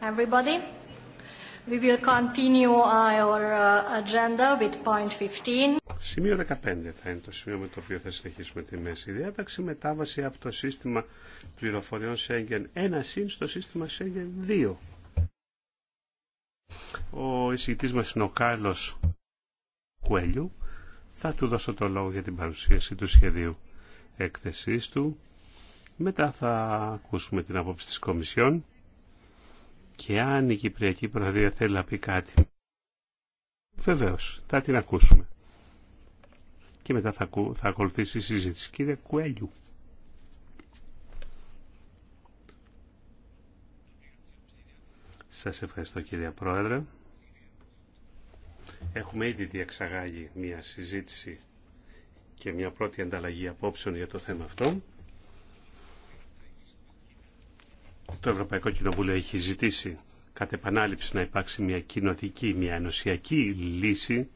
everybody. We will continue uh, our uh, agenda with point 15. Σημείο 15 θα είναι το σημείο με το οποίο θα συνεχίσουμε τη μέση διάταξη. Μετάβαση από το σύστημα πληροφοριών Schengen 1 συν στο σύστημα Schengen 2. Ο εισηγητής μας είναι ο Κάλλος Κουέλιου. Θα του δώσω το λόγο για την παρουσίαση του σχεδίου έκθεσής του. Μετά θα ακούσουμε την άποψη της Κομισιόν και αν η Κυπριακή Προεδρία θέλει να πει κάτι. Βεβαίως, θα την ακούσουμε. Και μετά θα, θα ακολουθήσει η συζήτηση. Κύριε Κουέλιου. Σας ευχαριστώ κύριε Πρόεδρε. Έχουμε ήδη διεξαγάγει μια συζήτηση και μια πρώτη ανταλλαγή απόψεων για το θέμα αυτό. Το Ευρωπαϊκό Κοινοβούλιο έχει ζητήσει κατ' επανάληψη να υπάρξει μια κοινοτική, μια ενωσιακή λύση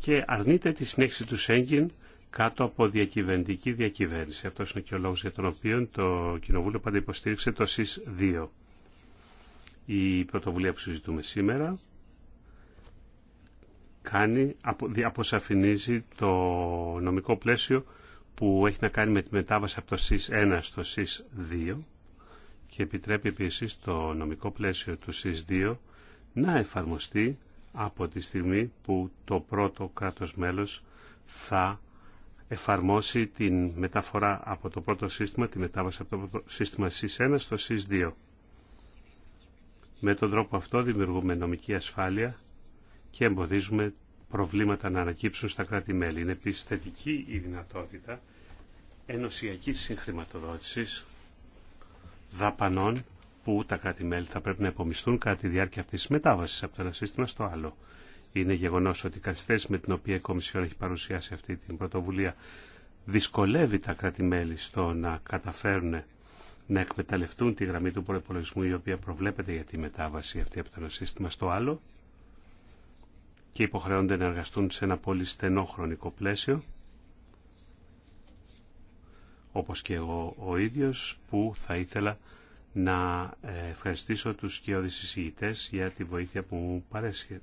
και αρνείται τη συνέχιση του Σέγγιν κάτω από διακυβερνητική διακυβέρνηση. Αυτό είναι και ο λόγο για τον οποίο το Κοινοβούλιο πάντα υποστήριξε το ΣΥΣ 2. Η πρωτοβουλία που συζητούμε σήμερα κάνει, αποσαφηνίζει το νομικό πλαίσιο που έχει να κάνει με τη μετάβαση από το ΣΥΣ 1 στο ΣΥΣ 2 και επιτρέπει επίσης το νομικό πλαίσιο του ΣΥΣ 2 να εφαρμοστεί από τη στιγμή που το πρώτο κράτος μέλος θα εφαρμόσει την μεταφορά από το πρώτο σύστημα, τη μετάβαση από το σύστημα ΣΥΣ 1 στο ΣΥΣ 2. Με τον τρόπο αυτό δημιουργούμε νομική ασφάλεια και εμποδίζουμε προβλήματα να ανακύψουν στα κράτη-μέλη. Είναι επίση θετική η δυνατότητα ενωσιακής συγχρηματοδότησης δαπανών που τα κράτη-μέλη θα πρέπει να υπομισθούν κατά τη διάρκεια αυτής της μετάβασης από το ένα σύστημα στο άλλο. Είναι γεγονός ότι η καθυστέρηση με την οποία η Κομισιόν έχει παρουσιάσει αυτή την πρωτοβουλία δυσκολεύει τα κράτη-μέλη στο να καταφέρουν να εκμεταλλευτούν τη γραμμή του προπολογισμού η οποία προβλέπεται για τη μετάβαση αυτή από το ένα σύστημα στο άλλο και υποχρεώνται να εργαστούν σε ένα πολύ στενό χρονικό πλαίσιο όπως και εγώ ο ίδιος που θα ήθελα να ε, ευχαριστήσω τους σκιώδεις εισηγητές για τη βοήθεια που μου παρέσχε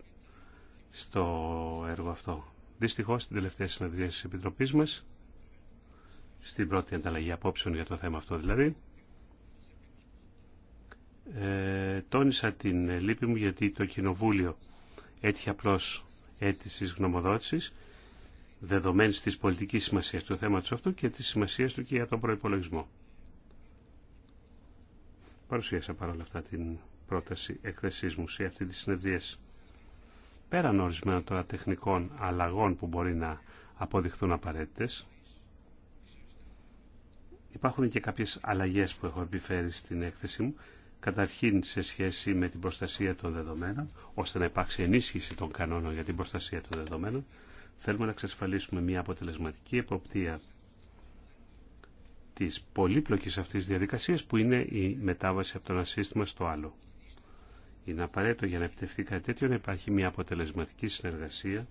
στο έργο αυτό. Δυστυχώς στην τελευταία συναντηρία της Επιτροπής μας, στην πρώτη ανταλλαγή απόψεων για το θέμα αυτό δηλαδή, ε, τόνισα την λύπη μου γιατί το Κοινοβούλιο έτυχε απλώ αίτηση γνωμοδότησης δεδομένη τη πολιτική σημασία του θέματος αυτού και τη σημασία του και για τον προπολογισμό. Παρουσίασα παρόλα αυτά την πρόταση εκθεσής μου σε αυτή τη συνεδρίαση. Πέραν ορισμένων τώρα τεχνικών αλλαγών που μπορεί να αποδειχθούν απαραίτητε. υπάρχουν και κάποιε αλλαγέ που έχω επιφέρει στην έκθεση μου καταρχήν σε σχέση με την προστασία των δεδομένων, ώστε να υπάρξει ενίσχυση των κανόνων για την προστασία των δεδομένων. Θέλουμε να εξασφαλίσουμε μια αποτελεσματική εποπτεία της πολύπλοκης αυτής διαδικασίας που είναι η μετάβαση από το ένα σύστημα στο άλλο. Είναι απαραίτητο για να επιτευχθεί κάτι τέτοιο να υπάρχει μια αποτελεσματική συνεργασία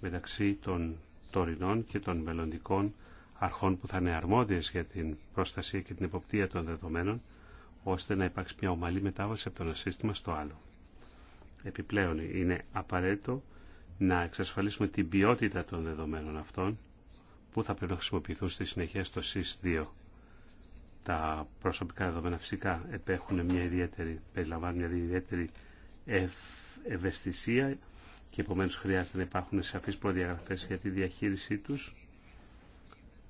μεταξύ των τωρινών και των μελλοντικών αρχών που θα είναι αρμόδιες για την προστασία και την εποπτεία των δεδομένων ώστε να υπάρξει μια ομαλή μετάβαση από το ένα σύστημα στο άλλο. Επιπλέον είναι απαραίτητο να εξασφαλίσουμε την ποιότητα των δεδομένων αυτών που θα πρέπει να χρησιμοποιηθούν στη συνέχεια στο SIS2. Τα προσωπικά δεδομένα φυσικά επέχουν μια ιδιαίτερη, περιλαμβάνουν μια ιδιαίτερη ευαισθησία και επομένω χρειάζεται να υπάρχουν σαφείς προδιαγραφές για τη διαχείρισή τους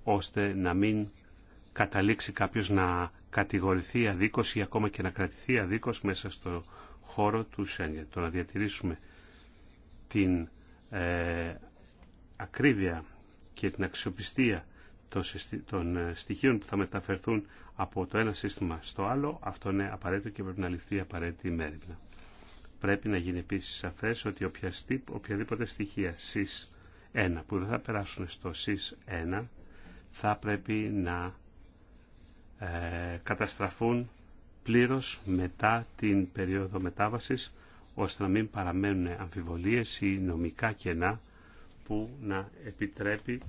ώστε να μην καταλήξει κάποιος να κατηγορηθεί αδίκως ή ακόμα και να κρατηθεί αδίκως μέσα στο χώρο του Σέγγεν. Το να διατηρήσουμε την ε, ακρίβεια και την αξιοπιστία των ε, στοιχείων που θα μεταφερθούν από το ένα σύστημα στο άλλο, αυτό είναι απαραίτητο και πρέπει να ληφθεί απαραίτητη μέρημνα. Πρέπει να γίνει επίση σαφέ ότι οποιαδήποτε στοιχεία ΣΥΣ 1 που δεν θα περάσουν στο ΣΥΣ 1 θα πρέπει να ε, καταστραφούν πλήρως μετά την περίοδο μετάβασης ώστε να μην παραμένουν αμφιβολίες ή νομικά κενά που να επιτρέπει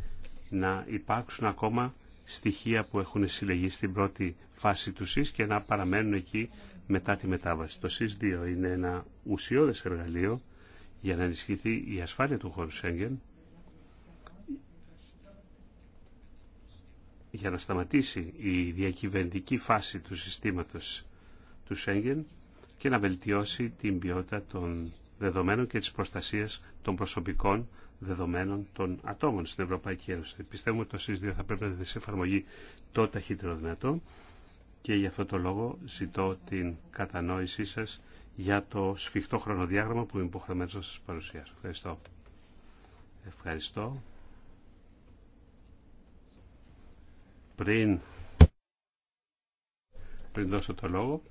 να υπάρξουν ακόμα στοιχεία που έχουν συλλεγεί στην πρώτη φάση του ΣΥΣ και να παραμένουν εκεί μετά τη μετάβαση. Το ΣΥΣ 2 είναι ένα ουσιώδες εργαλείο για να ενισχυθεί η ασφάλεια του χώρου Σέγγεν για να σταματήσει η διακυβερνητική φάση του συστήματος του Σέγγεν και να βελτιώσει την ποιότητα των δεδομένων και της προστασίας των προσωπικών δεδομένων των ατόμων στην Ευρωπαϊκή Ένωση. Πιστεύουμε ότι το συς θα πρέπει να δει σε εφαρμογή το ταχύτερο δυνατό και γι' αυτό το λόγο ζητώ την κατανόησή σας για το σφιχτό χρονοδιάγραμμα που είμαι υποχρεωμένος να σας παρουσιάσω. Ευχαριστώ. Πριν, πριν δώσω το λόγο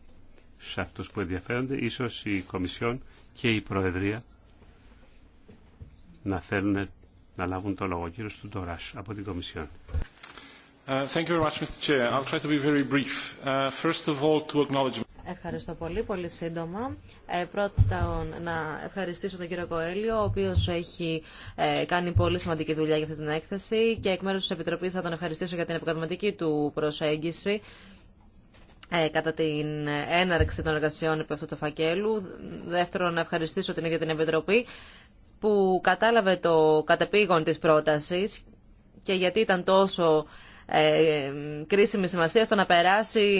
σε αυτούς που ενδιαφέρονται, ίσως η Κομισιόν και η Προεδρία να θέλουν να λάβουν το λόγο. Κύριος Τουντοράς από την Κομισιόν. Uh, thank you very much, Mr. Chair. I'll try to be very brief. Uh, first of all, to acknowledge Ευχαριστώ πολύ, πολύ σύντομα. Ε, πρώτα να ευχαριστήσω τον κύριο Κοέλιο, ο οποίος έχει ε, κάνει πολύ σημαντική δουλειά για αυτή την έκθεση και εκ μέρου τη Επιτροπή θα τον ευχαριστήσω για την επικαδηματική του προσέγγιση ε, κατά την έναρξη των εργασιών επί αυτού του φακέλου. Δεύτερον, να ευχαριστήσω την ίδια την Επιτροπή που κατάλαβε το κατεπήγον της πρότασης και γιατί ήταν τόσο ε, κρίσιμη σημασία στο να περάσει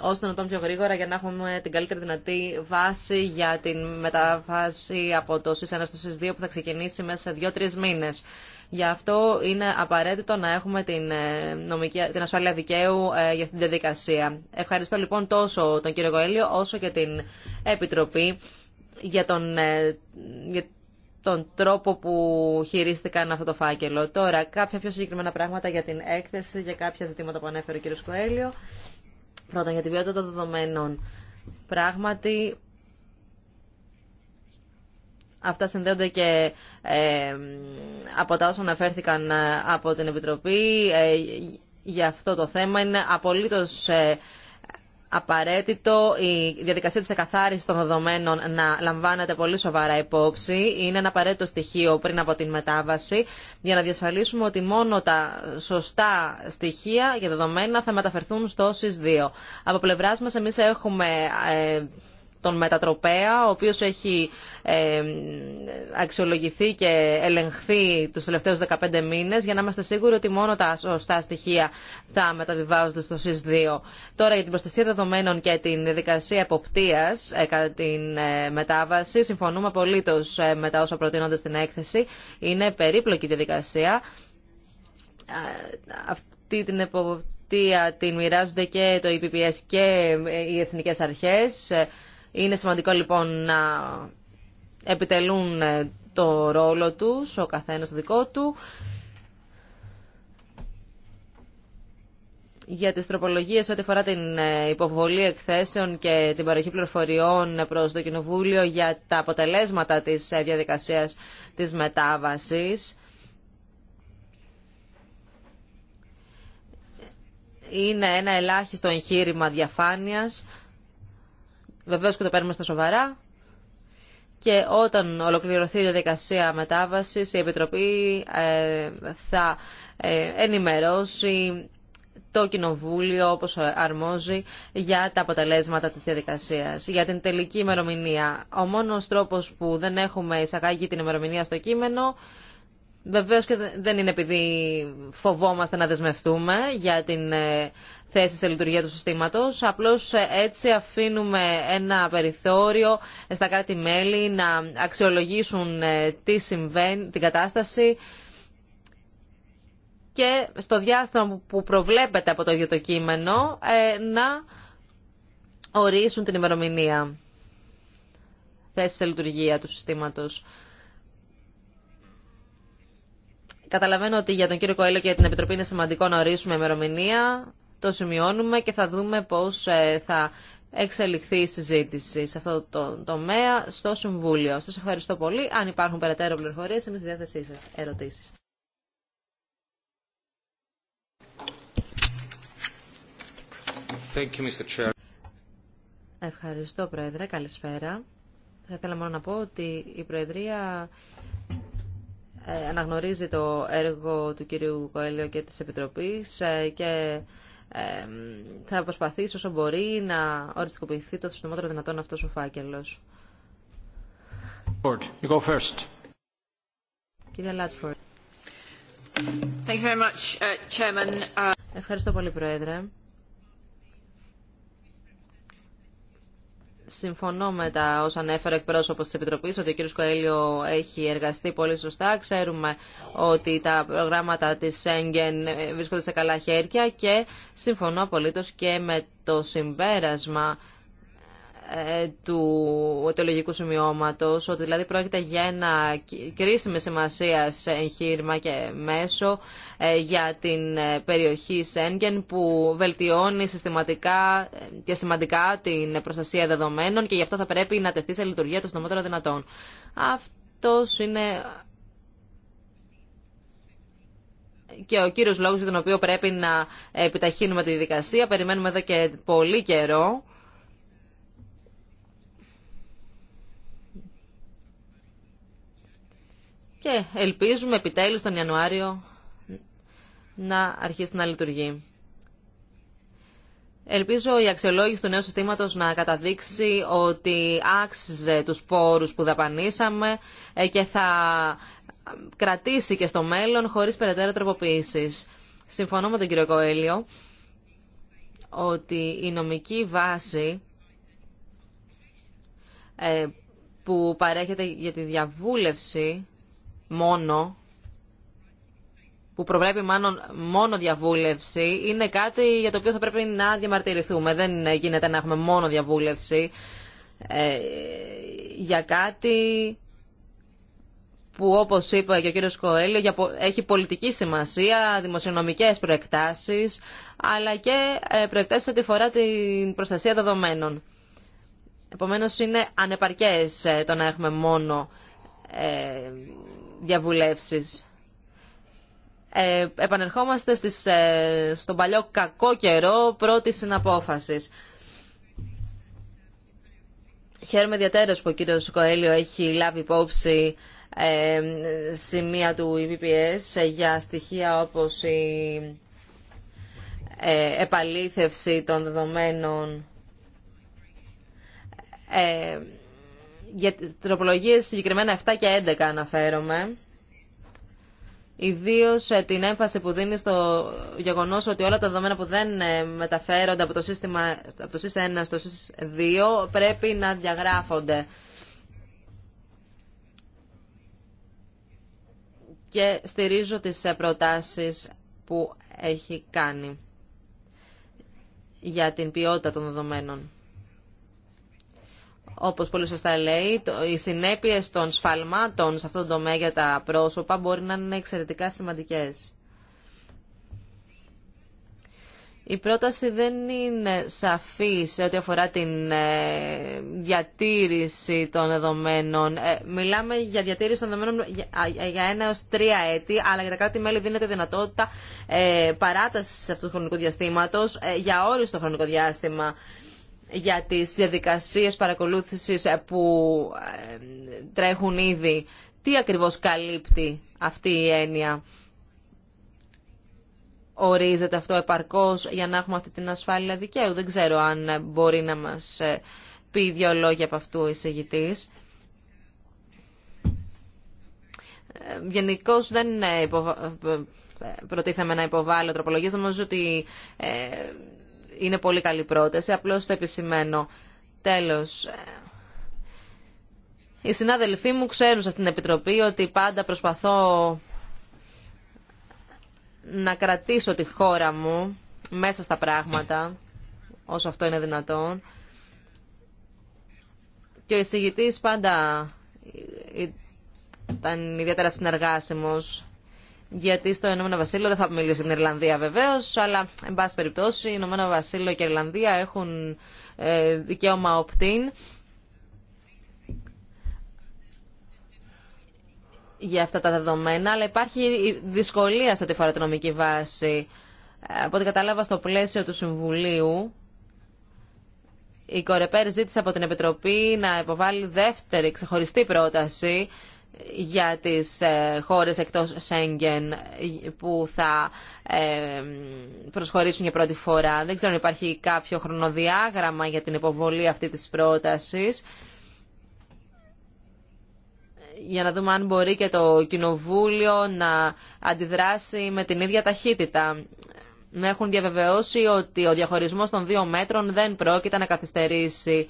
όσο τον τον πιο γρήγορα για να έχουμε την καλύτερη δυνατή βάση για την μεταφάση από το ΣΥΣ1 στο ΣΥΣ2 που θα ξεκινήσει μέσα σε δύο-τρει μήνε. Γι' αυτό είναι απαραίτητο να έχουμε την, ε, νομική, την ασφάλεια δικαίου ε, για αυτήν την διαδικασία. Ευχαριστώ λοιπόν τόσο τον κύριο Γοέλιο όσο και την Επιτροπή για, τον, τον τρόπο που χειρίστηκαν αυτό το φάκελο. Τώρα, κάποια πιο συγκεκριμένα πράγματα για την έκθεση, για κάποια ζητήματα που ανέφερε ο κ. Κοέλιο, πρώτα για την ποιότητα των δεδομένων. Πράγματι, Αυτά συνδέονται και ε, από τα όσα αναφέρθηκαν ε, από την Επιτροπή. Ε, για αυτό το θέμα είναι απολύτως απαραίτητο η διαδικασία της εκαθάρισης των δεδομένων να λαμβάνεται πολύ σοβαρά υπόψη. Είναι ένα απαραίτητο στοιχείο πριν από την μετάβαση για να διασφαλίσουμε ότι μόνο τα σωστά στοιχεία και δεδομένα θα μεταφερθούν στο δύο. 2 Από πλευράς μας εμείς έχουμε ε, τον μετατροπέα, ο οποίο έχει ε, αξιολογηθεί και ελεγχθεί του τελευταίου 15 μήνε, για να είμαστε σίγουροι ότι μόνο τα σωστά στοιχεία θα μεταβιβάζονται στο ΣΥΣ2. Τώρα για την προστασία δεδομένων και την διαδικασία ε, κατά την ε, μετάβαση, συμφωνούμε ε, με τα όσα προτείνονται στην έκθεση. Είναι περίπλοκη διαδικασία. Ε, αυτή την εποπτεία την μοιράζονται και το EPPS και οι εθνικές αρχές. Είναι σημαντικό λοιπόν να επιτελούν ε, το ρόλο τους, ο καθένας το δικό του. για τις τροπολογίες ό,τι αφορά την ε, υποβολή εκθέσεων και την παροχή πληροφοριών προς το Κοινοβούλιο για τα αποτελέσματα της ε, διαδικασίας της μετάβασης. Είναι ένα ελάχιστο εγχείρημα διαφάνειας. Βεβαίω και το παίρνουμε στα σοβαρά και όταν ολοκληρωθεί η διαδικασία μετάβαση, η Επιτροπή ε, θα ε, ενημερώσει το Κοινοβούλιο όπως αρμόζει για τα αποτελέσματα της διαδικασίας, για την τελική ημερομηνία. Ο μόνος τρόπος που δεν έχουμε εισαγάγει την ημερομηνία στο κείμενο βεβαίως και δεν είναι επειδή φοβόμαστε να δεσμευτούμε για την ε, θέσει σε λειτουργία του συστήματο. Απλώ ε, έτσι αφήνουμε ένα περιθώριο ε, στα κράτη-μέλη να αξιολογήσουν ε, τι συμβαίνει, την κατάσταση και στο διάστημα που προβλέπεται από το ίδιο το κείμενο να ορίσουν την ημερομηνία θέση σε λειτουργία του συστήματος. Καταλαβαίνω ότι για τον κύριο Κοέλο και την Επιτροπή είναι σημαντικό να ορίσουμε ημερομηνία το σημειώνουμε και θα δούμε πώς ε, θα εξελιχθεί η συζήτηση σε αυτό το τομέα στο Συμβούλιο. Σας ευχαριστώ πολύ. Αν υπάρχουν περαιτέρω πληροφορίες, είμαι στη διάθεσή σας. Ερωτήσεις. Thank you, Mr. Chair. Ευχαριστώ, Πρόεδρε. Καλησπέρα. Θα ήθελα μόνο να πω ότι η Προεδρία ε, αναγνωρίζει το έργο του κυρίου Κοέλιο και της Επιτροπής ε, και θα προσπαθήσει όσο μπορεί να οριστικοποιηθεί το συντομότερο δυνατόν αυτός ο φάκελος. You Λάτφορντ. Uh, uh, Ευχαριστώ πολύ, Πρόεδρε. Συμφωνώ με τα όσα ανέφερε ο εκπρόσωπο τη Επιτροπή ότι ο κ. Κοέλιο έχει εργαστεί πολύ σωστά. Ξέρουμε ότι τα προγράμματα τη Σέγγεν βρίσκονται σε καλά χέρια και συμφωνώ απολύτω και με το συμπέρασμα ε, του αιτιολογικού σημειώματο, ότι δηλαδή πρόκειται για ένα κρίσιμη σημασία εγχείρημα και μέσο ε, για την ε, περιοχή Σέγγεν που βελτιώνει συστηματικά και σημαντικά την προστασία δεδομένων και γι' αυτό θα πρέπει να τεθεί σε λειτουργία το συντομότερο δυνατόν. Αυτό είναι και ο κύριος λόγος για τον οποίο πρέπει να επιταχύνουμε τη δικασία. Περιμένουμε εδώ και πολύ καιρό και ελπίζουμε επιτέλους τον Ιανουάριο να αρχίσει να λειτουργεί. Ελπίζω η αξιολόγηση του νέου συστήματος να καταδείξει ότι άξιζε τους πόρους που δαπανίσαμε ε, και θα κρατήσει και στο μέλλον χωρίς περαιτέρω τροποποιήσεις. Συμφωνώ με τον κύριο Κοέλιο ότι η νομική βάση ε, που παρέχεται για τη διαβούλευση μόνο που προβλέπει μάλλον μόνο διαβούλευση είναι κάτι για το οποίο θα πρέπει να διαμαρτυρηθούμε. Δεν γίνεται να έχουμε μόνο διαβούλευση ε, για κάτι που όπως είπα και ο κύριος Κοέλιο έχει πολιτική σημασία, δημοσιονομικές προεκτάσεις αλλά και ε, προεκτάσεις ό,τι φορά την προστασία δεδομένων. Επομένως είναι ανεπαρκές ε, το να έχουμε μόνο διαβουλεύσεις. Ε, επανερχόμαστε στις, ε, στον παλιό κακό καιρό πρώτη συναπόφασης. Χαίρομαι ιδιαίτερα που ο κύριο Κοέλιο έχει λάβει υπόψη ε, σημεία του EPPS για στοιχεία όπως η ε, επαλήθευση των δεδομένων ε, για τις τροπολογίες συγκεκριμένα 7 και 11 αναφέρομαι. Ιδίω ε, την έμφαση που δίνει στο γεγονό ότι όλα τα δεδομένα που δεν ε, μεταφέρονται από το, σύστημα, από το ΣΥΣ1 στο ΣΥΣ2 πρέπει να διαγράφονται. Και στηρίζω τις ε, προτάσεις που έχει κάνει για την ποιότητα των δεδομένων όπως πολύ σωστά λέει, οι συνέπειε των σφαλμάτων σε αυτό το τομέα για τα πρόσωπα μπορεί να είναι εξαιρετικά σημαντικές. Η πρόταση δεν είναι σαφή σε ό,τι αφορά την ε, διατήρηση των δεδομένων. Ε, μιλάμε για διατήρηση των δεδομένων για ένα έως τρία έτη, αλλά για τα κράτη-μέλη δίνεται δυνατότητα ε, παράταση αυτού του χρονικού διαστήματος για όριστο χρονικό διάστημα για τις διαδικασίες παρακολούθησης που ε, τρέχουν ήδη. Τι ακριβώς καλύπτει αυτή η έννοια. Ορίζεται αυτό επαρκώς για να έχουμε αυτή την ασφάλεια δικαίου. Δεν ξέρω αν μπορεί να μας ε, πει δύο λόγια από αυτού ο εισηγητής. Ε, Γενικώ δεν υποβα... προτίθεμαι να υποβάλω τροπολογίες. Νομίζω ότι είναι πολύ καλή πρόταση, απλώς το επισημαίνω. Τέλος, ε, οι συνάδελφοί μου ξέρουν στην Επιτροπή ότι πάντα προσπαθώ να κρατήσω τη χώρα μου μέσα στα πράγματα, όσο αυτό είναι δυνατόν. Και ο εισηγητής πάντα ήταν ιδιαίτερα συνεργάσιμος γιατί στο Ηνωμένο Βασίλειο, δεν θα μιλήσω στην την Ιρλανδία βεβαίω, αλλά εν πάση περιπτώσει, Ηνωμένο Βασίλειο και η Ιρλανδία έχουν ε, δικαίωμα opt-in. για αυτά τα δεδομένα, αλλά υπάρχει δυσκολία σε τη βάση. Από ό,τι κατάλαβα στο πλαίσιο του Συμβουλίου, η Κορεπέρ ζήτησε από την Επιτροπή να υποβάλει δεύτερη ξεχωριστή πρόταση για τις ε, χώρες εκτός Σέγγεν που θα ε, προσχωρήσουν για πρώτη φορά. Δεν ξέρω αν υπάρχει κάποιο χρονοδιάγραμμα για την υποβολή αυτή της πρότασης για να δούμε αν μπορεί και το Κοινοβούλιο να αντιδράσει με την ίδια ταχύτητα. Με έχουν διαβεβαιώσει ότι ο διαχωρισμός των δύο μέτρων δεν πρόκειται να καθυστερήσει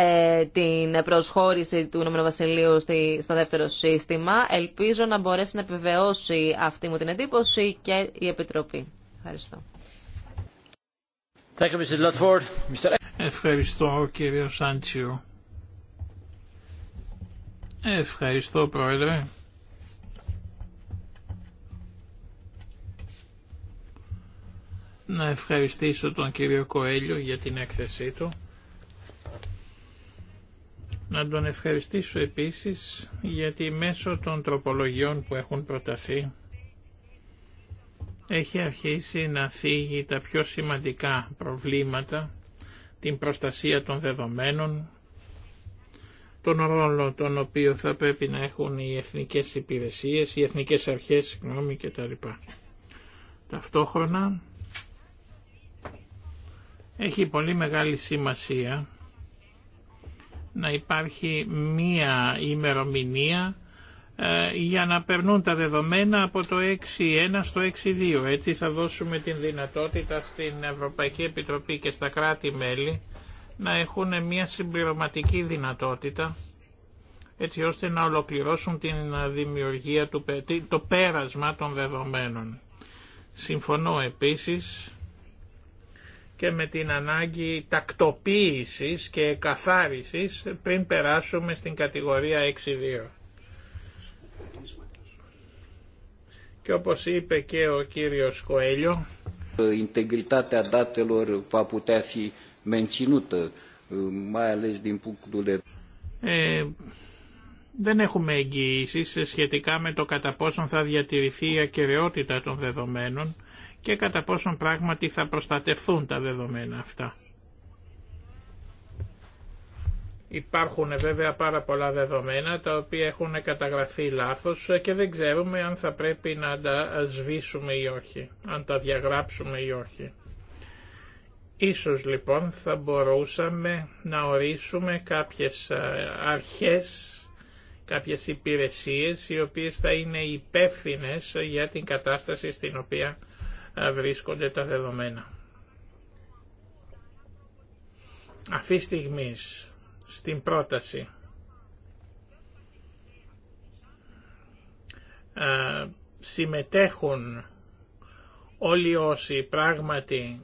ε, την προσχώρηση του Ηνωμένου Βασιλείου στο δεύτερο σύστημα. Ελπίζω να μπορέσει να επιβεβαιώσει αυτή μου την εντύπωση και η Επιτροπή. Ευχαριστώ. Ευχαριστώ κύριο Σάντσιου. Ευχαριστώ πρόεδρε. Να ευχαριστήσω τον κύριο Κοέλιο για την έκθεσή του. Να τον ευχαριστήσω επίσης γιατί μέσω των τροπολογιών που έχουν προταθεί έχει αρχίσει να θίγει τα πιο σημαντικά προβλήματα, την προστασία των δεδομένων, τον ρόλο τον οποίο θα πρέπει να έχουν οι εθνικές υπηρεσίες, οι εθνικές αρχές, συγγνώμη κτλ. Ταυτόχρονα έχει πολύ μεγάλη σημασία να υπάρχει μία ημερομηνία ε, για να περνούν τα δεδομένα από το 6.1 στο 6.2. Έτσι θα δώσουμε την δυνατότητα στην Ευρωπαϊκή Επιτροπή και στα κράτη-μέλη να έχουν μια συμπληρωματική δυνατότητα έτσι ώστε να ολοκληρώσουν την δημιουργία του, το πέρασμα των δεδομένων. Συμφωνώ επίσης και με την ανάγκη τακτοποίησης και καθάρισης πριν περάσουμε στην κατηγορία 6-2. Και όπως είπε και ο κύριος Κοέλιο, Η datelor va putea fi menținută, mai ε, δεν έχουμε εγγυήσεις σχετικά με το κατά πόσον θα διατηρηθεί η ακαιρεότητα των δεδομένων και κατά πόσον πράγματι θα προστατευθούν τα δεδομένα αυτά. Υπάρχουν βέβαια πάρα πολλά δεδομένα τα οποία έχουν καταγραφεί λάθος και δεν ξέρουμε αν θα πρέπει να τα σβήσουμε ή όχι, αν τα διαγράψουμε ή όχι. Ίσως λοιπόν θα μπορούσαμε να ορίσουμε κάποιες ε, αρχές, κάποιες υπηρεσίες οι οποίες θα είναι υπεύθυνε για την κατάσταση στην οποία βρίσκονται τα δεδομένα. Αυτή τη στιγμή στην πρόταση ε, συμμετέχουν όλοι όσοι πράγματι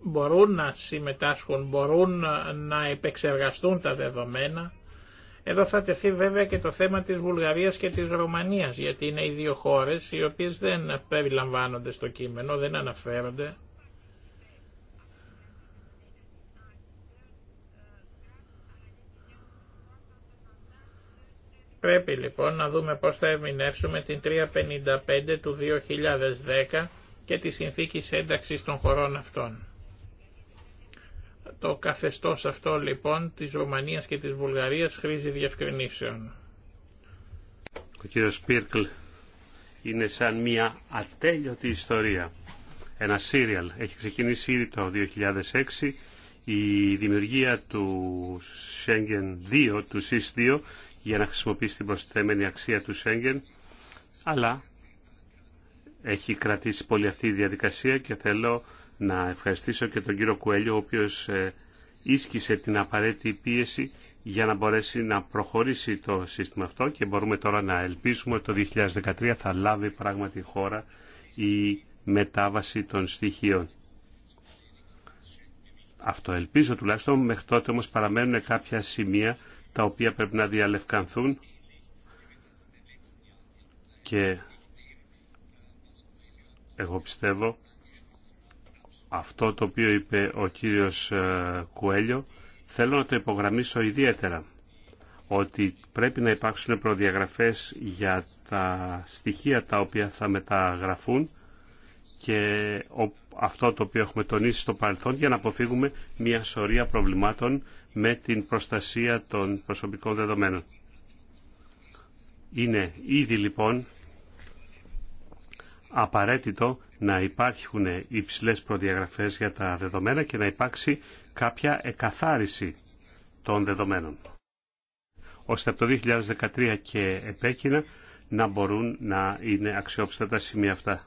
μπορούν να συμμετάσχουν, μπορούν να επεξεργαστούν τα δεδομένα, εδώ θα τεθεί βέβαια και το θέμα της Βουλγαρίας και της Ρωμανίας, γιατί είναι οι δύο χώρες οι οποίες δεν περιλαμβάνονται στο κείμενο, δεν αναφέρονται. Πρέπει λοιπόν να δούμε πώς θα ερμηνεύσουμε την 355 του 2010 και τη συνθήκη ένταξης των χωρών αυτών. Το καθεστώς αυτό λοιπόν της Ρουμανίας και της Βουλγαρίας χρήζει διευκρινήσεων. Ο κύριος Πίρκλ είναι σαν μια ατέλειωτη ιστορία. Ένα σύριαλ. Έχει ξεκινήσει ήδη το 2006 η δημιουργία του Schengen 2, του ΣΥΣ 2, για να χρησιμοποιήσει την προσθέμενη αξία του Schengen, αλλά έχει κρατήσει πολύ αυτή η διαδικασία και θέλω να ευχαριστήσω και τον κύριο Κουέλιο, ο οποίος ε, ίσκησε την απαραίτητη πίεση για να μπορέσει να προχωρήσει το σύστημα αυτό και μπορούμε τώρα να ελπίσουμε ότι το 2013 θα λάβει πράγματι χώρα η μετάβαση των στοιχείων. Αυτό ελπίζω τουλάχιστον, μέχρι τότε όμως παραμένουν κάποια σημεία τα οποία πρέπει να διαλευκανθούν και εγώ πιστεύω αυτό το οποίο είπε ο κύριος ε, Κουέλιο θέλω να το υπογραμμίσω ιδιαίτερα ότι πρέπει να υπάρξουν προδιαγραφές για τα στοιχεία τα οποία θα μεταγραφούν και αυτό το οποίο έχουμε τονίσει στο παρελθόν για να αποφύγουμε μια σωρία προβλημάτων με την προστασία των προσωπικών δεδομένων. Είναι ήδη λοιπόν απαραίτητο να υπάρχουν υψηλές προδιαγραφές για τα δεδομένα και να υπάρξει κάποια εκαθάριση των δεδομένων ώστε από το 2013 και επέκεινα να μπορούν να είναι αξιόπιστα τα σημεία αυτά.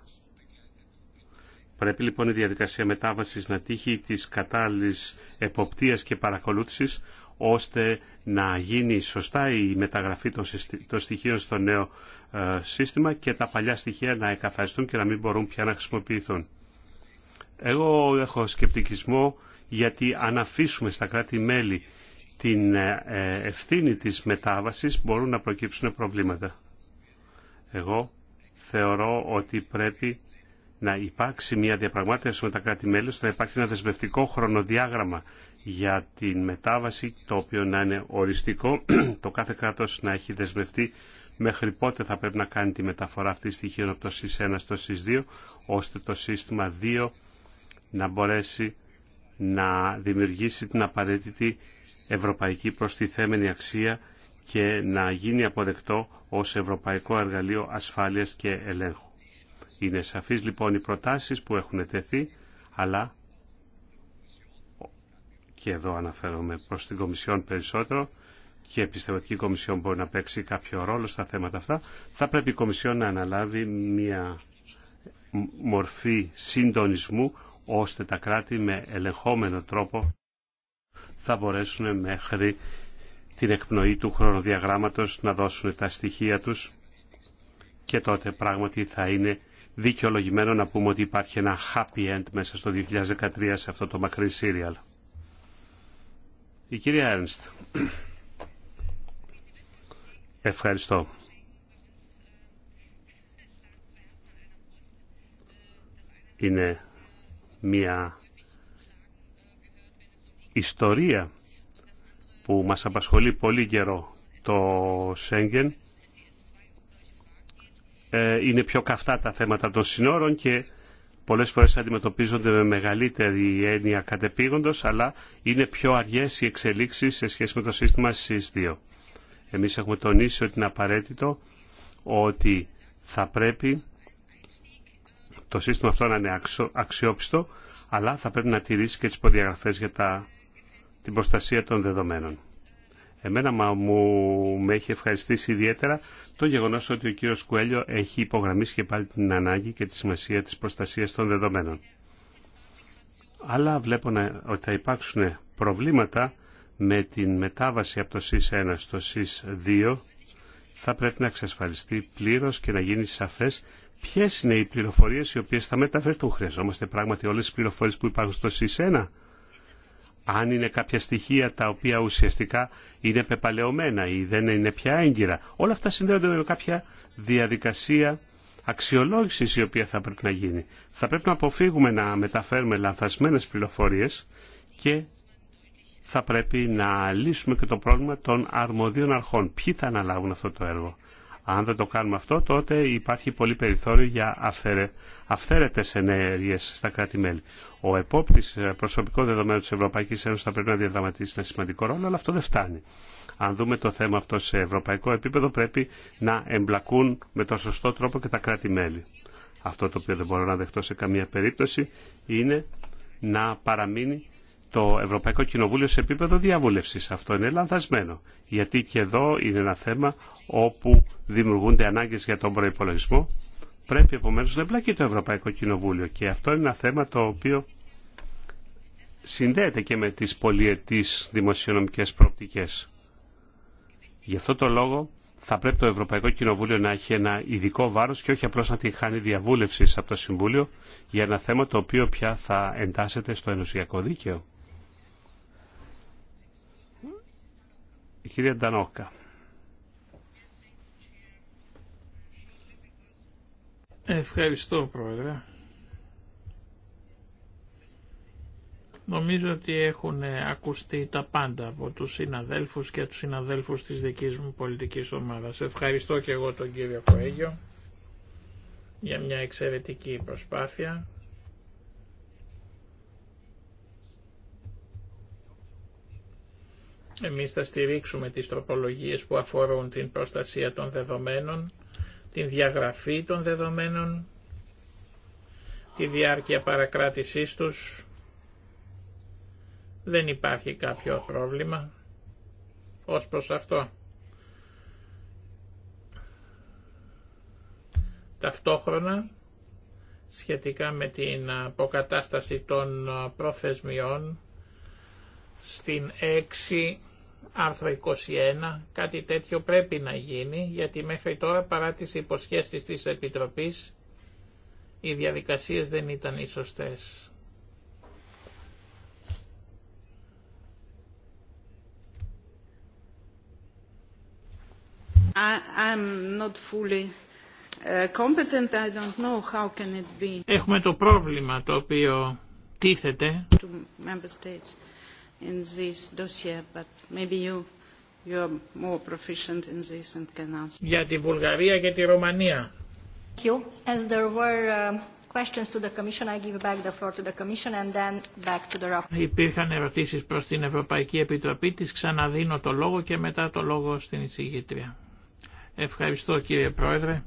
Πρέπει λοιπόν η διαδικασία μετάβασης να τύχει της κατάλληλης εποπτείας και παρακολούθησης ώστε να γίνει σωστά η μεταγραφή των στοιχείων στο νέο ε, σύστημα και τα παλιά στοιχεία να εκαθαριστούν και να μην μπορούν πια να χρησιμοποιηθούν. Εγώ έχω σκεπτικισμό γιατί αν αφήσουμε στα κράτη-μέλη την ε, ε, ευθύνη της μετάβασης μπορούν να προκύψουν προβλήματα. Εγώ θεωρώ ότι πρέπει να υπάρξει μια διαπραγμάτευση με τα κράτη-μέλη, ώστε να υπάρξει ένα δεσμευτικό χρονοδιάγραμμα για την μετάβαση, το οποίο να είναι οριστικό, το κάθε κράτο να έχει δεσμευτεί μέχρι πότε θα πρέπει να κάνει τη μεταφορά αυτή στοιχείων από το ΣΥΣ 1 στο ΣΥΣ 2, ώστε το σύστημα 2 να μπορέσει να δημιουργήσει την απαραίτητη ευρωπαϊκή προστιθέμενη αξία και να γίνει αποδεκτό ως ευρωπαϊκό εργαλείο ασφάλειας και ελέγχου. Είναι σαφείς λοιπόν οι προτάσεις που έχουν τεθεί, αλλά και εδώ αναφέρομαι προς την Κομισιόν περισσότερο και η ότι Κομισιόν μπορεί να παίξει κάποιο ρόλο στα θέματα αυτά. Θα πρέπει η Κομισιόν να αναλάβει μια μορφή συντονισμού ώστε τα κράτη με ελεγχόμενο τρόπο θα μπορέσουν μέχρι την εκπνοή του χρονοδιαγράμματος να δώσουν τα στοιχεία τους και τότε πράγματι θα είναι δικαιολογημένο να πούμε ότι υπάρχει ένα happy end μέσα στο 2013 σε αυτό το μακρύ σύριαλ. Η κυρία Έρνστ. Ευχαριστώ. Είναι μια ιστορία που μας απασχολεί πολύ καιρό το Σέγγεν ε, είναι πιο καυτά τα θέματα των συνόρων και πολλές φορές αντιμετωπίζονται με μεγαλύτερη έννοια κατεπήγοντος, αλλά είναι πιο αργές οι εξελίξεις σε σχέση με το σύστημα SIS2. Εμείς έχουμε τονίσει ότι είναι απαραίτητο ότι θα πρέπει το σύστημα αυτό να είναι αξιόπιστο, αλλά θα πρέπει να τηρήσει και τις προδιαγραφές για τα, την προστασία των δεδομένων. Εμένα μου με έχει ευχαριστήσει ιδιαίτερα το γεγονό ότι ο κύριο Κουέλιο έχει υπογραμμίσει και πάλι την ανάγκη και τη σημασία τη προστασία των δεδομένων. Αλλά βλέπω ότι θα υπάρξουν προβλήματα με την μετάβαση από το ΣΥΣ 1 στο ΣΥΣ 2 θα πρέπει να εξασφαλιστεί πλήρω και να γίνει σαφέ ποιες είναι οι πληροφορίε οι οποίες θα μεταφερθούν. Χρειαζόμαστε πράγματι όλε τι πληροφορίε που υπάρχουν στο ΣΥΣ 1 αν είναι κάποια στοιχεία τα οποία ουσιαστικά είναι πεπαλαιωμένα ή δεν είναι πια έγκυρα. Όλα αυτά συνδέονται με κάποια διαδικασία αξιολόγησης η δεν ειναι πια εγκυρα ολα αυτα συνδεονται με καποια διαδικασια αξιολογηση η οποια θα πρέπει να γίνει. Θα πρέπει να αποφύγουμε να μεταφέρουμε λανθασμένε πληροφορίε και θα πρέπει να λύσουμε και το πρόβλημα των αρμοδίων αρχών. Ποιοι θα αναλάβουν αυτό το έργο. Αν δεν το κάνουμε αυτό, τότε υπάρχει πολύ περιθώριο για αυθαίρετε ενέργειε στα κράτη-μέλη. Ο επόπτης ε, προσωπικών δεδομένων τη Ευρωπαϊκή Ένωση θα πρέπει να διαδραματίσει ένα σημαντικό ρόλο, αλλά αυτό δεν φτάνει. Αν δούμε το θέμα αυτό σε ευρωπαϊκό επίπεδο πρέπει να εμπλακούν με το σωστό τρόπο και τα κράτη-μέλη. Αυτό το οποίο δεν μπορώ να δεχτώ σε καμία περίπτωση είναι να παραμείνει το Ευρωπαϊκό Κοινοβούλιο σε επίπεδο διαβούλευση. Αυτό είναι λανθασμένο. Γιατί και εδώ είναι ένα θέμα όπου δημιουργούνται ανάγκε για τον προπολογισμό Πρέπει επομένως να εμπλακεί το Ευρωπαϊκό Κοινοβούλιο και αυτό είναι ένα θέμα το οποίο συνδέεται και με τις πολιετής δημοσιονομικές προοπτικές. Γι' αυτό το λόγο θα πρέπει το Ευρωπαϊκό Κοινοβούλιο να έχει ένα ειδικό βάρος και όχι απλώς να την χάνει διαβούλευση από το Συμβούλιο για ένα θέμα το οποίο πια θα εντάσσεται στο ενωσιακό δίκαιο. Η κυρία Ντανόκα. Ευχαριστώ Πρόεδρε. Νομίζω ότι έχουν ακουστεί τα πάντα από τους συναδέλφους και τους συναδέλφους της δικής μου πολιτικής ομάδας. Ευχαριστώ και εγώ τον κύριο Κοέγιο για μια εξαιρετική προσπάθεια. Εμείς θα στηρίξουμε τις τροπολογίες που αφορούν την προστασία των δεδομένων την διαγραφή των δεδομένων, τη διάρκεια παρακράτησής τους. Δεν υπάρχει κάποιο πρόβλημα ως προς αυτό. Ταυτόχρονα, σχετικά με την αποκατάσταση των προθεσμιών, στην 6 άρθρο 21, κάτι τέτοιο πρέπει να γίνει, γιατί μέχρι τώρα παρά τις υποσχέσεις της Επιτροπής οι διαδικασίες δεν ήταν οι σωστές. Έχουμε το πρόβλημα το οποίο τίθεται in this dossier, but maybe you, you are more proficient in this and can answer. Για τη Βουλγαρία και τη Ρωμανία. Thank you. As there were questions to the Commission, I give back the floor to the Commission and then back to the Rapporteur. Υπήρχαν ερωτήσεις προς την Ευρωπαϊκή Επιτροπή, της ξαναδίνω το λόγο και μετά το λόγο στην εισηγήτρια. Ευχαριστώ κύριε Πρόεδρε.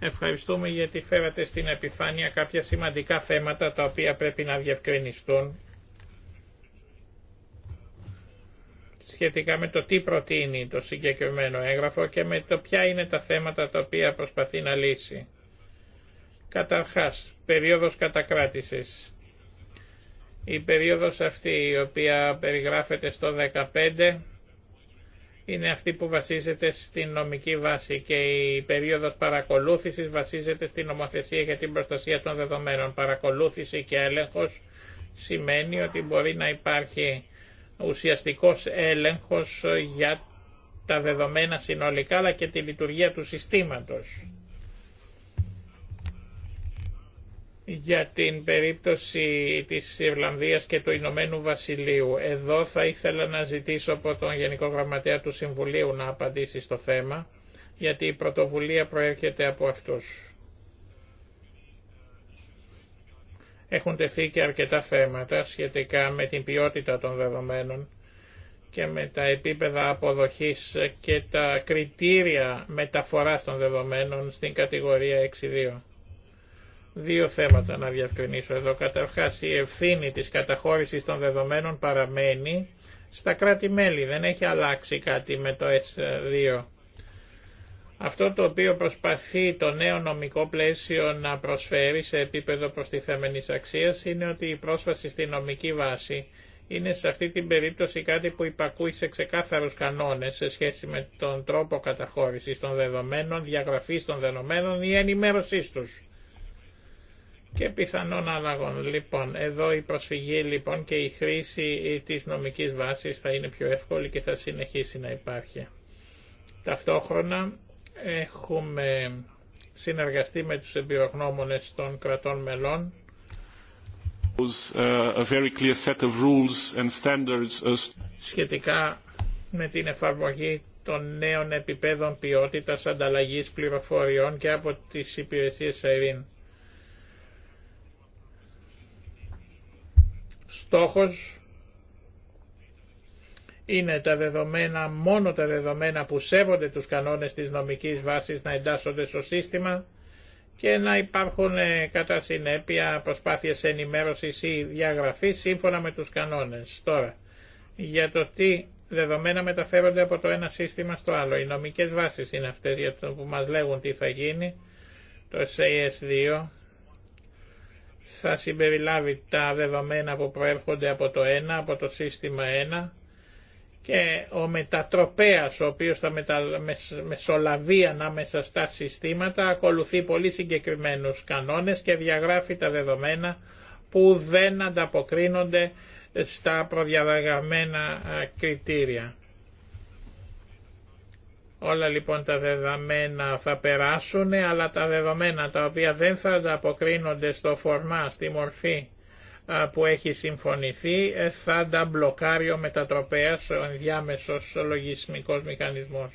Ευχαριστούμε γιατί φέρατε στην επιφάνεια κάποια σημαντικά θέματα τα οποία πρέπει να διευκρινιστούν σχετικά με το τι προτείνει το συγκεκριμένο έγγραφο και με το ποια είναι τα θέματα τα οποία προσπαθεί να λύσει. Καταρχάς, περίοδος κατακράτησης. Η περίοδος αυτή η οποία περιγράφεται στο 15 είναι αυτή που βασίζεται στην νομική βάση και η περίοδος παρακολούθησης βασίζεται στην νομοθεσία για την προστασία των δεδομένων. Παρακολούθηση και έλεγχος σημαίνει ότι μπορεί να υπάρχει ουσιαστικός έλεγχος για τα δεδομένα συνολικά αλλά και τη λειτουργία του συστήματος. για την περίπτωση της Ιρλανδίας και του Ηνωμένου Βασιλείου. Εδώ θα ήθελα να ζητήσω από τον Γενικό Γραμματέα του Συμβουλίου να απαντήσει στο θέμα, γιατί η πρωτοβουλία προέρχεται από αυτούς. Έχουν τεθεί και αρκετά θέματα σχετικά με την ποιότητα των δεδομένων και με τα επίπεδα αποδοχής και τα κριτήρια μεταφοράς των δεδομένων στην κατηγορία 6.2. Δύο θέματα να διευκρινίσω εδώ. Κατάρχά η ευθύνη τη καταχώρηση των δεδομένων παραμένει στα κράτη-μέλη. Δεν έχει αλλάξει κάτι με το S2. Αυτό το οποίο προσπαθεί το νέο νομικό πλαίσιο να προσφέρει σε επίπεδο προστιθέμενης αξία είναι ότι η πρόσβαση στη νομική βάση είναι σε αυτή την περίπτωση κάτι που υπακούει σε ξεκάθαρους κανόνες σε σχέση με τον τρόπο καταχώρησης των δεδομένων, διαγραφής των δεδομένων ή ενημέρωσή του και πιθανών αλλαγών. Λοιπόν, εδώ η προσφυγή λοιπόν και η χρήση ε, της νομικής βάσης θα είναι πιο εύκολη και θα συνεχίσει να υπάρχει. Ταυτόχρονα έχουμε συνεργαστεί με τους εμπειρογνώμονες των κρατών μελών uh, σχετικά με την εφαρμογή των νέων επιπέδων ποιότητας ανταλλαγής πληροφοριών και από τις υπηρεσίες ΕΡΗΝ. Στόχος είναι τα δεδομένα, μόνο τα δεδομένα που σέβονται τους κανόνες της νομικής βάσης να εντάσσονται στο σύστημα και να υπάρχουν ε, κατά συνέπεια προσπάθειες ενημέρωσης ή διαγραφή σύμφωνα με τους κανόνες. Τώρα, για το τι δεδομένα μεταφέρονται από το ένα σύστημα στο άλλο. Οι νομικές βάσεις είναι αυτές για που μας λέγουν τι θα γίνει, το SAS2, θα συμπεριλάβει τα δεδομένα που προέρχονται από το 1, από το σύστημα 1 και ο μετατροπέας ο οποίος θα μετα... μεσολαβεί ανάμεσα στα συστήματα ακολουθεί πολύ συγκεκριμένους κανόνες και διαγράφει τα δεδομένα που δεν ανταποκρίνονται στα προδιαγραμμένα ε, κριτήρια. Όλα λοιπόν τα δεδομένα θα περάσουν, αλλά τα δεδομένα τα οποία δεν θα ανταποκρίνονται στο φορμά, στη μορφή που έχει συμφωνηθεί, ε, θα τα μπλοκάρει ο μετατροπέας, ο ενδιάμεσος λογισμικός μηχανισμός.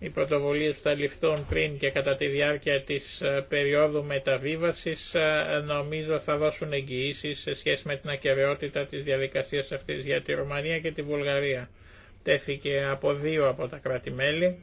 Οι πρωτοβουλίες θα ληφθούν πριν και κατά τη διάρκεια της ε, περίοδου μεταβίβασης ε, νομίζω θα δώσουν εγγυήσει σε σχέση με την ακεραιότητα της διαδικασίας αυτής για τη Ρουμανία και τη Βουλγαρία. Τέθηκε από δύο από τα κράτη-μέλη.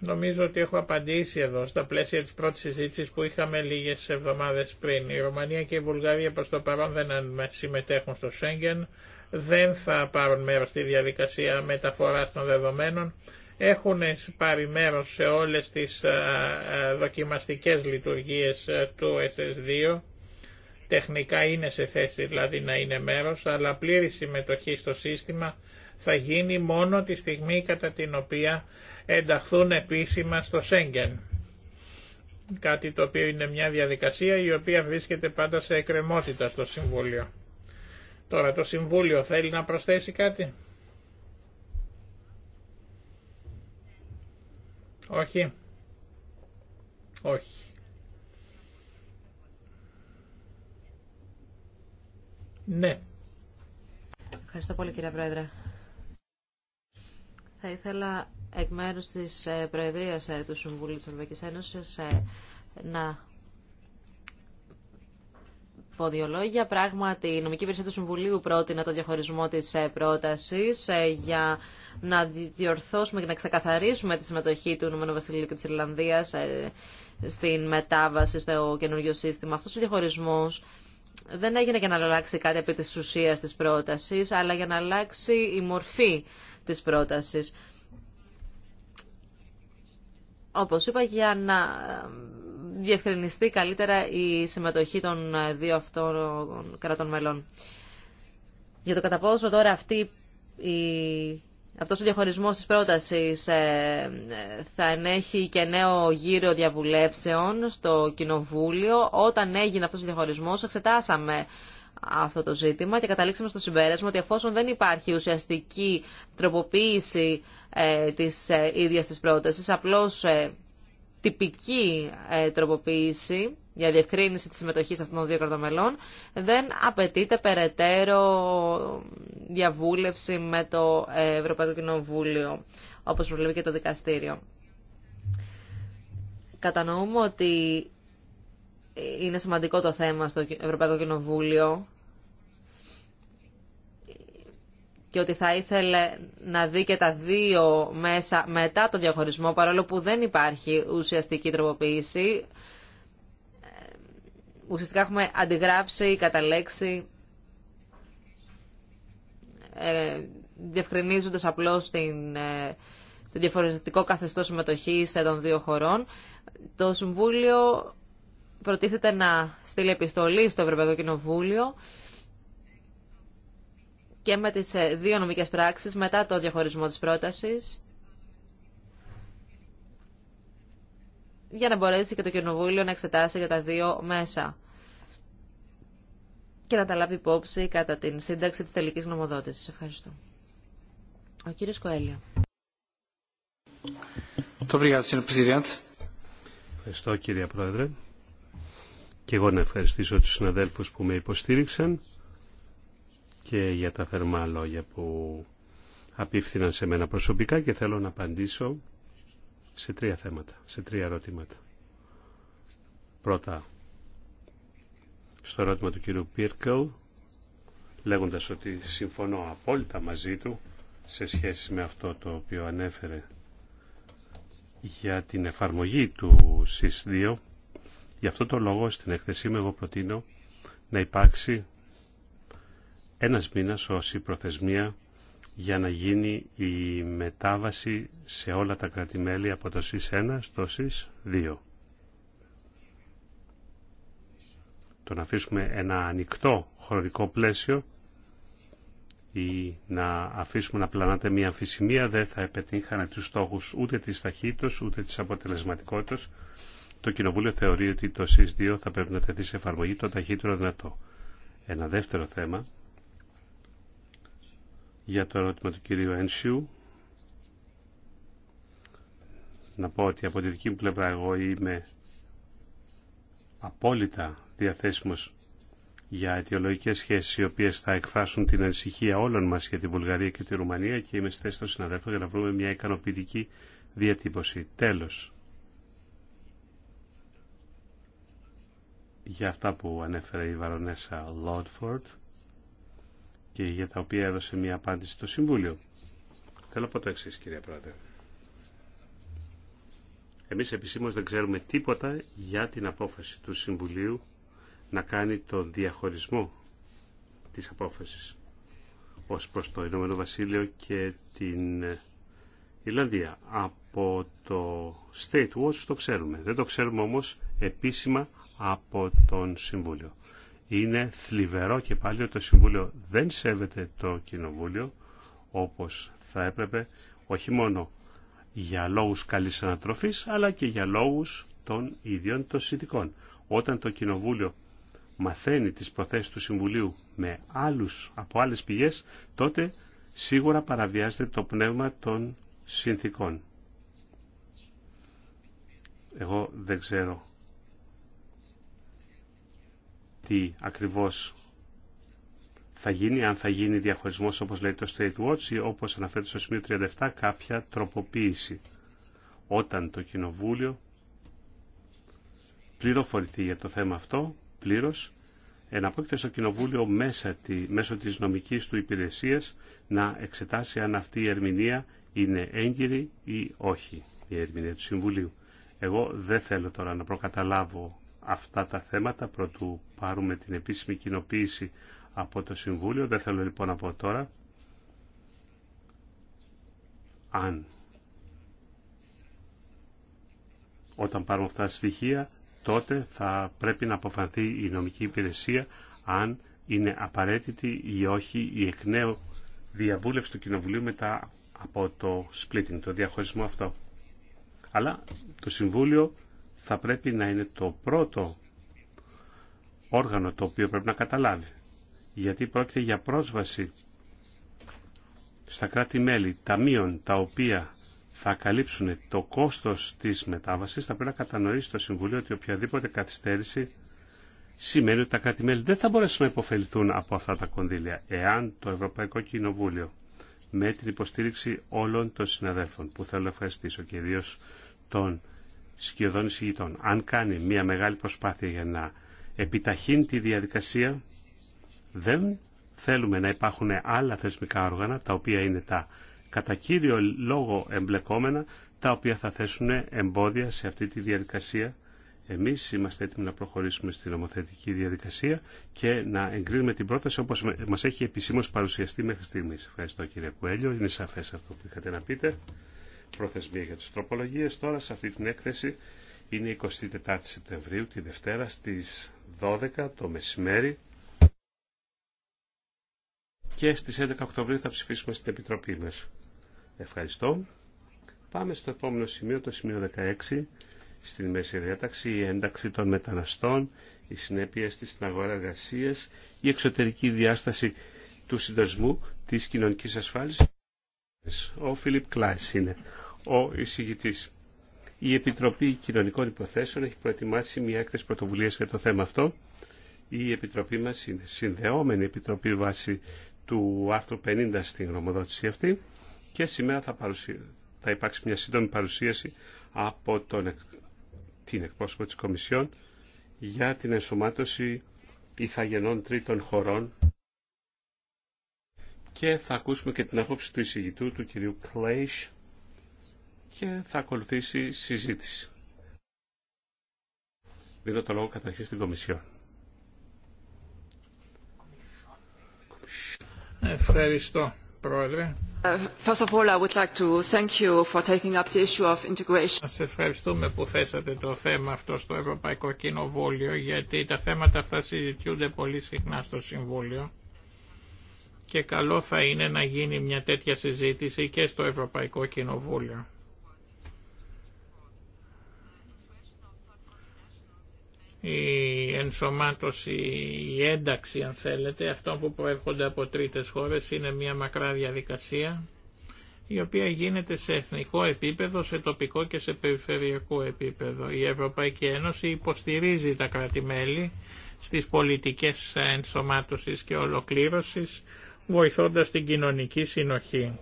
Νομίζω ότι έχω απαντήσει εδώ στα πλαίσια της πρώτης συζήτηση που είχαμε λίγες εβδομάδες πριν. Η Ρουμανία και η Βουλγαρία προς το παρόν δεν συμμετέχουν στο Σέγγεν δεν θα πάρουν μέρος στη διαδικασία μεταφοράς των δεδομένων, έχουν πάρει μέρος σε όλες τις δοκιμαστικές λειτουργίες του SS2, τεχνικά είναι σε θέση δηλαδή να είναι μέρος, αλλά πλήρη συμμετοχή στο σύστημα θα γίνει μόνο τη στιγμή κατά την οποία ενταχθούν επίσημα στο Σέγγεν. Κάτι το οποίο είναι μια διαδικασία η οποία βρίσκεται πάντα σε εκκρεμότητα στο Συμβούλιο. Τώρα το Συμβούλιο θέλει να προσθέσει κάτι. Όχι. Όχι. Ναι. Ευχαριστώ πολύ κύριε Πρόεδρε. Θα ήθελα εκ μέρους της ε, Προεδρίας ε, του Συμβουλίου της Ευρωπαϊκής Ένωσης ε, να πω δύο λόγια. Πράγματι, η νομική υπηρεσία του Συμβουλίου πρότεινε το διαχωρισμό τη ε, πρόταση ε, για να διορθώσουμε και να ξεκαθαρίσουμε τη συμμετοχή του Ηνωμένου Βασιλείου και τη Ιρλανδία ε, στην μετάβαση στο καινούργιο σύστημα. Αυτό ο διαχωρισμό δεν έγινε για να αλλάξει κάτι επί τη ουσία τη πρόταση, αλλά για να αλλάξει η μορφή τη πρόταση. Όπως είπα, για να διευκρινιστεί καλύτερα η συμμετοχή των ε, δύο αυτών ε, κρατών μελών. Για το κατά πόσο τώρα αυτή η... αυτός ο διαχωρισμός της πρότασης ε, θα ενέχει και νέο γύρο διαβουλεύσεων στο Κοινοβούλιο. Όταν έγινε αυτός ο διαχωρισμός εξετάσαμε αυτό το ζήτημα και καταλήξαμε στο συμπέρασμα ότι εφόσον δεν υπάρχει ουσιαστική τροποποίηση της ίδιας της πρότασης, απλώς τυπική ε, τροποποίηση για διευκρίνηση της συμμετοχής αυτών των δύο κρατομελών δεν απαιτείται περαιτέρω διαβούλευση με το ε, Ευρωπαϊκό Κοινοβούλιο, όπως προβλέπει και το δικαστήριο. Κατανοούμε ότι είναι σημαντικό το θέμα στο Ευρωπαϊκό Κοινοβούλιο και ότι θα ήθελε να δει και τα δύο μέσα μετά τον διαχωρισμό, παρόλο που δεν υπάρχει ουσιαστική τροποποίηση. Ε, ουσιαστικά έχουμε αντιγράψει, καταλέξει, ε, διευκρινίζοντας απλώς την, ε, το διαφορετικό καθεστώς συμμετοχής των δύο χωρών. Το Συμβούλιο προτίθεται να στείλει επιστολή στο Ευρωπαϊκό Κοινοβούλιο και με τις ε, δύο νομικές πράξεις μετά το διαχωρισμό της πρότασης για να μπορέσει και το Κοινοβούλιο να εξετάσει για τα δύο μέσα και να τα λάβει υπόψη κατά την σύνταξη της τελικής νομοδότησης. Ευχαριστώ. Ο κύριος Κοέλια. Ευχαριστώ κύριε Πρόεδρε. Και εγώ να ευχαριστήσω τους συναδέλφους που με υποστήριξαν και για τα θερμά λόγια που απίφθηναν σε μένα προσωπικά και θέλω να απαντήσω σε τρία θέματα, σε τρία ερωτήματα. Πρώτα, στο ερώτημα του κύριου Πίρκελ, λέγοντας ότι συμφωνώ απόλυτα μαζί του σε σχέση με αυτό το οποίο ανέφερε για την εφαρμογή του ΣΥΣ2. Γι' αυτό το λόγο στην εκθεσή μου εγώ προτείνω να υπάρξει ένας μήνας ως η προθεσμία για να γίνει η μετάβαση σε όλα τα κρατημέλη από το ΣΥΣ 1 στο ΣΥΣ 2. Το να αφήσουμε ένα ανοιχτό χρονικό πλαίσιο ή να αφήσουμε να πλανάται μια αμφισημία δεν θα επετύχανε τους στόχους ούτε της ταχύτητας ούτε της αποτελεσματικότητας. Το Κοινοβούλιο θεωρεί ότι το ΣΥΣ 2 θα πρέπει να τεθεί σε εφαρμογή το ταχύτερο δυνατό. Ένα δεύτερο θέμα για το ερώτημα του κυρίου Ένσιου. Να πω ότι από τη δική μου πλευρά εγώ είμαι απόλυτα διαθέσιμος για αιτιολογικές σχέσεις οι οποίες θα εκφράσουν την ανησυχία όλων μας για τη Βουλγαρία και τη Ρουμανία και είμαι στη θέση των για να βρούμε μια ικανοποιητική διατύπωση. Τέλος. Για αυτά που ανέφερε η Βαρονέσα Λότφορντ, και για τα οποία έδωσε μια απάντηση στο Συμβούλιο. Θέλω να πω το εξή, κυρία Πρόεδρε. Εμεί επισήμω δεν ξέρουμε τίποτα για την απόφαση του Συμβουλίου να κάνει το διαχωρισμό της απόφασης ως προς το Ηνωμένο Βασίλειο και την Ιρλανδία. Από το State Watch το ξέρουμε. Δεν το ξέρουμε όμως επίσημα από τον Συμβούλιο είναι θλιβερό και πάλι ότι το Συμβούλιο δεν σέβεται το Κοινοβούλιο όπως θα έπρεπε όχι μόνο για λόγους καλής ανατροφής αλλά και για λόγους των ίδιων των συνθηκών. Όταν το Κοινοβούλιο μαθαίνει τις προθέσεις του Συμβουλίου με άλλους, από άλλες πηγές, τότε σίγουρα παραβιάζεται το πνεύμα των συνθήκων. Εγώ δεν ξέρω τι ακριβώς θα γίνει, αν θα γίνει διαχωρισμός όπως λέει το State Watch ή όπως αναφέρεται στο σημείο 37 κάποια τροποποίηση. Όταν το Κοινοβούλιο πληροφορηθεί για το θέμα αυτό πλήρως, εναπόκειται στο Κοινοβούλιο μέσα τη, μέσω της νομικής του υπηρεσίας να εξετάσει αν αυτή η ερμηνεία είναι έγκυρη ή όχι η ερμηνεία του Συμβουλίου. Εγώ δεν θέλω τώρα να προκαταλάβω αυτά τα θέματα προτού πάρουμε την επίσημη κοινοποίηση από το Συμβούλιο. Δεν θέλω λοιπόν από τώρα αν όταν πάρουμε αυτά τα στοιχεία τότε θα πρέπει να αποφανθεί η νομική υπηρεσία αν είναι απαραίτητη ή όχι η εκ νέου διαβούλευση του Κοινοβουλίου μετά από το splitting, το διαχωρισμό αυτό. Αλλά το Συμβούλιο θα πρέπει να είναι το πρώτο όργανο το οποίο πρέπει να καταλάβει. Γιατί πρόκειται για πρόσβαση στα κράτη-μέλη ταμείων τα οποία θα καλύψουν το κόστος της μετάβασης, θα πρέπει να κατανοήσει το Συμβουλίο ότι οποιαδήποτε καθυστέρηση σημαίνει ότι τα κράτη-μέλη δεν θα μπορέσουν να υποφεληθούν από αυτά τα κονδύλια, εάν το Ευρωπαϊκό Κοινοβούλιο με την υποστήριξη όλων των συναδέλφων που θέλω να ευχαριστήσω και ιδίω τον εισηγητών. Αν κάνει μια μεγάλη προσπάθεια για να επιταχύνει τη διαδικασία, δεν θέλουμε να υπάρχουν άλλα θεσμικά όργανα, τα οποία είναι τα κατά κύριο λόγο εμπλεκόμενα, τα οποία θα θέσουν εμπόδια σε αυτή τη διαδικασία. Εμείς είμαστε έτοιμοι να προχωρήσουμε στη νομοθετική διαδικασία και να εγκρίνουμε την πρόταση όπως μας έχει επισήμως παρουσιαστεί μέχρι στιγμής. Ευχαριστώ κύριε Κουέλιο, είναι σαφές αυτό που είχατε να πείτε προθεσμία για τις τροπολογίες. Τώρα σε αυτή την έκθεση είναι 24 Σεπτεμβρίου, τη Δευτέρα, στις 12 το μεσημέρι και στις 11 Οκτωβρίου θα ψηφίσουμε στην Επιτροπή μας. Ευχαριστώ. Πάμε στο επόμενο σημείο, το σημείο 16, στην μέση διάταξη, η ένταξη των μεταναστών, οι συνέπειες της στην αγορά εργασίας, η εξωτερική διάσταση του συνδεσμού, της κοινωνικής ασφάλισης. Ο Φίλιπ Κλάις είναι ο εισηγητής. Η Επιτροπή Κοινωνικών Υποθέσεων έχει προετοιμάσει μια έκθεση πρωτοβουλίας για το θέμα αυτό. Η Επιτροπή μας είναι συνδεόμενη Επιτροπή βάσει του άρθρου 50 στην γνωμοδότηση αυτή και σήμερα θα, θα υπάρξει μια σύντομη παρουσίαση από τον, την εκπρόσωπο της Κομισιόν για την ενσωμάτωση ηθαγενών τρίτων χωρών και θα ακούσουμε και την άποψη του εισηγητού του κυρίου Κλέισ και θα ακολουθήσει συζήτηση. Δίνω το λόγο καταρχήν στην Κομισιόν. Ευχαριστώ, Πρόεδρε. Uh, first of all, I would like to thank you for taking up the issue of integration. Σας ευχαριστούμε που θέσατε το θέμα αυτό στο Ευρωπαϊκό Κοινοβούλιο, γιατί τα θέματα αυτά συζητιούνται πολύ συχνά στο Συμβούλιο και καλό θα είναι να γίνει μια τέτοια συζήτηση και στο Ευρωπαϊκό Κοινοβούλιο. η ενσωμάτωση, η ένταξη αν θέλετε, αυτό που προέρχονται από τρίτες χώρες είναι μια μακρά διαδικασία η οποία γίνεται σε εθνικό επίπεδο, σε τοπικό και σε περιφερειακό επίπεδο. Η Ευρωπαϊκή Ένωση υποστηρίζει τα κράτη-μέλη στις πολιτικές ενσωμάτωσης και ολοκλήρωσης βοηθώντας την κοινωνική συνοχή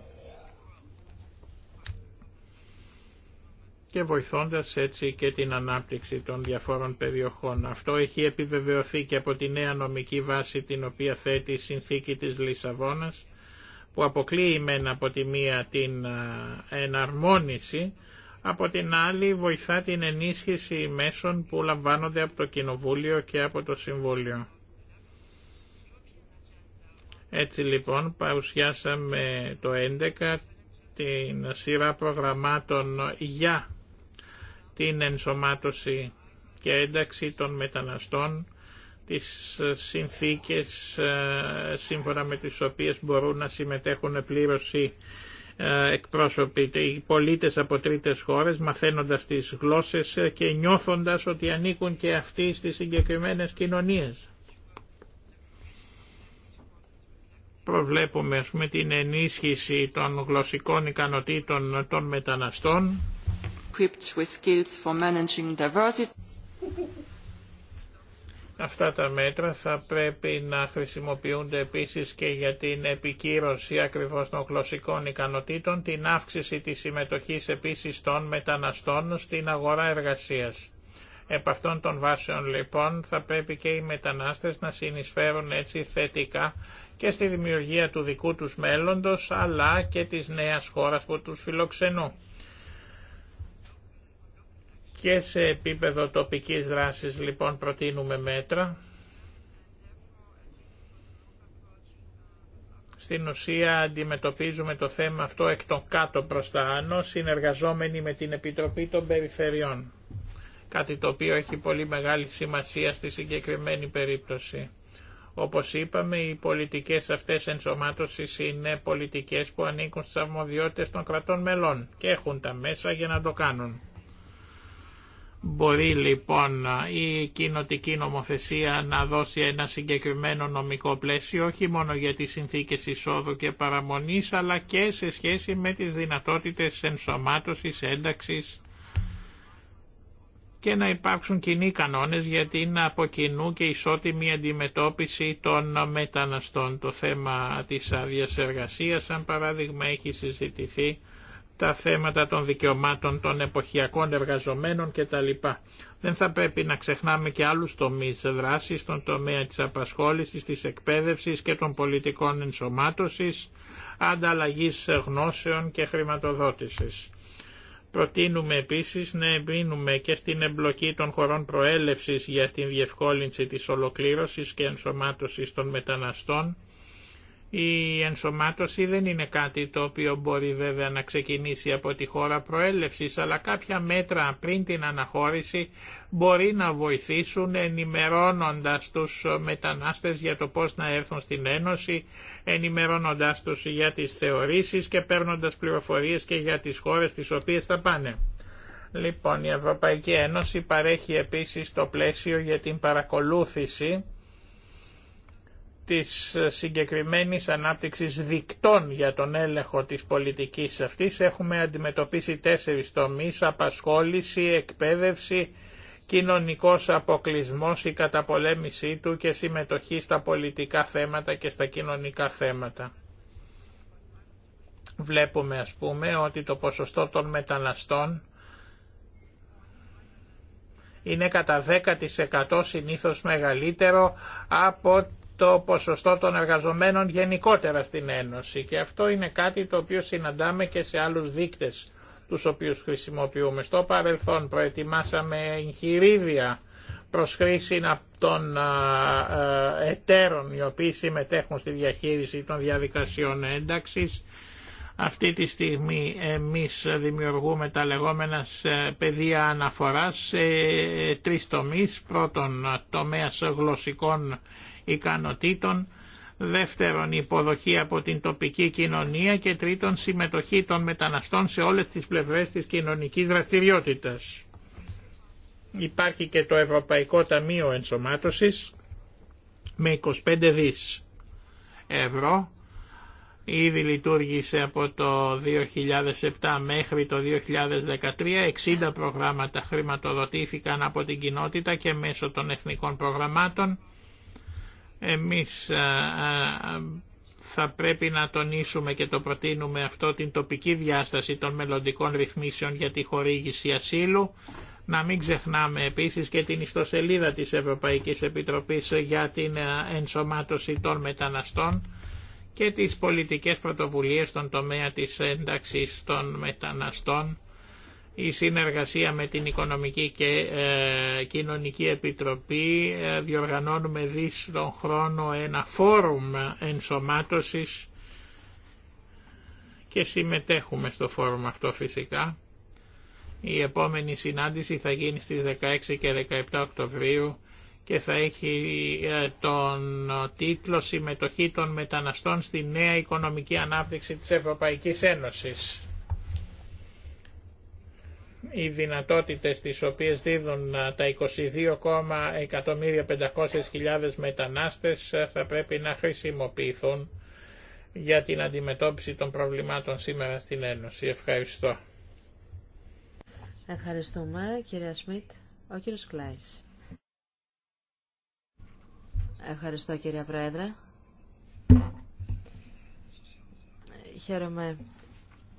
και βοηθώντας έτσι και την ανάπτυξη των διαφόρων περιοχών. Αυτό έχει επιβεβαιωθεί και από τη νέα νομική βάση την οποία θέτει η συνθήκη της Λισαβόνας που αποκλείει μεν από τη μία την εναρμόνιση, από την άλλη βοηθά την ενίσχυση μέσων που λαμβάνονται από το Κοινοβούλιο και από το Συμβούλιο. Έτσι λοιπόν παρουσιάσαμε το 11 την σειρά προγραμμάτων για την ενσωμάτωση και ένταξη των μεταναστών τις συνθήκες ε, σύμφωνα με τις οποίες μπορούν να συμμετέχουν πλήρως οι ε, εκπρόσωποι, οι πολίτες από τρίτες χώρες μαθαίνοντας τις γλώσσες και νιώθοντας ότι ανήκουν και αυτοί στις συγκεκριμένες κοινωνίες. Προβλέπουμε ας την ενίσχυση των γλωσσικών ικανοτήτων των μεταναστών. Αυτά τα μέτρα θα πρέπει να χρησιμοποιούνται επίσης και για την επικύρωση ακριβώς των γλωσσικών ικανοτήτων, την αύξηση της συμμετοχής επίσης των μεταναστών στην αγορά εργασίας. Επ' αυτών των βάσεων λοιπόν θα πρέπει και οι μετανάστες να συνεισφέρουν έτσι θετικά και στη δημιουργία του δικού τους μέλλοντος αλλά και της νέας χώρας που τους φιλοξενού. και σε επίπεδο τοπικής δράσης λοιπόν προτείνουμε μέτρα. Στην ουσία αντιμετωπίζουμε το θέμα αυτό εκ των κάτω προς τα άνω, συνεργαζόμενοι με την Επιτροπή των Περιφερειών. Κάτι το οποίο έχει πολύ μεγάλη σημασία στη συγκεκριμένη περίπτωση. Όπως είπαμε, οι πολιτικές αυτές ενσωμάτωσης είναι πολιτικές που ανήκουν στις αρμοδιότητες των κρατών μελών και έχουν τα μέσα για να το κάνουν. Μπορεί λοιπόν η κοινοτική νομοθεσία να δώσει ένα συγκεκριμένο νομικό πλαίσιο όχι μόνο για τις συνθήκες εισόδου και παραμονής αλλά και σε σχέση με τις δυνατότητες ενσωμάτωσης, ένταξης και να υπάρξουν κοινοί κανόνες γιατί την από κοινού και ισότιμη αντιμετώπιση των μεταναστών. Το θέμα της άδεια εργασίας, σαν παράδειγμα, έχει συζητηθεί τα θέματα των δικαιωμάτων των εποχιακών εργαζομένων κτλ. Δεν θα πρέπει να ξεχνάμε και άλλους τομείς δράσης στον τομέα της απασχόλησης, της εκπαίδευσης και των πολιτικών ενσωμάτωσης, ανταλλαγής γνώσεων και χρηματοδότησης. Προτείνουμε επίσης να εμπίνουμε και στην εμπλοκή των χωρών προέλευσης για την διευκόλυνση της ολοκλήρωσης και ενσωμάτωσης των μεταναστών. Η ενσωμάτωση δεν είναι κάτι το οποίο μπορεί βέβαια να ξεκινήσει από τη χώρα προέλευσης, αλλά κάποια μέτρα πριν την αναχώρηση μπορεί να βοηθήσουν ενημερώνοντας τους μετανάστες για το πώς να έρθουν στην Ένωση, ενημερώνοντάς τους για τις θεωρήσεις και παίρνοντας πληροφορίες και για τις χώρες τις οποίες θα πάνε. Λοιπόν, η Ευρωπαϊκή Ένωση παρέχει επίσης το πλαίσιο για την παρακολούθηση της συγκεκριμένης ανάπτυξης δικτών για τον έλεγχο της πολιτικής αυτής. Έχουμε αντιμετωπίσει τέσσερις τομείς, απασχόληση, εκπαίδευση, κοινωνικός αποκλεισμός, η καταπολέμησή του και συμμετοχή στα πολιτικά θέματα και στα κοινωνικά θέματα. Βλέπουμε ας πούμε ότι το ποσοστό των μεταναστών είναι κατά 10% συνήθως μεγαλύτερο από το ποσοστό των εργαζομένων γενικότερα στην Ένωση και αυτό είναι κάτι το οποίο συναντάμε και σε άλλους δείκτες τους οποίους χρησιμοποιούμε. Στο παρελθόν προετοιμάσαμε εγχειρίδια προς χρήση των εταίρων οι οποίοι συμμετέχουν στη διαχείριση των διαδικασιών ένταξης. Αυτή τη στιγμή εμείς δημιουργούμε τα λεγόμενα πεδία αναφοράς σε τρεις τομείς. Πρώτον τομέας γλωσσικών ικανοτήτων, δεύτερον υποδοχή από την τοπική κοινωνία και τρίτον συμμετοχή των μεταναστών σε όλες τις πλευρές της κοινωνικής δραστηριότητας. Υπάρχει και το Ευρωπαϊκό Ταμείο Ενσωμάτωσης με 25 δις ευρώ. Ήδη λειτουργήσε από το 2007 μέχρι το 2013. 60 προγράμματα χρηματοδοτήθηκαν από την κοινότητα και μέσω των εθνικών προγραμμάτων εμείς θα πρέπει να τονίσουμε και το προτείνουμε αυτό την τοπική διάσταση των μελλοντικών ρυθμίσεων για τη χορήγηση ασύλου. Να μην ξεχνάμε επίσης και την ιστοσελίδα της Ευρωπαϊκής Επιτροπής για την ενσωμάτωση των μεταναστών και τις πολιτικές πρωτοβουλίες στον τομέα της ένταξης των μεταναστών η συνεργασία με την Οικονομική και ε, Κοινωνική Επιτροπή ε, διοργανώνουμε δις τον χρόνο ένα φόρουμ ενσωμάτωσης και συμμετέχουμε στο φόρουμ αυτό φυσικά. Η επόμενη συνάντηση θα γίνει στις 16 και 17 Οκτωβρίου και θα έχει ε, τον τίτλο «Συμμετοχή των μεταναστών στη νέα οικονομική ανάπτυξη της Ευρωπαϊκής Ένωσης» οι δυνατότητες τις οποίες δίδουν τα 22.500.000 μετανάστες θα πρέπει να χρησιμοποιηθούν για την αντιμετώπιση των προβλημάτων σήμερα στην Ένωση. Ευχαριστώ. Ευχαριστούμε κυρία Σμιτ. Ο κύριος Κλάης. Ευχαριστώ κυρία Πρόεδρε. Χαίρομαι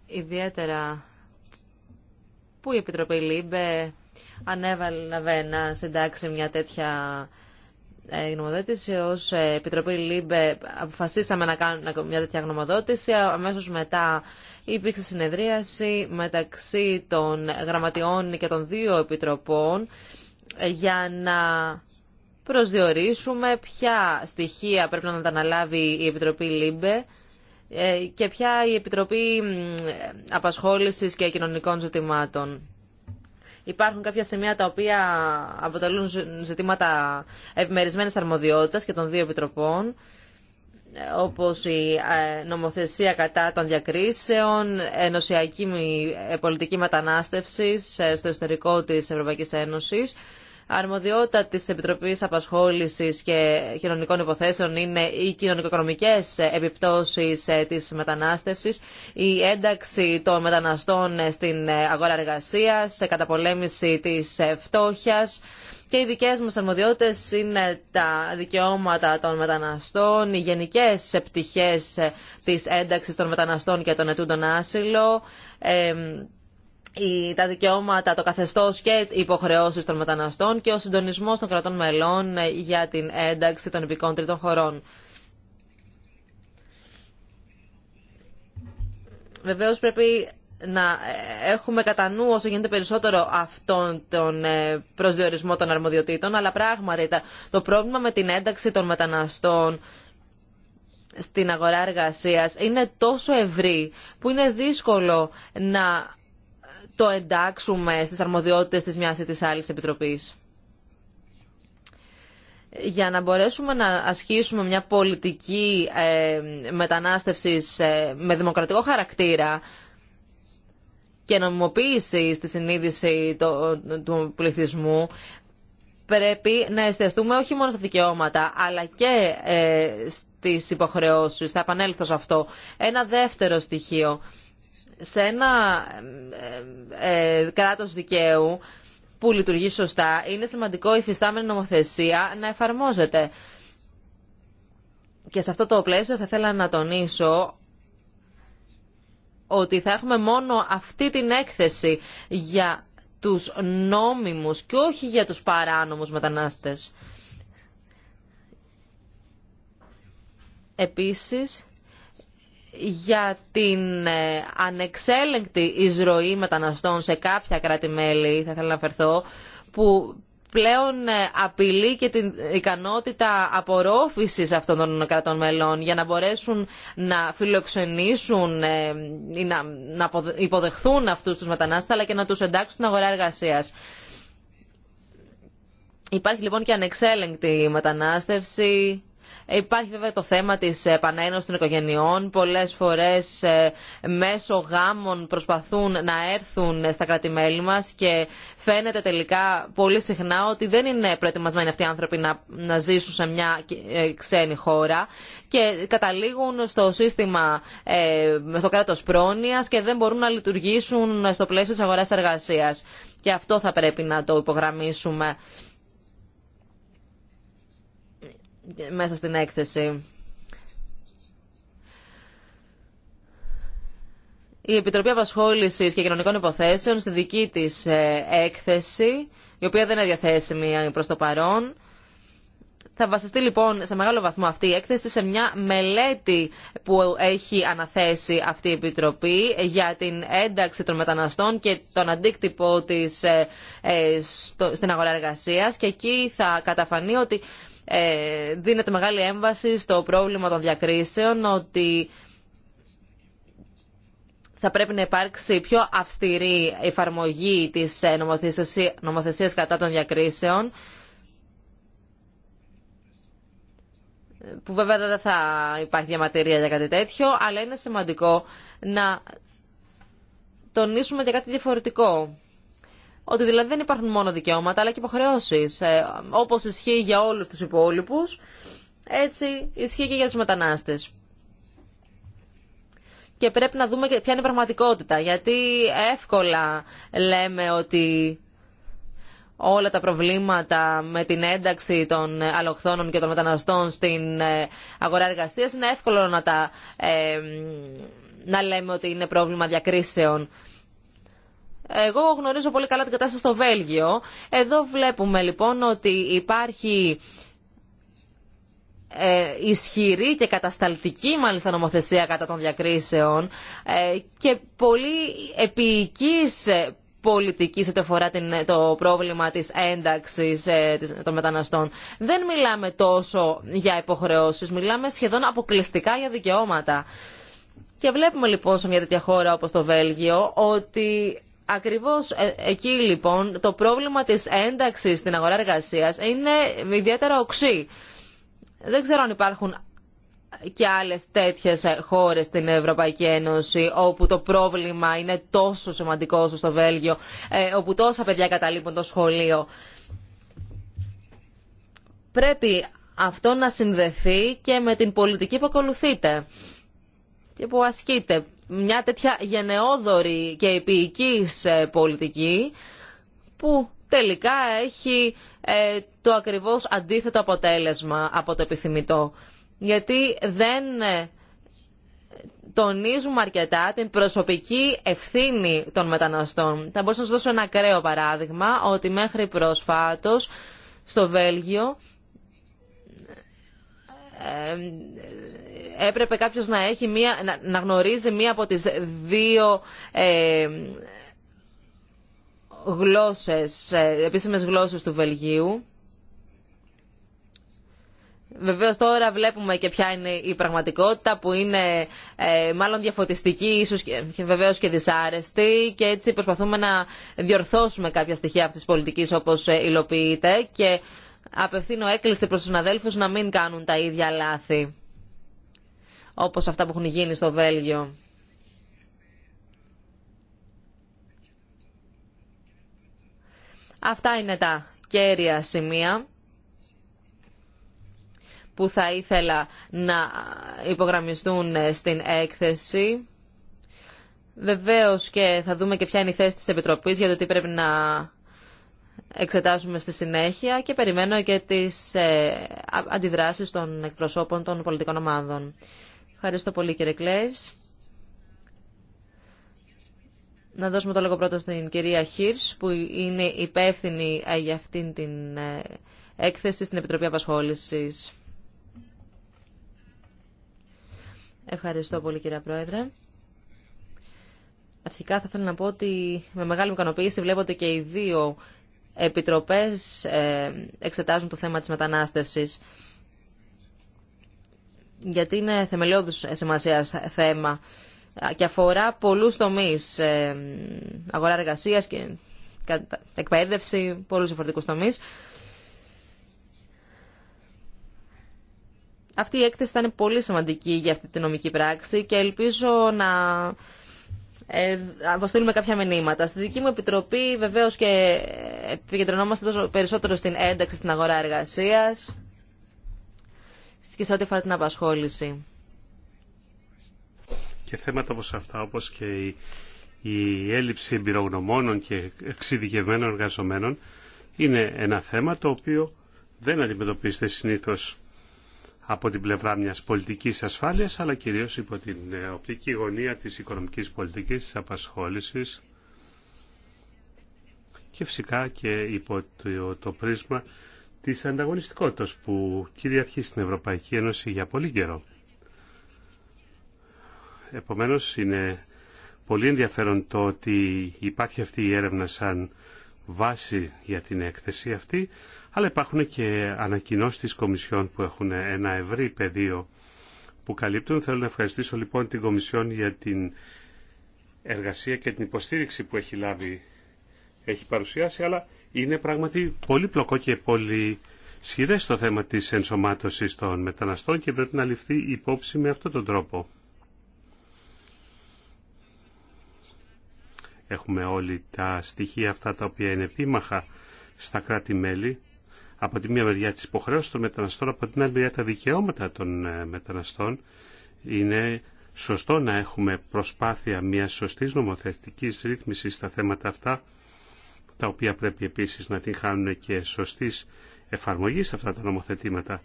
ιδιαίτερα που η Επιτροπή ΛΥΜΠΕ ανέβαλε να συντάξει μια τέτοια ε, γνωμοδότηση. Ως ε, Επιτροπή ΛΥΜΠΕ αποφασίσαμε να κάνουμε μια τέτοια γνωμοδότηση. Αμέσω μετά υπήρξε συνεδρίαση μεταξύ των γραμματιών και των δύο επιτροπών ε, για να προσδιορίσουμε ποια στοιχεία πρέπει να τα αναλάβει η Επιτροπή ΛΥΜΠΕ ε, και ποια η Επιτροπή Απασχόλησης και Κοινωνικών Ζητημάτων. Υπάρχουν κάποια σημεία τα οποία αποτελούν ζητήματα ευμερισμένης αρμοδιότητας και των δύο επιτροπών, ε, όπως η ε, νομοθεσία κατά των διακρίσεων, ενωσιακή πολιτική μετανάστευση στο εσωτερικό της Ευρωπαϊκής Ένωσης αρμοδιότητα της Επιτροπής Απασχόλησης και Κοινωνικών Υποθέσεων είναι οι κοινωνικο επιπτώσεις ε, της μετανάστευσης, η ένταξη των μεταναστών ε, στην ε, αγορά εργασίας, καταπολέμηση της φτώχειας, και οι δικέ μα αρμοδιότητε είναι τα δικαιώματα των μεταναστών, οι γενικέ πτυχέ τη ένταξη των μεταναστών και των ετούντων άσυλο, τα δικαιώματα, το καθεστώς και οι υποχρεώσεις των μεταναστών και ο συντονισμός των κρατών μελών ε, για την ένταξη των υπηκών τρίτων χωρών. Βεβαίω πρέπει να ε, έχουμε κατά νου όσο γίνεται περισσότερο αυτόν τον ε, προσδιορισμό των αρμοδιοτήτων, αλλά πράγματι το πρόβλημα με την ένταξη των μεταναστών στην αγορά εργασίας είναι τόσο ευρύ που είναι δύσκολο να το εντάξουμε στις αρμοδιότητες της μιας ή της άλλης επιτροπής. Για να μπορέσουμε να ασχίσουμε μια πολιτική ε, μετανάστευσης ε, με δημοκρατικό χαρακτήρα και νομιμοποίηση στη συνείδηση του πληθυσμού, πρέπει να εστιαστούμε όχι μόνο στα δικαιώματα, αλλά και ε, στις υποχρεώσεις. Θα επανέλθω σε αυτό. Ένα δεύτερο στοιχείο σε ένα ε, ε δικαίου που λειτουργεί σωστά, είναι σημαντικό η φυστάμενη νομοθεσία να εφαρμόζεται. Και σε αυτό το πλαίσιο θα ήθελα να τονίσω ότι θα έχουμε μόνο αυτή την έκθεση για τους νόμιμους και όχι για τους παράνομους μετανάστες. Επίσης, για την ε, ανεξέλεγκτη εισρωή μεταναστών σε κάποια κράτη-μέλη, θα ήθελα να αφαιρθώ, που πλέον ε, απειλεί και την ικανότητα απορρόφησης αυτών των κρατών μελών για να μπορέσουν να φιλοξενήσουν ε, ή να υποδεχθούν αυτούς τους μετανάστες αλλά και να τους εντάξουν στην αγορά εργασίας. Υπάρχει λοιπόν και ανεξέλεγκτη μετανάστευση Υπάρχει βέβαια το θέμα της ε, επανένωσης των οικογενειών. Πολλές φορές ε, μέσω γάμων προσπαθούν να έρθουν ε, στα κρατημέλη μας και φαίνεται τελικά πολύ συχνά ότι δεν είναι προετοιμασμένοι αυτοί οι άνθρωποι να, να ζήσουν σε μια ξένη χώρα και καταλήγουν στο σύστημα, στο κράτος πρόνοιας και δεν μπορούν να λειτουργήσουν στο πλαίσιο της αγοράς εργασίας. Και αυτό θα πρέπει να το υπογραμμίσουμε μέσα στην έκθεση. Η Επιτροπή απασχόληση και Κοινωνικών Υποθέσεων στη δική της ε, έκθεση, η οποία δεν είναι διαθέσιμη προ το παρόν, θα βασιστεί λοιπόν σε μεγάλο βαθμό αυτή η έκθεση σε μια μελέτη που έχει αναθέσει αυτή η Επιτροπή για την ένταξη των μεταναστών και τον αντίκτυπο της ε, ε, στην αγορά εργασίας και εκεί θα καταφανεί ότι ε, δίνεται μεγάλη έμβαση στο πρόβλημα των διακρίσεων, ότι θα πρέπει να υπάρξει πιο αυστηρή εφαρμογή της ε, νομοθεσίας κατά των διακρίσεων, που βέβαια δεν θα υπάρχει διαματηρία για κάτι τέτοιο, αλλά είναι σημαντικό να τονίσουμε και κάτι διαφορετικό. Ότι δηλαδή δεν υπάρχουν μόνο δικαιώματα αλλά και υποχρεώσεις. Ε, όπως ισχύει για όλους τους υπόλοιπου, έτσι ισχύει και για τους μετανάστες. Και πρέπει να δούμε ποια είναι η πραγματικότητα. Γιατί εύκολα λέμε ότι όλα τα προβλήματα με την ένταξη των αλοχθώνων και των μεταναστών στην ε, αγορά εργασίας είναι εύκολο να, τα, ε, να λέμε ότι είναι πρόβλημα διακρίσεων. Εγώ γνωρίζω πολύ καλά την κατάσταση στο Βέλγιο. Εδώ βλέπουμε λοιπόν ότι υπάρχει ε, ισχυρή και κατασταλτική μάλιστα νομοθεσία κατά των διακρίσεων ε, και πολύ επίοικης ε, πολιτική ό,τι αφορά την, το πρόβλημα της ένταξης ε, των μεταναστών. Δεν μιλάμε τόσο για υποχρεώσεις, μιλάμε σχεδόν αποκλειστικά για δικαιώματα. Και βλέπουμε λοιπόν σε μια τέτοια χώρα όπως το Βέλγιο ότι Ακριβώς ε, εκεί λοιπόν το πρόβλημα της ένταξης στην αγορά εργασίας είναι ιδιαίτερα οξύ. Δεν ξέρω αν υπάρχουν και άλλες τέτοιες ε, χώρες στην Ευρωπαϊκή Ένωση όπου το πρόβλημα είναι τόσο σημαντικό όσο στο Βέλγιο, ε, όπου τόσα παιδιά καταλείπουν το σχολείο. Πρέπει αυτό να συνδεθεί και με την πολιτική που ακολουθείτε και που ασκείτε μια τέτοια γενναιόδορη και επίοικης ε, πολιτική που τελικά έχει ε, το ακριβώς αντίθετο αποτέλεσμα από το επιθυμητό. Γιατί δεν ε, τονίζουμε αρκετά την προσωπική ευθύνη των μεταναστών. Θα μπορούσα να σας δώσω ένα ακραίο παράδειγμα ότι μέχρι πρόσφατος στο Βέλγιο έπρεπε κάποιος να, έχει μία, να, γνωρίζει μία από τις δύο ε, γλώσσες, επίσημες γλώσσες του Βελγίου. Βεβαίως τώρα βλέπουμε και ποια είναι η πραγματικότητα που είναι ε, μάλλον διαφωτιστική ίσως και βεβαίως και δυσάρεστη και έτσι προσπαθούμε να διορθώσουμε κάποια στοιχεία αυτής της πολιτικής όπως ε, υλοποιείται και απευθύνω έκκληση προς τους αδέλφους να μην κάνουν τα ίδια λάθη όπως αυτά που έχουν γίνει στο Βέλγιο. Αυτά είναι τα κέρια σημεία που θα ήθελα να υπογραμμιστούν στην έκθεση. Βεβαίως και θα δούμε και ποια είναι η θέση της Επιτροπής για το τι πρέπει να εξετάσουμε στη συνέχεια και περιμένω και τις ε, αντιδράσεις των εκπροσώπων των πολιτικών ομάδων. Ευχαριστώ πολύ κύριε Κλέης. Να δώσουμε το λόγο πρώτα στην κυρία Χίρς που είναι υπεύθυνη ε, για αυτήν την ε, έκθεση στην Επιτροπή Απασχόλησης. Ευχαριστώ πολύ κύριε Πρόεδρε. Αρχικά θα ήθελα να πω ότι με μεγάλη ικανοποίηση βλέπονται και οι δύο επιτροπές ε, εξετάζουν το θέμα της μετανάστευσης γιατί είναι θεμελιώδους σημασία θέμα και αφορά πολλούς τομείς, ε, αγορά εργασίας και εκπαίδευση, πολλούς διαφορετικούς τομείς. Αυτή η έκθεση θα είναι πολύ σημαντική για αυτή τη νομική πράξη και ελπίζω να ε, αποστείλουμε κάποια μηνύματα. Στη δική μου επιτροπή βεβαίως και επικεντρωνόμαστε τόσο περισσότερο στην ένταξη στην αγορά εργασίας και σε ό,τι αφορά την απασχόληση. Και θέματα όπως αυτά, όπως και η, η έλλειψη εμπειρογνωμόνων και εξειδικευμένων εργαζομένων είναι ένα θέμα το οποίο δεν αντιμετωπίζεται συνήθως από την πλευρά μιας πολιτικής ασφάλειας, αλλά κυρίως υπό την ε, οπτική γωνία της οικονομικής πολιτικής, της απασχόλησης και φυσικά και υπό το, το πρίσμα της ανταγωνιστικότητας που κυριαρχεί στην Ευρωπαϊκή Ένωση για πολύ καιρό. Επομένως είναι πολύ ενδιαφέρον το ότι υπάρχει αυτή η έρευνα σαν βάση για την έκθεση αυτή, αλλά υπάρχουν και ανακοινώσει της Κομισιόν που έχουν ένα ευρύ πεδίο που καλύπτουν. Θέλω να ευχαριστήσω λοιπόν την Κομισιόν για την εργασία και την υποστήριξη που έχει λάβει, έχει παρουσιάσει, αλλά είναι πράγματι πολύ πλοκό και πολύ σχηδές το θέμα της ενσωμάτωσης των μεταναστών και πρέπει να ληφθεί υπόψη με αυτόν τον τρόπο. Έχουμε όλοι τα στοιχεία αυτά τα οποία είναι επίμαχα στα κράτη-μέλη από τη μία μεριά τις υποχρέωσεις των μεταναστών, από την άλλη μεριά τα δικαιώματα των ε, μεταναστών. Είναι σωστό να έχουμε προσπάθεια μιας σωστής νομοθετικής ρύθμισης στα θέματα αυτά, τα οποία πρέπει επίσης να την χάνουν και σωστής εφαρμογής αυτά τα νομοθετήματα.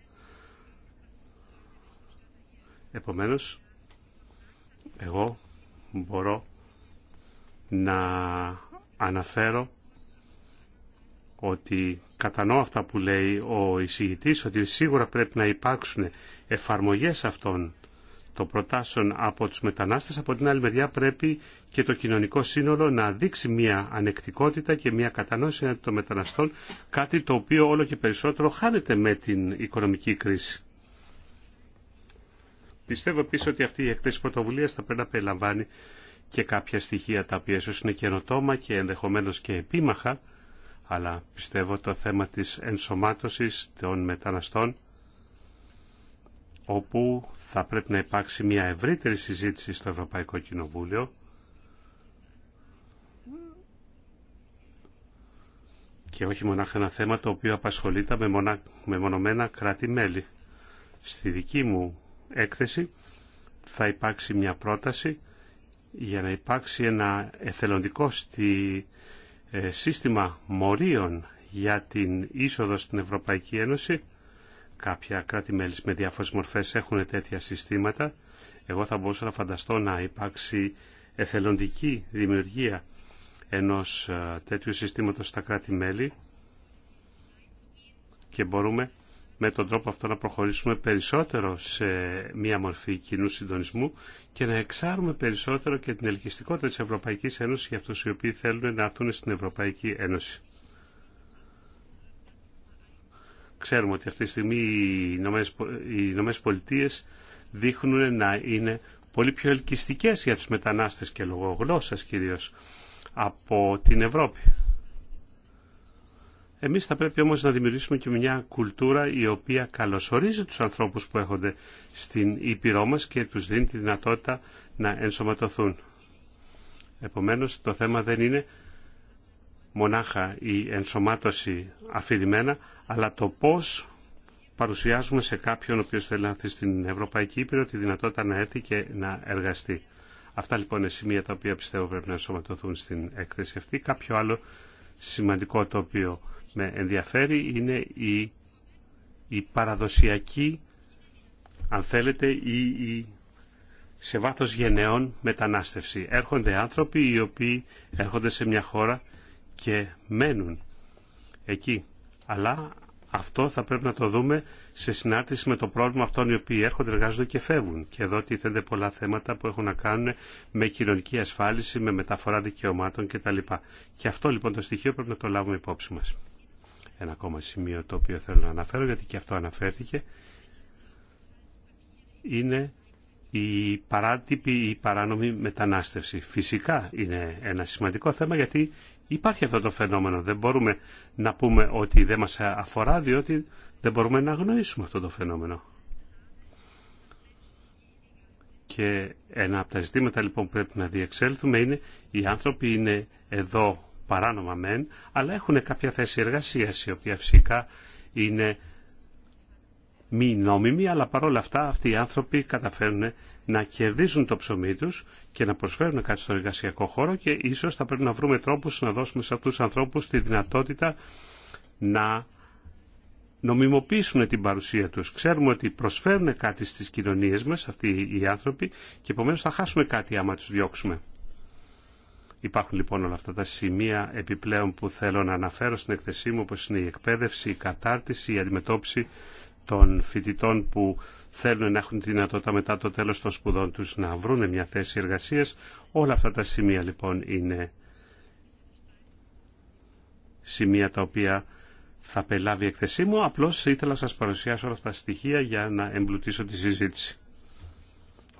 Επομένως, εγώ μπορώ να αναφέρω ότι κατανοώ αυτά που λέει ο εισηγητής, ότι σίγουρα πρέπει να υπάρξουν εφαρμογές αυτών των προτάσεων από τους μετανάστες, από την άλλη μεριά πρέπει και το κοινωνικό σύνολο να δείξει μια ανεκτικότητα και μια κατανόηση των μεταναστών, κάτι το οποίο όλο και περισσότερο χάνεται με την οικονομική κρίση. Πιστεύω επίση ότι αυτή η εκθέση πρωτοβουλία θα πρέπει να περιλαμβάνει και κάποια στοιχεία τα οποία ίσω είναι καινοτόμα και ενδεχομένω και επίμαχα, αλλά πιστεύω το θέμα της ενσωμάτωσης των μεταναστών όπου θα πρέπει να υπάρξει μια ευρύτερη συζήτηση στο Ευρωπαϊκό Κοινοβούλιο και όχι μονάχα ένα θέμα το οποίο απασχολεί τα μεμονωμένα κράτη-μέλη. Στη δική μου έκθεση θα υπάρξει μια πρόταση για να υπάρξει ένα εθελοντικό στη ε, σύστημα μορίων για την είσοδο στην Ευρωπαϊκή Ένωση. Κάποια κράτη-μέλη με διάφορε μορφέ, έχουν τέτοια συστήματα. Εγώ θα μπορούσα να φανταστώ να υπάρξει εθελοντική δημιουργία ενός ε, τέτοιου συστήματος στα κράτη-μέλη και μπορούμε με τον τρόπο αυτό να προχωρήσουμε περισσότερο σε μία μορφή κοινού συντονισμού και να εξάρουμε περισσότερο και την ελκυστικότητα της Ευρωπαϊκής Ένωσης για αυτούς οι οποίοι θέλουν να έρθουν στην Ευρωπαϊκή Ένωση. Ξέρουμε ότι αυτή τη στιγμή οι Ηνωμένες Πολιτείες δείχνουν να είναι πολύ πιο ελκυστικές για τους μετανάστες και λόγω γλώσσας κυρίως από την Ευρώπη. Εμείς θα πρέπει όμως να δημιουργήσουμε και μια κουλτούρα η οποία καλωσορίζει τους ανθρώπους που έχονται στην Ήπειρό μας και τους δίνει τη δυνατότητα να ενσωματωθούν. Επομένως το θέμα δεν είναι μονάχα η ενσωμάτωση αφηρημένα, αλλά το πώς παρουσιάζουμε σε κάποιον ο οποίος θέλει να έρθει στην Ευρωπαϊκή Ήπειρο τη δυνατότητα να έρθει και να εργαστεί. Αυτά λοιπόν είναι σημεία τα οποία πιστεύω πρέπει να ενσωματωθούν στην έκθεση αυτή. Κάποιο άλλο σημαντικό το οποίο με ενδιαφέρει είναι η, η παραδοσιακή, αν θέλετε, η, η σε βάθος γενναίων μετανάστευση. Έρχονται άνθρωποι οι οποίοι έρχονται σε μια χώρα και μένουν εκεί. Αλλά αυτό θα πρέπει να το δούμε σε συνάρτηση με το πρόβλημα αυτών οι οποίοι έρχονται, εργάζονται και φεύγουν. Και εδώ τίθενται πολλά θέματα που έχουν να κάνουν με κοινωνική ασφάλιση, με μεταφορά δικαιωμάτων κτλ. Και αυτό λοιπόν το στοιχείο πρέπει να το λάβουμε υπόψη μας. Ένα ακόμα σημείο το οποίο θέλω να αναφέρω, γιατί και αυτό αναφέρθηκε, είναι η παράτυπη ή παράνομη μετανάστευση. Φυσικά είναι ένα σημαντικό θέμα γιατί υπάρχει αυτό το φαινόμενο. Δεν μπορούμε να πούμε ότι δεν μας αφορά διότι δεν μπορούμε να γνωρίσουμε αυτό το φαινόμενο. Και ένα από τα ζητήματα λοιπόν που πρέπει να διεξέλθουμε είναι οι άνθρωποι είναι εδώ παράνομα μεν, αλλά έχουν κάποια θέση εργασία, η οποία φυσικά είναι μη νόμιμη, αλλά παρόλα αυτά αυτοί οι άνθρωποι καταφέρνουν να κερδίσουν το ψωμί του και να προσφέρουν κάτι στον εργασιακό χώρο και ίσω θα πρέπει να βρούμε τρόπου να δώσουμε σε αυτού του ανθρώπου τη δυνατότητα να νομιμοποιήσουν την παρουσία τους. Ξέρουμε ότι προσφέρουν κάτι στις κοινωνίες μας αυτοί οι άνθρωποι και επομένως θα χάσουμε κάτι άμα τους διώξουμε. Υπάρχουν λοιπόν όλα αυτά τα σημεία επιπλέον που θέλω να αναφέρω στην εκθεσή μου, όπως είναι η εκπαίδευση, η κατάρτιση, η αντιμετώπιση των φοιτητών που θέλουν να έχουν τη δυνατότητα μετά το τέλος των σπουδών τους να βρουν μια θέση εργασίας. Όλα αυτά τα σημεία λοιπόν είναι σημεία τα οποία θα πελάβει η εκθεσή μου. Απλώς ήθελα να σας παρουσιάσω όλα αυτά τα στοιχεία για να εμπλουτίσω τη συζήτηση.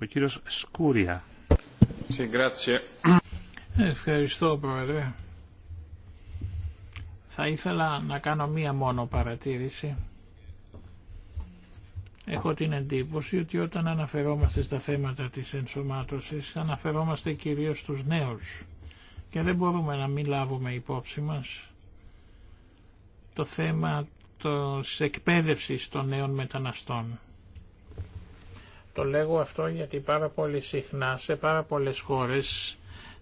Ο κύριος Σκούρια. Συγκράτησε. Ευχαριστώ Πρόεδρε. Θα ήθελα να κάνω μία μόνο παρατήρηση. Έχω την εντύπωση ότι όταν αναφερόμαστε στα θέματα της ενσωμάτωσης αναφερόμαστε κυρίως στους νέους και δεν μπορούμε να μην λάβουμε υπόψη μας το θέμα της εκπαίδευσης των νέων μεταναστών. Το λέγω αυτό γιατί πάρα πολύ συχνά σε πάρα πολλές χώρες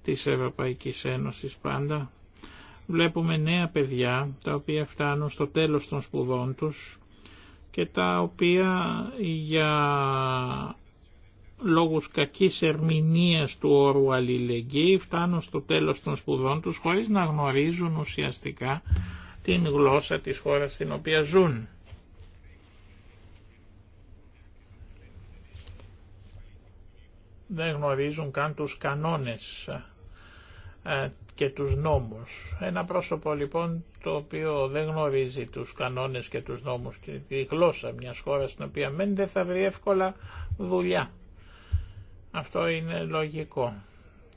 της Ευρωπαϊκής Ένωσης πάντα. Βλέπουμε νέα παιδιά τα οποία φτάνουν στο τέλος των σπουδών τους και τα οποία για λόγους κακής ερμηνείας του όρου αλληλεγγύη φτάνουν στο τέλος των σπουδών τους χωρίς να γνωρίζουν ουσιαστικά την γλώσσα της χώρας στην οποία ζουν. Δεν γνωρίζουν καν τους κανόνες ε, και τους νόμους. Ένα πρόσωπο λοιπόν το οποίο δεν γνωρίζει τους κανόνες και τους νόμους και τη γλώσσα μιας χώρας στην οποία μένει δεν θα βρει εύκολα δουλειά. Αυτό είναι λογικό.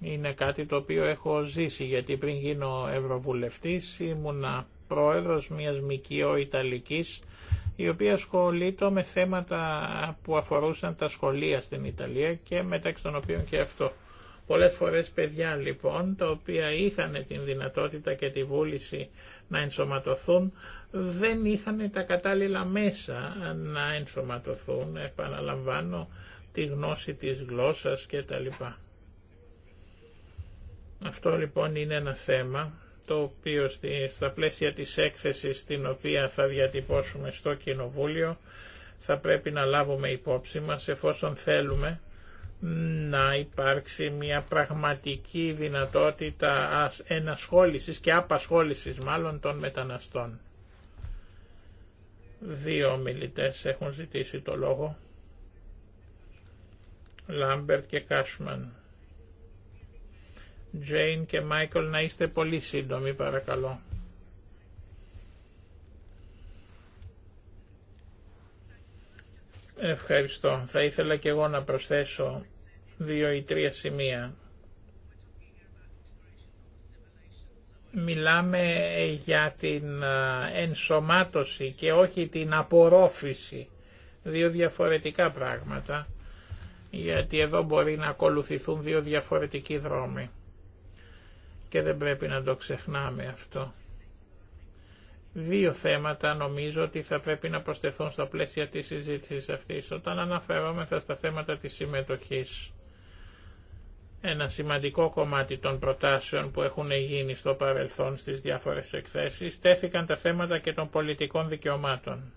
Είναι κάτι το οποίο έχω ζήσει γιατί πριν γίνω ευρωβουλευτής ήμουνα πρόεδρος μιας μικιό Ιταλικής η οποία ασχολείται με θέματα που αφορούσαν τα σχολεία στην Ιταλία και μεταξύ των οποίων και αυτό. Πολλές φορές παιδιά λοιπόν, τα οποία είχαν την δυνατότητα και τη βούληση να ενσωματωθούν, δεν είχαν τα κατάλληλα μέσα να ενσωματωθούν, επαναλαμβάνω, τη γνώση της γλώσσας κτλ. Αυτό λοιπόν είναι ένα θέμα το οποίο στα πλαίσια της έκθεσης την οποία θα διατυπώσουμε στο Κοινοβούλιο θα πρέπει να λάβουμε υπόψη μας εφόσον θέλουμε να υπάρξει μια πραγματική δυνατότητα ενασχόλησης και απασχόλησης μάλλον των μεταναστών. Δύο μιλητές έχουν ζητήσει το λόγο. Λάμπερτ και Κάσμαν. Τζέιν και Μάικλ να είστε πολύ σύντομοι παρακαλώ. Ευχαριστώ. Θα ήθελα και εγώ να προσθέσω δύο ή τρία σημεία. Μιλάμε για την ενσωμάτωση και όχι την απορρόφηση. Δύο διαφορετικά πράγματα, γιατί εδώ μπορεί να ακολουθηθούν δύο διαφορετικοί δρόμοι. Και δεν πρέπει να το ξεχνάμε αυτό. Δύο θέματα νομίζω ότι θα πρέπει να προσθεθούν στα πλαίσια της συζήτησης αυτής. Όταν αναφερόμεθα στα θέματα της συμμετοχής, ένα σημαντικό κομμάτι των προτάσεων που έχουν γίνει στο παρελθόν στις διάφορες εκθέσεις, τέθηκαν τα θέματα και των πολιτικών δικαιωμάτων.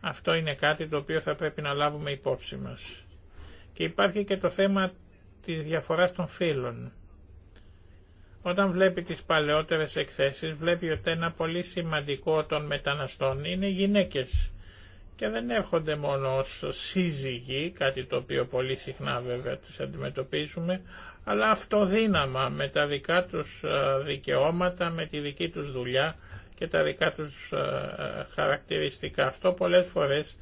Αυτό είναι κάτι το οποίο θα πρέπει να λάβουμε υπόψη μας. Και υπάρχει και το θέμα της διαφοράς των φύλων. Όταν βλέπει τις παλαιότερες εκθέσεις βλέπει ότι ένα πολύ σημαντικό των μεταναστών είναι γυναίκες και δεν έρχονται μόνο ως σύζυγοι, κάτι το οποίο πολύ συχνά βέβαια τις αντιμετωπίζουμε, αλλά αυτοδύναμα με τα δικά τους ε, δικαιώματα, με τη δική τους δουλειά και τα δικά τους ε, χαρακτηριστικά. Αυτό πολλές φορές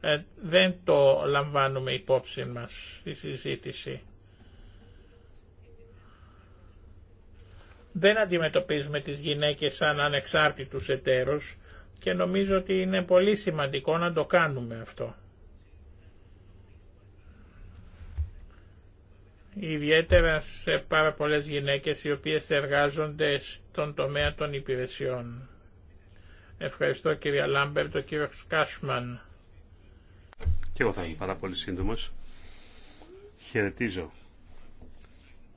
ε, δεν το λαμβάνουμε υπόψη μας στη συζήτηση. Δεν αντιμετωπίζουμε τις γυναίκες σαν ανεξάρτητους εταίρους και νομίζω ότι είναι πολύ σημαντικό να το κάνουμε αυτό. Ιδιαίτερα σε πάρα πολλές γυναίκες οι οποίες εργάζονται στον τομέα των υπηρεσιών. Ευχαριστώ κυρία Λάμπερ, το κύριο Κάσμαν. Και εγώ θα είμαι πάρα πολύ σύντομος. Χαιρετίζω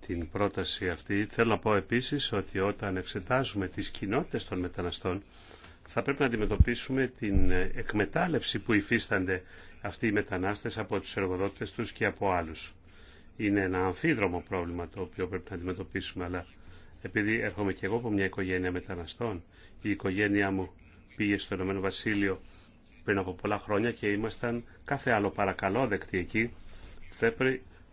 την πρόταση αυτή. Θέλω να πω επίσης ότι όταν εξετάζουμε τις κοινότητες των μεταναστών θα πρέπει να αντιμετωπίσουμε την εκμετάλλευση που υφίστανται αυτοί οι μετανάστες από τους εργοδότες τους και από άλλους. Είναι ένα αμφίδρομο πρόβλημα το οποίο πρέπει να αντιμετωπίσουμε, αλλά επειδή έρχομαι και εγώ από μια οικογένεια μεταναστών, η οικογένειά μου πήγε στο Ηνωμένο Βασίλειο πριν από πολλά χρόνια και ήμασταν κάθε άλλο παρακαλόδεκτοι εκεί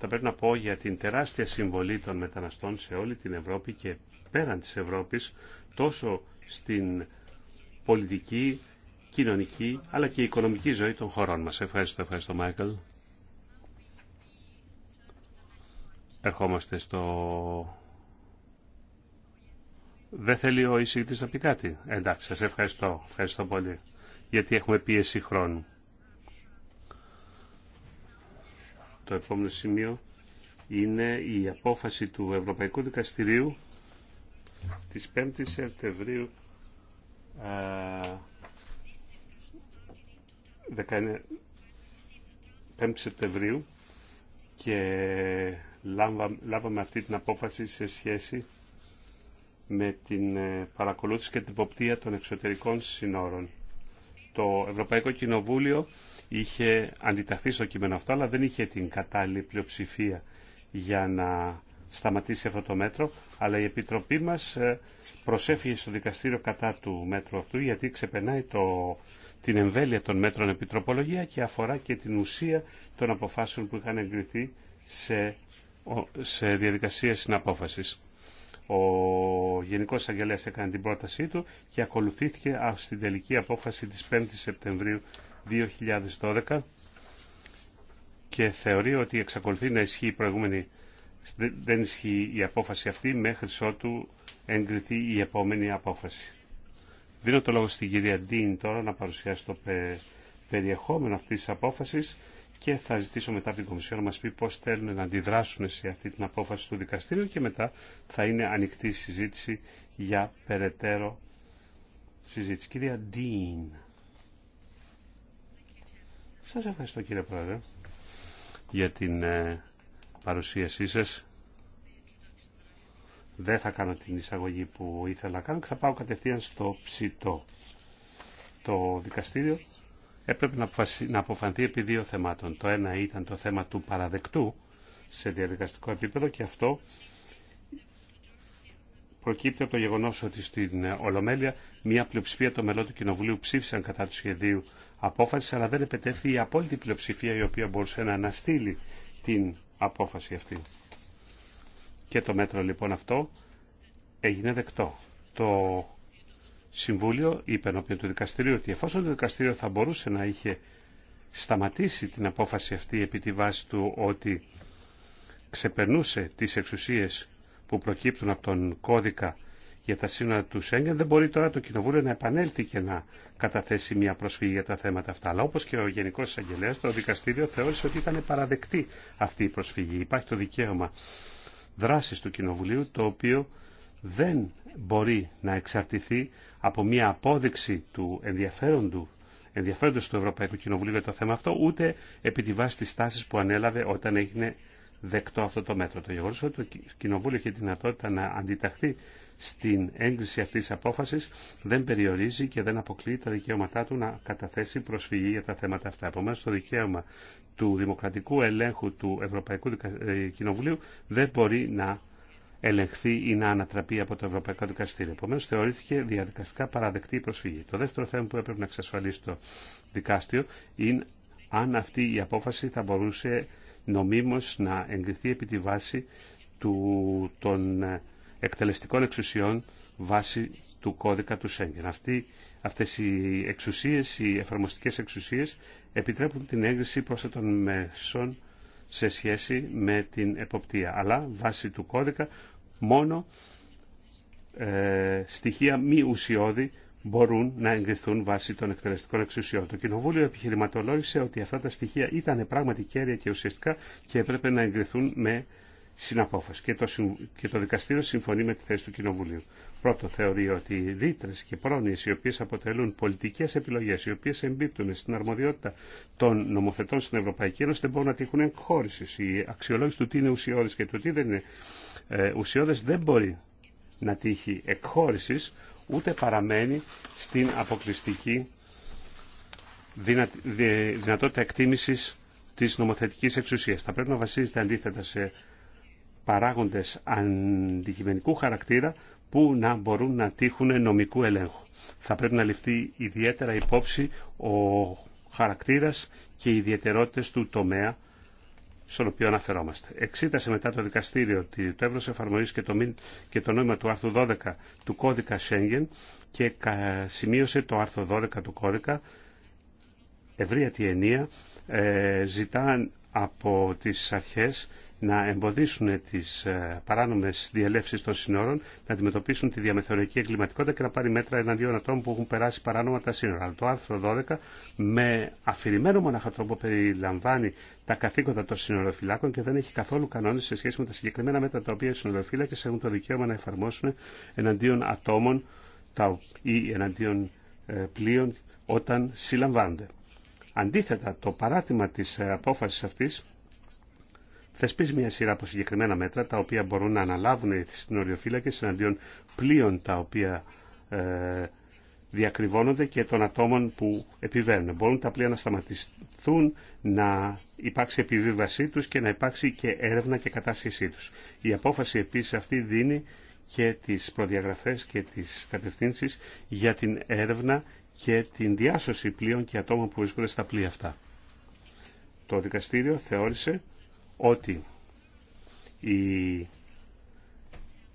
θα πρέπει να πω για την τεράστια συμβολή των μεταναστών σε όλη την Ευρώπη και πέραν της Ευρώπης, τόσο στην πολιτική, κοινωνική, αλλά και οικονομική ζωή των χωρών μας. Ευχαριστώ, ευχαριστώ Μάικλ. Ερχόμαστε στο... Δεν θέλει ο εισηγητής να πει κάτι. Ε, εντάξει, σας ευχαριστώ. Ευχαριστώ πολύ. Γιατί έχουμε πίεση χρόνου. Το επόμενο σημείο είναι η απόφαση του Ευρωπαϊκού Δικαστηρίου της 5ης Σεπτεμβρίου 5 Σεπτεμβρίου και λάβαμε αυτή την απόφαση σε σχέση με την ε, παρακολούθηση και την υποπτία των εξωτερικών συνόρων το Ευρωπαϊκό Κοινοβούλιο είχε αντιταχθεί στο κείμενο αυτό, αλλά δεν είχε την κατάλληλη πλειοψηφία για να σταματήσει αυτό το μέτρο, αλλά η Επιτροπή μας ε, προσέφυγε στο δικαστήριο κατά του μέτρου αυτού, γιατί ξεπερνάει την εμβέλεια των μέτρων επιτροπολογία και αφορά και την ουσία των αποφάσεων που είχαν εγκριθεί σε, σε διαδικασία συναπόφασης. Ο Γενικός Αγγελέας έκανε την πρότασή του και ακολουθήθηκε στην τελική απόφαση της 5ης Σεπτεμβρίου 2012 και θεωρεί ότι εξακολουθεί να ισχύει η προηγούμενη δεν ισχύει η απόφαση αυτή μέχρι ότου εγκριθεί η επόμενη απόφαση. Δίνω το λόγο στην κυρία Ντίν τώρα να παρουσιάσει το περιεχόμενο αυτής της απόφασης και θα ζητήσω μετά από την Κομισιόν να μας πει πώς θέλουν να αντιδράσουν σε αυτή την απόφαση του δικαστήριου και μετά θα είναι ανοιχτή η συζήτηση για περαιτέρω συζήτηση. Κυρία Ντίν. Σας ευχαριστώ κύριε Πρόεδρε για την ε, παρουσίασή σας. Δεν θα κάνω την εισαγωγή που ήθελα να κάνω και θα πάω κατευθείαν στο ψητό. Το δικαστήριο έπρεπε να αποφανθεί επί δύο θεμάτων. Το ένα ήταν το θέμα του παραδεκτού σε διαδικαστικό επίπεδο και αυτό προκύπτει από το γεγονό ότι στην Ολομέλεια μια πλειοψηφία των μελών του Κοινοβουλίου ψήφισαν κατά του σχεδίου απόφαση, αλλά δεν επετέφθη η απόλυτη πλειοψηφία η οποία μπορούσε να αναστείλει την απόφαση αυτή. Και το μέτρο λοιπόν αυτό έγινε δεκτό. Το Συμβούλιο είπε ενώπιον του δικαστηρίου ότι εφόσον το δικαστήριο θα μπορούσε να είχε σταματήσει την απόφαση αυτή επί τη βάση του ότι ξεπερνούσε τις εξουσίες που προκύπτουν από τον κώδικα για τα σύνορα του Σέγγεν, δεν μπορεί τώρα το Κοινοβούλιο να επανέλθει και να καταθέσει μια προσφυγή για τα θέματα αυτά. Αλλά όπω και ο Γενικό Εισαγγελέας, το δικαστήριο θεώρησε ότι ήταν παραδεκτή αυτή η προσφυγή. Υπάρχει το δικαίωμα δράση του Κοινοβουλίου, το οποίο δεν μπορεί να εξαρτηθεί από μια απόδειξη του ενδιαφέροντου ενδιαφέροντος του Ευρωπαϊκού Κοινοβουλίου για το θέμα αυτό, ούτε επί τη βάση της τάσης που ανέλαβε όταν έγινε δεκτό αυτό το μέτρο. Το γεγονό ότι το Κοινοβούλιο έχει τη δυνατότητα να αντιταχθεί στην έγκριση αυτή τη απόφαση δεν περιορίζει και δεν αποκλείει τα δικαιώματά του να καταθέσει προσφυγή για τα θέματα αυτά. Επομένω, το δικαίωμα του δημοκρατικού ελέγχου του Ευρωπαϊκού ε, Κοινοβουλίου δεν μπορεί να ελεγχθεί ή να ανατραπεί από το Ευρωπαϊκό Δικαστήριο. Επομένω, θεωρήθηκε διαδικαστικά παραδεκτή η προσφυγή. Το δεύτερο θέμα που έπρεπε να εξασφαλίσει το δικάστιο είναι αν αυτή η απόφαση θα μπορούσε νομίμως να εγκριθεί επί τη βάση του, των ε, εκτελεστικών εξουσιών βάσει του κώδικα του Σέγγεν. Αυτέ αυτές οι εξουσίες, οι εφαρμοστικές εξουσίες επιτρέπουν την έγκριση πρόσθετων μέσων σε σχέση με την εποπτεία. Αλλά βάσει του κώδικα μόνο ε, στοιχεία μη ουσιώδη μπορούν να εγκριθούν βάσει των εκτελεστικών εξουσιών. Το Κοινοβούλιο επιχειρηματολόγησε ότι αυτά τα στοιχεία ήταν πράγματι κέρια και ουσιαστικά και έπρεπε να εγκριθούν με συναπόφαση. Και το, και το δικαστήριο συμφωνεί με τη θέση του Κοινοβουλίου. Πρώτο, θεωρεί ότι οι ρήτρε και πρόνοιε οι οποίε αποτελούν πολιτικέ επιλογέ, οι οποίε εμπίπτουν στην αρμοδιότητα των νομοθετών στην Ευρωπαϊκή Ένωση, δεν μπορούν να τύχουν εγχώρηση. Η αξιολόγηση του τι είναι ουσιώδε και του τι δεν είναι ε, ουσιώδε δεν μπορεί να τύχει εκχώρηση, ούτε παραμένει στην αποκλειστική δυνατότητα εκτίμησης της νομοθετικής εξουσίας. Θα πρέπει να βασίζεται αντίθετα σε παράγοντες αντικειμενικού χαρακτήρα που να μπορούν να τύχουν νομικού ελέγχου. Θα πρέπει να ληφθεί ιδιαίτερα υπόψη ο χαρακτήρας και οι ιδιαιτερότητες του τομέα στον οποίο αναφερόμαστε. Εξήτασε μετά το δικαστήριο το έβρος εφαρμογή και, το και το νόημα του άρθρου 12 του κώδικα Schengen και σημείωσε το άρθρο 12 του κώδικα ευρεία τη ενία ε, ζητά από τις αρχές να εμποδίσουν τις ε, παράνομε διελεύσει των συνόρων, να αντιμετωπίσουν τη διαμεθοριακή εγκληματικότητα και να πάρει μέτρα εναντίον ατόμων που έχουν περάσει παράνομα τα σύνορα. Αλλά το άρθρο 12 με αφηρημένο μοναχα τρόπο περιλαμβάνει τα καθήκοντα των σύνοροφυλάκων και δεν έχει καθόλου κανόνε σε σχέση με τα συγκεκριμένα μέτρα τα οποία οι συνοροφύλακε έχουν το δικαίωμα να εφαρμόσουν εναντίον ατόμων ή εναντίον ε, πλοίων όταν συλλαμβάνονται. Αντίθετα, το παράτημα της ε, απόφασης αυτής θεσπίζει μια σειρά από συγκεκριμένα μέτρα τα οποία μπορούν να αναλάβουν οι συνοριοφύλακε εναντίον πλοίων τα οποία ε, διακριβώνονται και των ατόμων που επιβαίνουν. Μπορούν τα πλοία να σταματηθούν, να υπάρξει επιβίβασή τους και να υπάρξει και έρευνα και κατάσχεσή τους. Η απόφαση επίσης αυτή δίνει και τις προδιαγραφές και τις κατευθύνσεις για την έρευνα και την διάσωση πλοίων και ατόμων που βρίσκονται στα πλοία αυτά. Το δικαστήριο θεώρησε ότι η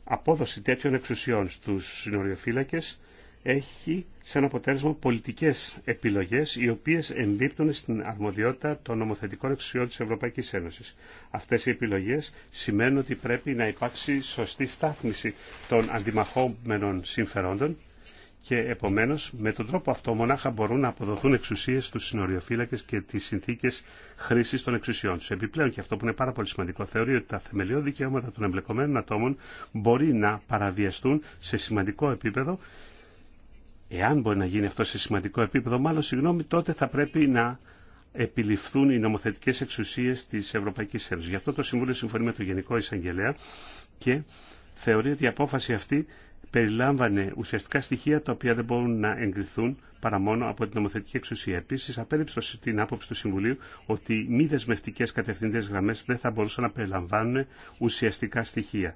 απόδοση τέτοιων εξουσιών στους συνοριοφύλακες έχει σαν αποτέλεσμα πολιτικές επιλογές οι οποίες εμπίπτουν στην αρμοδιότητα των νομοθετικών εξουσιών της Ευρωπαϊκής Ένωσης. Αυτές οι επιλογές σημαίνουν ότι πρέπει να υπάρξει σωστή στάθμιση των αντιμαχόμενων συμφερόντων και επομένως με τον τρόπο αυτό μονάχα μπορούν να αποδοθούν εξουσίες στους συνοριοφύλακες και τις συνθήκες χρήσης των εξουσιών τους. Επιπλέον και αυτό που είναι πάρα πολύ σημαντικό θεωρεί ότι τα θεμελιώδη δικαιώματα των εμπλεκομένων ατόμων μπορεί να παραβιαστούν σε σημαντικό επίπεδο Εάν μπορεί να γίνει αυτό σε σημαντικό επίπεδο, μάλλον συγγνώμη, τότε θα πρέπει να επιληφθούν οι νομοθετικέ εξουσίε τη Ευρωπαϊκή Ένωση. Γι' αυτό το Συμβούλιο συμφωνεί με το Γενικό Εισαγγελέα και θεωρεί ότι η απόφαση αυτή περιλάμβανε ουσιαστικά στοιχεία τα οποία δεν μπορούν να εγκριθούν παρά μόνο από την νομοθετική εξουσία. Επίση, απέριψε την άποψη του Συμβουλίου ότι μη δεσμευτικέ κατευθυντέ γραμμέ δεν θα μπορούσαν να περιλαμβάνουν ουσιαστικά στοιχεία.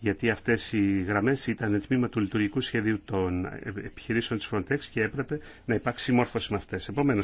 Γιατί αυτέ οι γραμμέ ήταν τμήμα του λειτουργικού σχεδίου των επιχειρήσεων τη Frontex και έπρεπε να υπάρξει μόρφωση με αυτέ. Επομένω,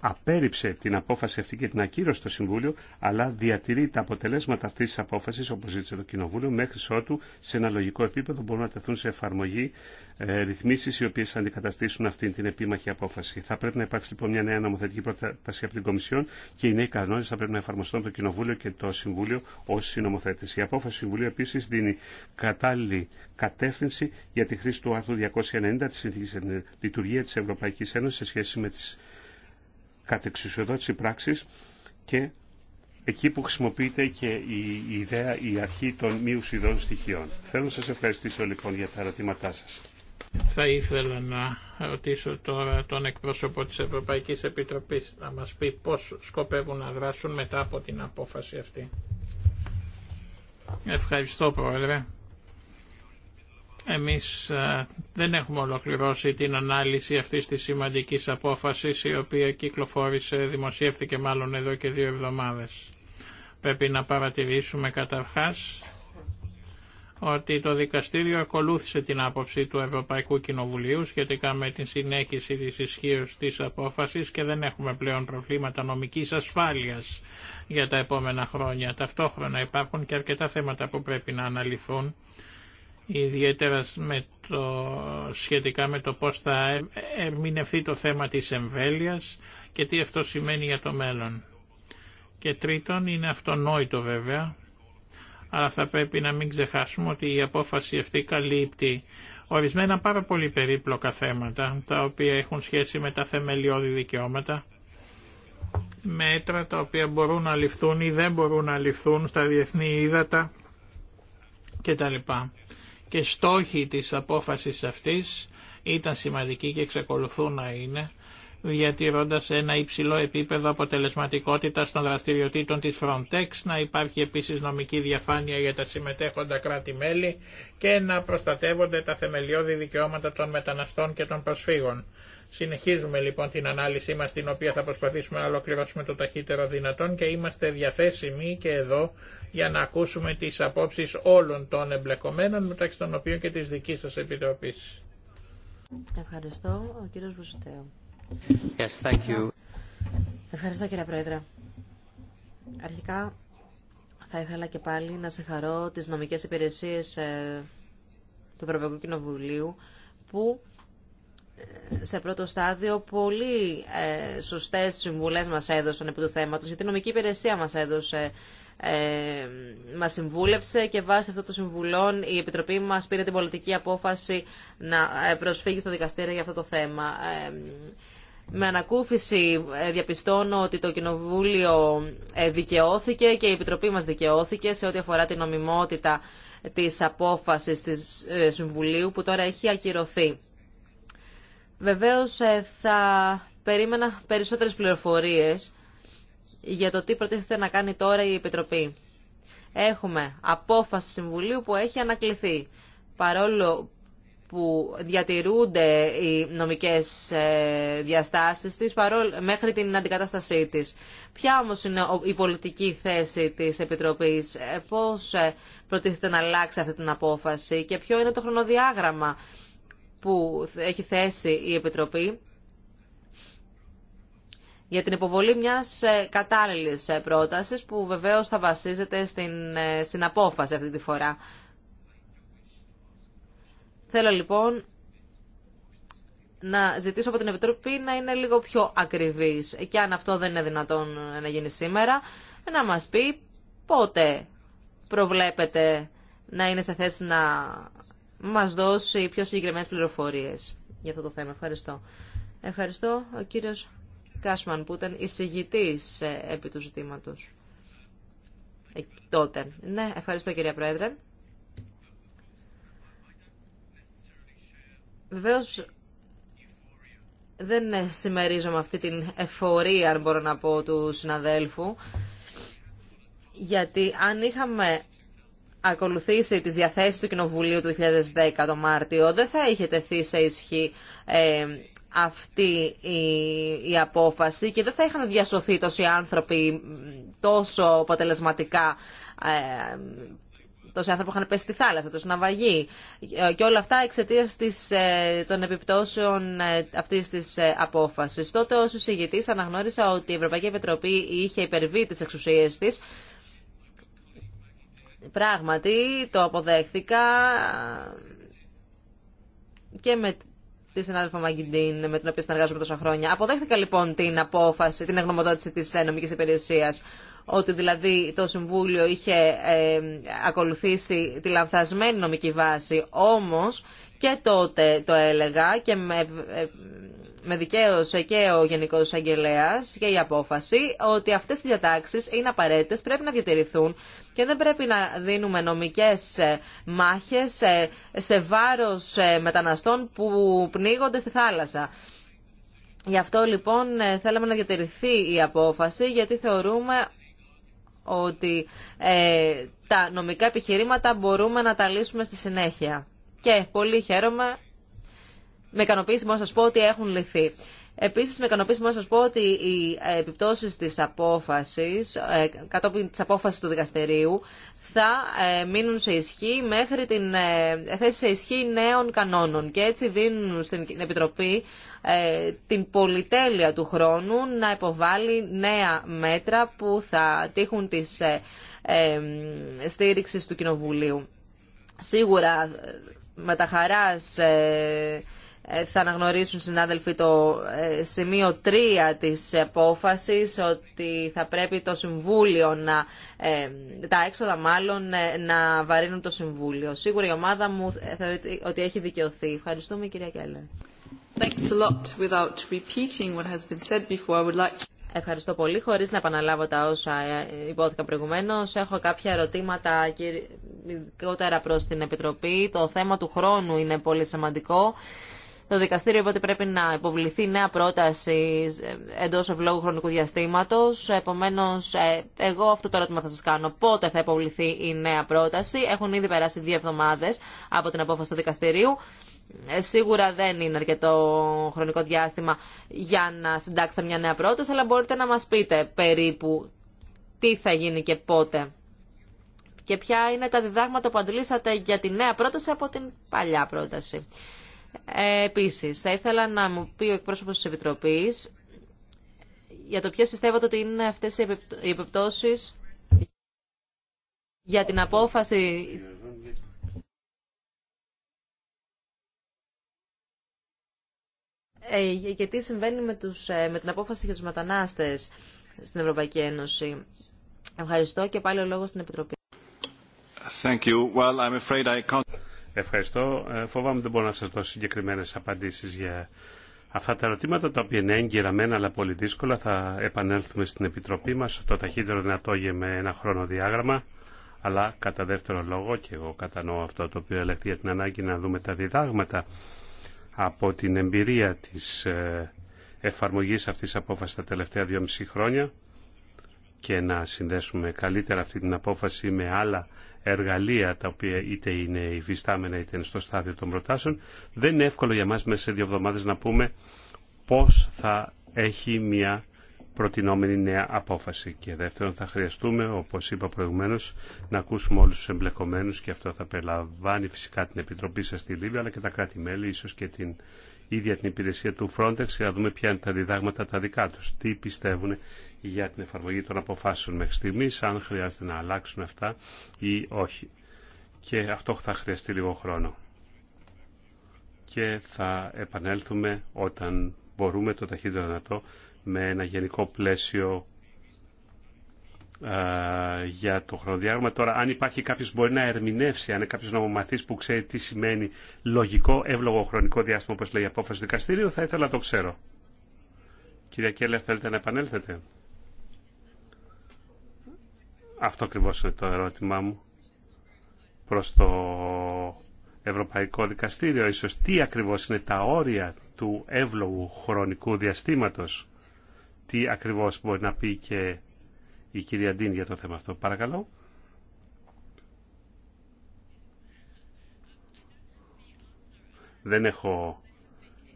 απέρριψε την απόφαση αυτή και την ακύρωσε στο Συμβούλιο, αλλά διατηρεί τα αποτελέσματα αυτή τη απόφαση, όπω ζήτησε το Κοινοβούλιο, μέχρι ότου σε ένα λογικό επίπεδο μπορούν να τεθούν σε εφαρμογή ε, ρυθμίσει οι οποίε θα αντικαταστήσουν αυτή την επίμαχη απόφαση. Θα πρέπει να υπάρξει λοιπόν μια νέα νομοθετική πρόταση από την Κομισιόν και οι νέοι κανόνε θα πρέπει να εφαρμοστούν το Κοινοβούλιο και το Συμβούλιο ω συνομοθέτε. Η απόφαση του Συμβουλίου επίση δίνει κατάλληλη κατεύθυνση για τη χρήση του άρθρου 290 τη Συνθήκη Λειτουργία τη Ευρωπαϊκή Ένωση σε σχέση με τι κατεξουσιοδότηση πράξη και εκεί που χρησιμοποιείται και η ιδέα, η αρχή των μη ουσιδών στοιχείων. Θέλω να σας ευχαριστήσω λοιπόν για τα ερωτήματά σας. Θα ήθελα να ρωτήσω τώρα τον εκπρόσωπο της Ευρωπαϊκής Επιτροπής να μας πει πώς σκοπεύουν να δράσουν μετά από την απόφαση αυτή. Ευχαριστώ Πρόεδρε. Εμείς ε, δεν έχουμε ολοκληρώσει την ανάλυση αυτής της σημαντικής απόφασης η οποία κυκλοφόρησε, δημοσιεύτηκε μάλλον εδώ και δύο εβδομάδες. Πρέπει να παρατηρήσουμε καταρχάς ότι το δικαστήριο ακολούθησε την άποψη του Ευρωπαϊκού Κοινοβουλίου σχετικά με την συνέχιση της ισχύω της απόφασης και δεν έχουμε πλέον προβλήματα νομικής ασφάλειας για τα επόμενα χρόνια. Ταυτόχρονα υπάρχουν και αρκετά θέματα που πρέπει να αναλυθούν ιδιαίτερα με το, σχετικά με το πώς θα ε, ε, ερμηνευτεί το θέμα της εμβέλειας και τι αυτό σημαίνει για το μέλλον. Και τρίτον, είναι αυτονόητο βέβαια, αλλά θα πρέπει να μην ξεχάσουμε ότι η απόφαση αυτή καλύπτει ορισμένα πάρα πολύ περίπλοκα θέματα, τα οποία έχουν σχέση με τα θεμελιώδη δικαιώματα, μέτρα τα οποία μπορούν να ληφθούν ή δεν μπορούν να ληφθούν στα διεθνή ύδατα κτλ και στόχοι της απόφασης αυτής ήταν σημαντικοί και εξακολουθούν να είναι, διατηρώντας ένα υψηλό επίπεδο αποτελεσματικότητας των δραστηριοτήτων της Frontex, να υπάρχει επίσης νομική διαφάνεια για τα συμμετέχοντα κράτη-μέλη και να προστατεύονται τα θεμελιώδη δικαιώματα των μεταναστών και των προσφύγων. Συνεχίζουμε λοιπόν την ανάλυση μας την οποία θα προσπαθήσουμε να ολοκληρώσουμε το ταχύτερο δυνατόν και είμαστε διαθέσιμοι και εδώ για να ακούσουμε τις απόψεις όλων των εμπλεκομένων μεταξύ των οποίων και της δικής σας επιτροπής. Ευχαριστώ. Ο κύριος Yes, thank you. Ευχαριστώ κύριε Πρόεδρε. Αρχικά θα ήθελα και πάλι να συγχαρώ τις νομικές υπηρεσίες ε, του Ευρωπαϊκού Κοινοβουλίου που σε πρώτο στάδιο πολύ ε, σωστές συμβουλές μας έδωσαν επί του θέματος, γιατί η νομική υπηρεσία μας έδωσε, ε, μας συμβούλευσε και βάσει αυτών των συμβουλών η Επιτροπή μας πήρε την πολιτική απόφαση να ε, προσφύγει στο δικαστήριο για αυτό το θέμα. Ε, με ανακούφιση ε, διαπιστώνω ότι το Κοινοβούλιο δικαιώθηκε και η Επιτροπή μας δικαιώθηκε σε ό,τι αφορά την νομιμότητα της απόφασης της Συμβουλίου που τώρα έχει ακυρωθεί. Βεβαίως ε, θα περίμενα περισσότερες πληροφορίες για το τι προτίθεται να κάνει τώρα η Επιτροπή. Έχουμε απόφαση Συμβουλίου που έχει ανακληθεί. Παρόλο που διατηρούνται οι νομικές ε, διαστάσεις της παρόλο, μέχρι την αντικατάστασή της. Ποια όμως είναι η πολιτική θέση της Επιτροπής, ε, πώς προτίθεται να αλλάξει αυτή την απόφαση και ποιο είναι το χρονοδιάγραμμα που έχει θέσει η Επιτροπή για την υποβολή μιας ε, κατάλληλης ε, πρότασης που βεβαίως θα βασίζεται στην, ε, στην απόφαση αυτή τη φορά. Θέλω λοιπόν να ζητήσω από την Επιτροπή να είναι λίγο πιο ακριβής και αν αυτό δεν είναι δυνατόν να γίνει σήμερα, να μας πει πότε προβλέπετε να είναι σε θέση να μας δώσει πιο συγκεκριμένες πληροφορίες για αυτό το θέμα. Ευχαριστώ. Ευχαριστώ ο κύριος Κάσμαν που ήταν εισηγητής ε, επί του ζητήματος. Ε, τότε. Ναι, ευχαριστώ κυρία Πρόεδρε. Βεβαίως δεν ε, συμμερίζομαι αυτή την εφορία, αν μπορώ να πω, του συναδέλφου. Γιατί αν είχαμε ακολουθήσει τις διαθέσεις του Κοινοβουλίου του 2010 το Μάρτιο, δεν θα είχε τεθεί σε ισχύ ε, αυτή η, απόφαση και δεν θα είχαν διασωθεί τόσοι άνθρωποι τόσο αποτελεσματικά ε, τόσοι άνθρωποι είχαν πέσει στη θάλασσα, τόσο ναυαγοί ε, και όλα αυτά εξαιτία ε, των επιπτώσεων ε, αυτή τη απόφαση. Τότε, ω εισηγητή, αναγνώρισα ότι η Ευρωπαϊκή Επιτροπή είχε υπερβεί τι εξουσίε τη Πράγματι, το αποδέχθηκα και με τη συνάδελφα Μαγκιντίν, με την οποία συνεργάζομαι τόσα χρόνια. Αποδέχθηκα λοιπόν την απόφαση, την εγγνωμοδότηση της ε, νομική υπηρεσία, ότι δηλαδή το Συμβούλιο είχε ε, ακολουθήσει τη λανθασμένη νομική βάση, όμως και τότε το έλεγα και με, ε, με δικαίωσε και ο Γενικό Αγγελέα και η απόφαση ότι αυτές οι διατάξει είναι απαραίτητε, πρέπει να διατηρηθούν και δεν πρέπει να δίνουμε νομικέ ε, μάχε ε, σε βάρο μεταναστών που πνίγονται στη θάλασσα. Γι' αυτό λοιπόν θέλαμε να διατηρηθεί η απόφαση γιατί θεωρούμε ότι τα νομικά επιχειρήματα μπορούμε να τα λύσουμε στη συνέχεια και πολύ χαίρομαι. Με ικανοποίηση μπορώ να σα πω ότι έχουν λυθεί. Επίσης, με ικανοποίηση μπορώ να σα πω ότι οι ε, επιπτώσεις της απόφασης, ε, κατόπιν της απόφασης του δικαστηρίου, θα ε, μείνουν σε ισχύ μέχρι την θέση σε ισχύ νέων κανόνων και έτσι δίνουν στην Επιτροπή την πολυτέλεια του χρόνου να υποβάλει νέα μέτρα που θα τύχουν τις στήριξη του Κοινοβουλίου. Σίγουρα με τα ε, ε, θα αναγνωρίσουν συνάδελφοι το ε, σημείο 3 της απόφασης ότι θα πρέπει το Συμβούλιο να, τα έξοδα μάλλον να βαρύνουν το Συμβούλιο. Σίγουρα η ομάδα μου θεωρεί ότι έχει δικαιωθεί. Ευχαριστούμε κυρία Κέλλερ. Ευχαριστώ πολύ. Χωρί να επαναλάβω τα όσα ε, υπόθηκαν προηγουμένω, έχω κάποια ερωτήματα ειδικότερα προ την Επιτροπή. Το θέμα του χρόνου είναι πολύ σημαντικό. Το δικαστήριο είπε ότι πρέπει να υποβληθεί νέα πρόταση ε, εντό ευλόγου χρονικού διαστήματο. Επομένω, ε, εγώ αυτό το ερώτημα θα σα κάνω. Πότε θα υποβληθεί η νέα πρόταση. Έχουν ήδη περάσει δύο εβδομάδε από την απόφαση του δικαστηρίου. Ε, σίγουρα δεν είναι αρκετό χρονικό διάστημα για να συντάξετε μια νέα πρόταση, αλλά μπορείτε να μας πείτε περίπου τι θα γίνει και πότε. Και ποια είναι τα διδάγματα που αντλήσατε για τη νέα πρόταση από την παλιά πρόταση. Ε, επίσης, θα ήθελα να μου πει ο εκπρόσωπος της Επιτροπής για το ποιες πιστεύετε ότι είναι αυτές οι επιπτώσεις για την απόφαση Ε, και τι συμβαίνει με, τους, ε, με την απόφαση για τους μετανάστες στην Ευρωπαϊκή Ένωση. Ευχαριστώ και πάλι ο λόγος στην Επιτροπή. Thank you. Well, I'm I can't... Ευχαριστώ. Ε, φοβάμαι δεν μπορώ να σας δώσω συγκεκριμένες απαντήσεις για αυτά τα ερωτήματα, τα οποία είναι έγκυρα μένα, αλλά πολύ δύσκολα. Θα επανέλθουμε στην Επιτροπή μας το ταχύτερο δυνατό με ένα χρόνο διάγραμμα. Αλλά κατά δεύτερο λόγο, και εγώ κατανοώ αυτό το οποίο ελεγχθεί για την ανάγκη να δούμε τα διδάγματα από την εμπειρία της ε, εφαρμογής αυτής της απόφασης τα τελευταία 2,5 χρόνια και να συνδέσουμε καλύτερα αυτή την απόφαση με άλλα εργαλεία τα οποία είτε είναι υφιστάμενα είτε είναι στο στάδιο των προτάσεων δεν είναι εύκολο για μας μέσα σε δύο εβδομάδες να πούμε πώς θα έχει μια προτινόμενη νέα απόφαση. Και δεύτερον θα χρειαστούμε, όπω είπα προηγουμένω να ακούσουμε όλου του εμπλεκομένου και αυτό θα περιλαμβάνει φυσικά την Επιτροπή σα στη Λίβη αλλά και τα κράτη-μέλη, ίσω και την ίδια την υπηρεσία του Frontex για να δούμε ποια είναι τα διδάγματα τα δικά του. Τι πιστεύουν για την εφαρμογή των αποφάσεων μέχρι στιγμή, αν χρειάζεται να αλλάξουν αυτά ή όχι. Και αυτό θα χρειαστεί λίγο χρόνο. Και θα επανέλθουμε όταν μπορούμε το ταχύτερο δυνατό με ένα γενικό πλαίσιο ε, για το χρονοδιάγραμμα. Τώρα, αν υπάρχει κάποιο που μπορεί να ερμηνεύσει, αν είναι κάποιο νομομαθή που ξέρει τι σημαίνει λογικό, εύλογο χρονικό διάστημα, όπω λέει η απόφαση του δικαστηρίου, θα ήθελα να το ξέρω. Κυρία Κέλλερ, θέλετε να επανέλθετε. Αυτό ακριβώ είναι το ερώτημά μου προς το Ευρωπαϊκό Δικαστήριο. Ίσως τι ακριβώς είναι τα όρια του εύλογου χρονικού διαστήματος τι ακριβώς μπορεί να πει και η κυρία Ντίν για το θέμα αυτό. Παρακαλώ. Δεν έχω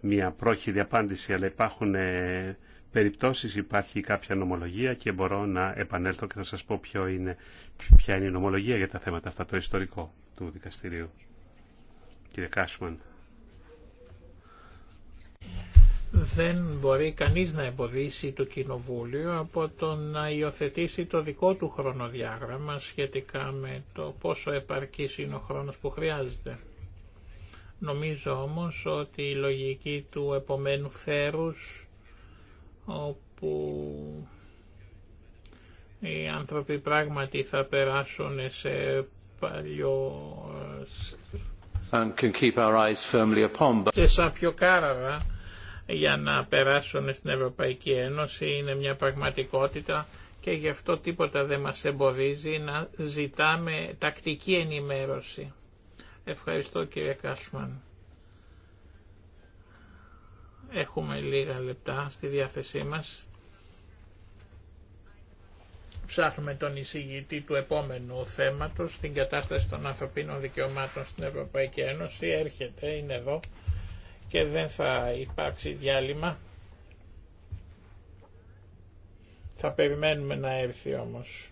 μια πρόχειρη απάντηση, αλλά υπάρχουν ε, περιπτώσεις, υπάρχει κάποια νομολογία και μπορώ να επανέλθω και να σας πω είναι, ποια είναι η νομολογία για τα θέματα αυτά, το ιστορικό του δικαστηρίου. Κύριε Κάσμαν δεν μπορεί κανείς να εμποδίσει το Κοινοβούλιο από το να υιοθετήσει το δικό του χρονοδιάγραμμα σχετικά με το πόσο επαρκής είναι ο χρόνος που χρειάζεται. Νομίζω όμως ότι η λογική του επομένου θέρους, όπου οι άνθρωποι πράγματι θα περάσουν σε παλιό... Και σαν πιο κάραγα, για να περάσουν στην Ευρωπαϊκή Ένωση είναι μια πραγματικότητα και γι' αυτό τίποτα δεν μας εμποδίζει να ζητάμε τακτική ενημέρωση. Ευχαριστώ κύριε Κάσμαν. Έχουμε λίγα λεπτά στη διάθεσή μας. Ψάχνουμε τον εισηγητή του επόμενου θέματος, την κατάσταση των ανθρωπίνων δικαιωμάτων στην Ευρωπαϊκή Ένωση. Έρχεται, είναι εδώ και δεν θα υπάρξει διάλειμμα. Θα περιμένουμε να έρθει όμως.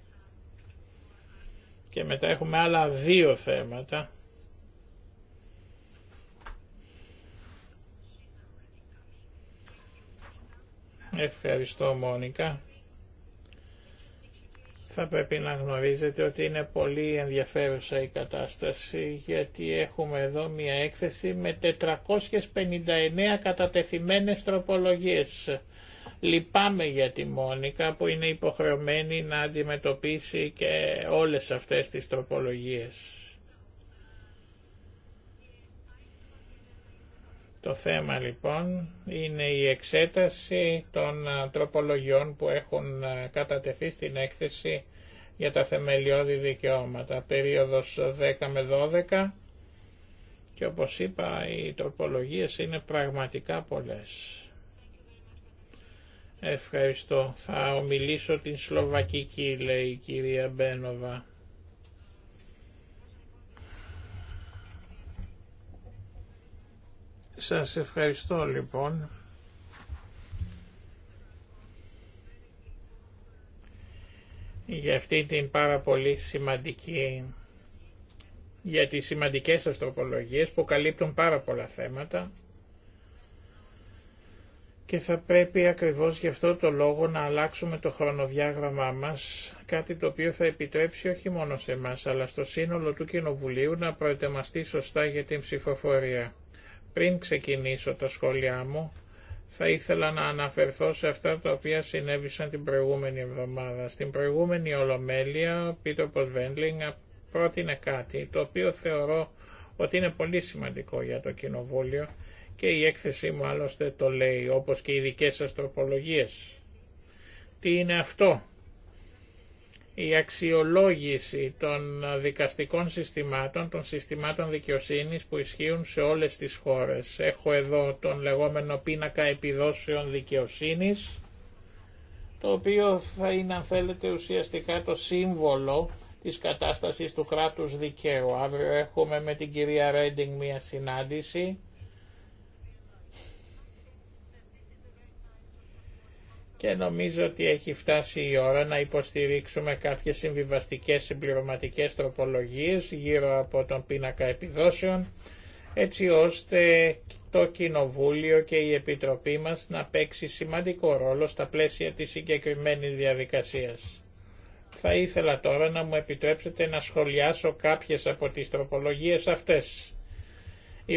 Και μετά έχουμε άλλα δύο θέματα. Ευχαριστώ Μόνικα θα πρέπει να γνωρίζετε ότι είναι πολύ ενδιαφέρουσα η κατάσταση γιατί έχουμε εδώ μια έκθεση με 459 κατατεθειμένες τροπολογίες. Λυπάμαι για τη Μόνικα που είναι υποχρεωμένη να αντιμετωπίσει και όλες αυτές τις τροπολογίες. Το θέμα λοιπόν είναι η εξέταση των ε, τροπολογιών που έχουν ε, κατατεθεί στην έκθεση για τα θεμελιώδη δικαιώματα, περίοδος 10 ε, με 12 και όπως είπα οι τροπολογίες είναι πραγματικά πολλές. Ευχαριστώ. Θα ομιλήσω την Σλοβακική, λέει η κυρία Μπένοβα. Σας ευχαριστώ λοιπόν. για αυτή την πάρα πολύ σημαντική για τις σημαντικές αστροπολογίες που καλύπτουν πάρα πολλά θέματα και θα πρέπει ακριβώς γι' αυτό το λόγο να αλλάξουμε το χρονοδιάγραμμά μας, κάτι το οποίο θα επιτρέψει όχι μόνο σε μας, αλλά στο σύνολο του Κοινοβουλίου να προετοιμαστεί σωστά για την ψηφοφορία. Πριν ξεκινήσω τα σχόλιά μου, θα ήθελα να αναφερθώ σε αυτά τα οποία συνέβησαν την προηγούμενη εβδομάδα. Στην προηγούμενη Ολομέλεια, ο Πίτροπος Βέντλινγκ πρότεινε κάτι, το οποίο θεωρώ ότι είναι πολύ σημαντικό για το Κοινοβούλιο και η έκθεσή μου άλλωστε το λέει, όπως και οι δικές σας τροπολογίες. Τι είναι αυτό η αξιολόγηση των δικαστικών συστημάτων, των συστημάτων δικαιοσύνης που ισχύουν σε όλες τις χώρες. Έχω εδώ τον λεγόμενο πίνακα επιδόσεων δικαιοσύνης, το οποίο θα είναι αν θέλετε ουσιαστικά το σύμβολο της κατάστασης του κράτους δικαίου. Αύριο έχουμε με την κυρία Ρέντινγκ μία συνάντηση και νομίζω ότι έχει φτάσει η ώρα να υποστηρίξουμε κάποιες συμβιβαστικές συμπληρωματικέ τροπολογίες γύρω από τον πίνακα επιδόσεων έτσι ώστε το Κοινοβούλιο και η Επιτροπή μας να παίξει σημαντικό ρόλο στα πλαίσια της συγκεκριμένη διαδικασίας. Θα ήθελα τώρα να μου επιτρέψετε να σχολιάσω κάποιες από τις τροπολογίες αυτές.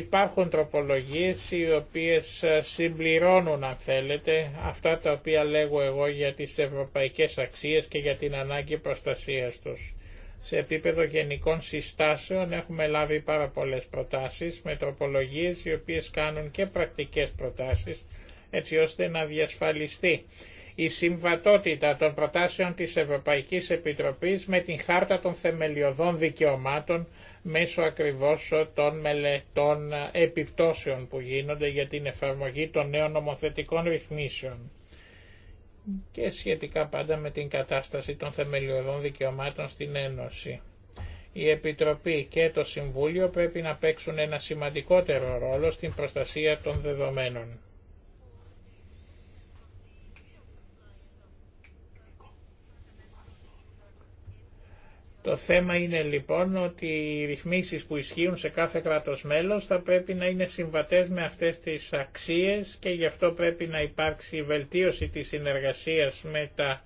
Υπάρχουν τροπολογίες οι οποίες ε, συμπληρώνουν αν θέλετε αυτά τα οποία λέγω εγώ για τις ευρωπαϊκές αξίες και για την ανάγκη προστασίας τους. Σε επίπεδο γενικών συστάσεων έχουμε λάβει πάρα πολλές προτάσεις με τροπολογίες οι οποίες κάνουν και πρακτικές προτάσεις έτσι ώστε να διασφαλιστεί η συμβατότητα των προτάσεων της Ευρωπαϊκής Επιτροπής με την Χάρτα των Θεμελιωδών Δικαιωμάτων μέσω ακριβώς των μελετών επιπτώσεων που γίνονται για την εφαρμογή των νέων νομοθετικών ρυθμίσεων και σχετικά πάντα με την κατάσταση των θεμελιωδών δικαιωμάτων στην Ένωση. Η Επιτροπή και το Συμβούλιο πρέπει να παίξουν ένα σημαντικότερο ρόλο στην προστασία των δεδομένων. Το θέμα είναι λοιπόν ότι οι ρυθμίσεις που ισχύουν σε κάθε κράτος μέλος θα πρέπει να είναι συμβατές με αυτές τις αξίες και γι' αυτό πρέπει να υπάρξει βελτίωση της συνεργασίας με τα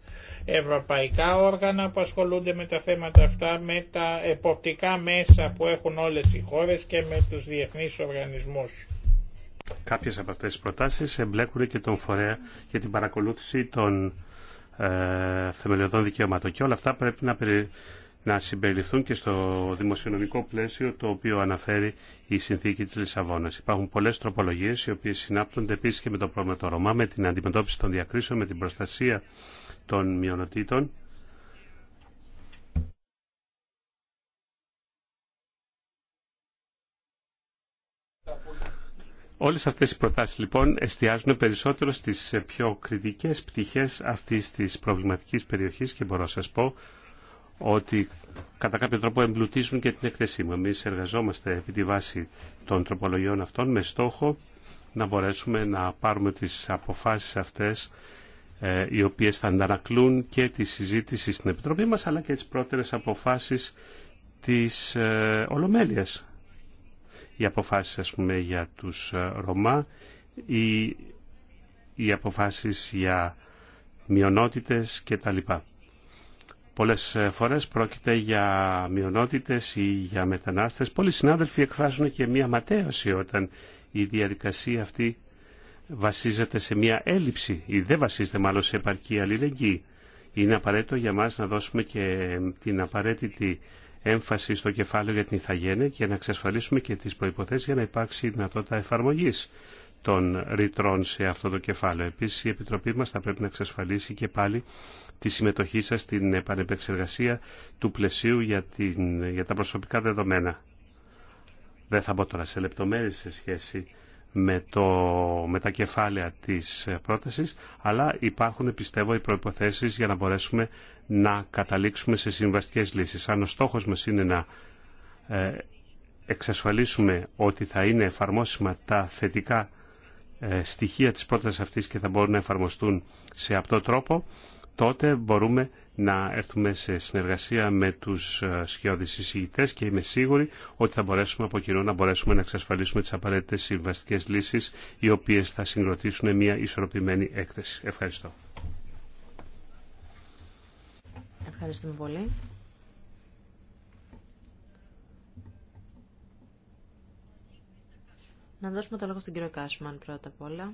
ευρωπαϊκά όργανα που ασχολούνται με τα θέματα αυτά, με τα εποπτικά μέσα που έχουν όλες οι χώρες και με τους διεθνείς οργανισμούς. Κάποιες από αυτές τις προτάσεις εμπλέκουν και τον φορέα για την παρακολούθηση των ε, θεμελιωδών δικαιωμάτων και όλα αυτά πρέπει να να συμπεριληφθούν και στο δημοσιονομικό πλαίσιο το οποίο αναφέρει η συνθήκη της Λισαβόνας. Υπάρχουν πολλές τροπολογίες οι οποίες συνάπτονται επίσης και με το πρόβλημα των Ρωμά, με την αντιμετώπιση των διακρίσεων, με την προστασία των μειονοτήτων. Όλες αυτές οι προτάσεις λοιπόν εστιάζουν περισσότερο στις πιο κριτικές πτυχές αυτής της προβληματικής περιοχής και μπορώ να σας πω ότι κατά κάποιο τρόπο εμπλουτίζουν και την εκθεσή μου. Εμείς εργαζόμαστε επί τη βάση των τροπολογιών αυτών με στόχο να μπορέσουμε να πάρουμε τις αποφάσεις αυτές ε, οι οποίες θα αντανακλούν και τη συζήτηση στην Επιτροπή μας αλλά και τις πρώτερες αποφάσεις της ε, Ολομέλειας. Οι αποφάσεις ας πούμε για τους ε, Ρωμά ή οι αποφάσεις για μειονότητες κτλ. Πολλές ε, φορές πρόκειται για μειονότητες ή για μετανάστες. Πολλοί συνάδελφοι εκφράζουν και μία ματέωση όταν η διαδικασία αυτή βασίζεται σε μία έλλειψη ή δεν βασίζεται μάλλον σε επαρκή αλληλεγγύη. Είναι απαραίτητο για μας να δώσουμε και ε, την απαραίτητη έμφαση στο κεφάλαιο για την Ιθαγένεια και να εξασφαλίσουμε και τις προϋποθέσεις για να υπάρξει δυνατότητα εφαρμογής των ρητρών σε αυτό το κεφάλαιο. Επίσης η Επιτροπή μας θα πρέπει να εξασφαλίσει και πάλι τη συμμετοχή σας στην επανεπεξεργασία του πλαισίου για, την, για τα προσωπικά δεδομένα. Δεν θα μπω τώρα σε λεπτομέρειες σε σχέση με, το, με τα κεφάλαια της πρότασης, αλλά υπάρχουν, πιστεύω, οι προϋποθέσεις για να μπορέσουμε να καταλήξουμε σε συμβαστικές λύσεις. Αν ο στόχος μας είναι να ε, εξασφαλίσουμε ότι θα είναι εφαρμόσιμα τα θετικά ε, στοιχεία της πρότασης αυτής και θα μπορούν να εφαρμοστούν σε αυτό τρόπο, τότε μπορούμε να έρθουμε σε συνεργασία με τους ε, σχεδόν εισηγητές και είμαι σίγουρη ότι θα μπορέσουμε από κοινού να μπορέσουμε να εξασφαλίσουμε τις απαραίτητες συμβαστικές λύσεις οι οποίες θα συγκροτήσουν μια ισορροπημένη έκθεση. Ευχαριστώ. Ευχαριστούμε πολύ. Να δώσουμε το λόγο στον κύριο Κάσμαν πρώτα απ' όλα.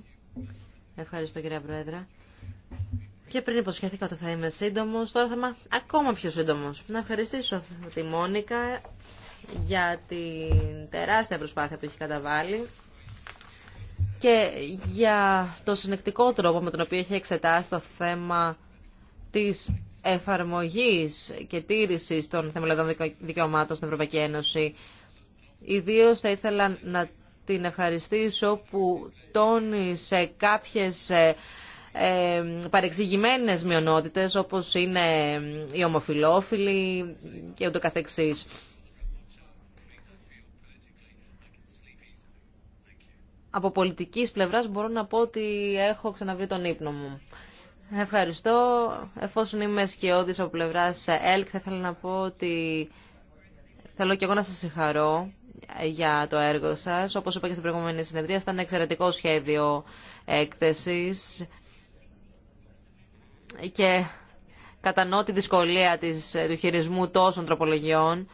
Ευχαριστώ κύριε Πρόεδρε. Και πριν υποσχέθηκα ότι θα είμαι σύντομο, τώρα θα είμαι ακόμα πιο σύντομο. Να ευχαριστήσω τη Μόνικα για την τεράστια προσπάθεια που έχει καταβάλει και για το συνεκτικό τρόπο με τον οποίο έχει εξετάσει το θέμα της εφαρμογής και τήρησης των θεμελιωδών δικαιωμάτων στην Ευρωπαϊκή Ένωση. Ιδίως θα ήθελα να την ευχαριστήσω που τόνισε κάποιες ε, παρεξηγημένες μειονότητες όπως είναι οι ομοφιλόφιλοι και ούτω καθεξής. Από πολιτικής πλευράς μπορώ να πω ότι έχω ξαναβρει τον ύπνο μου. Ευχαριστώ. Εφόσον είμαι σκιώδης από πλευράς ΕΛΚ, θα ήθελα να πω ότι θέλω και εγώ να σας συγχαρώ για το έργο σας. Όπως είπα και στην προηγούμενη συνεδρία, ήταν εξαιρετικό σχέδιο έκθεσης και κατανοώ τη δυσκολία της, ε, του χειρισμού τόσων τροπολογιών.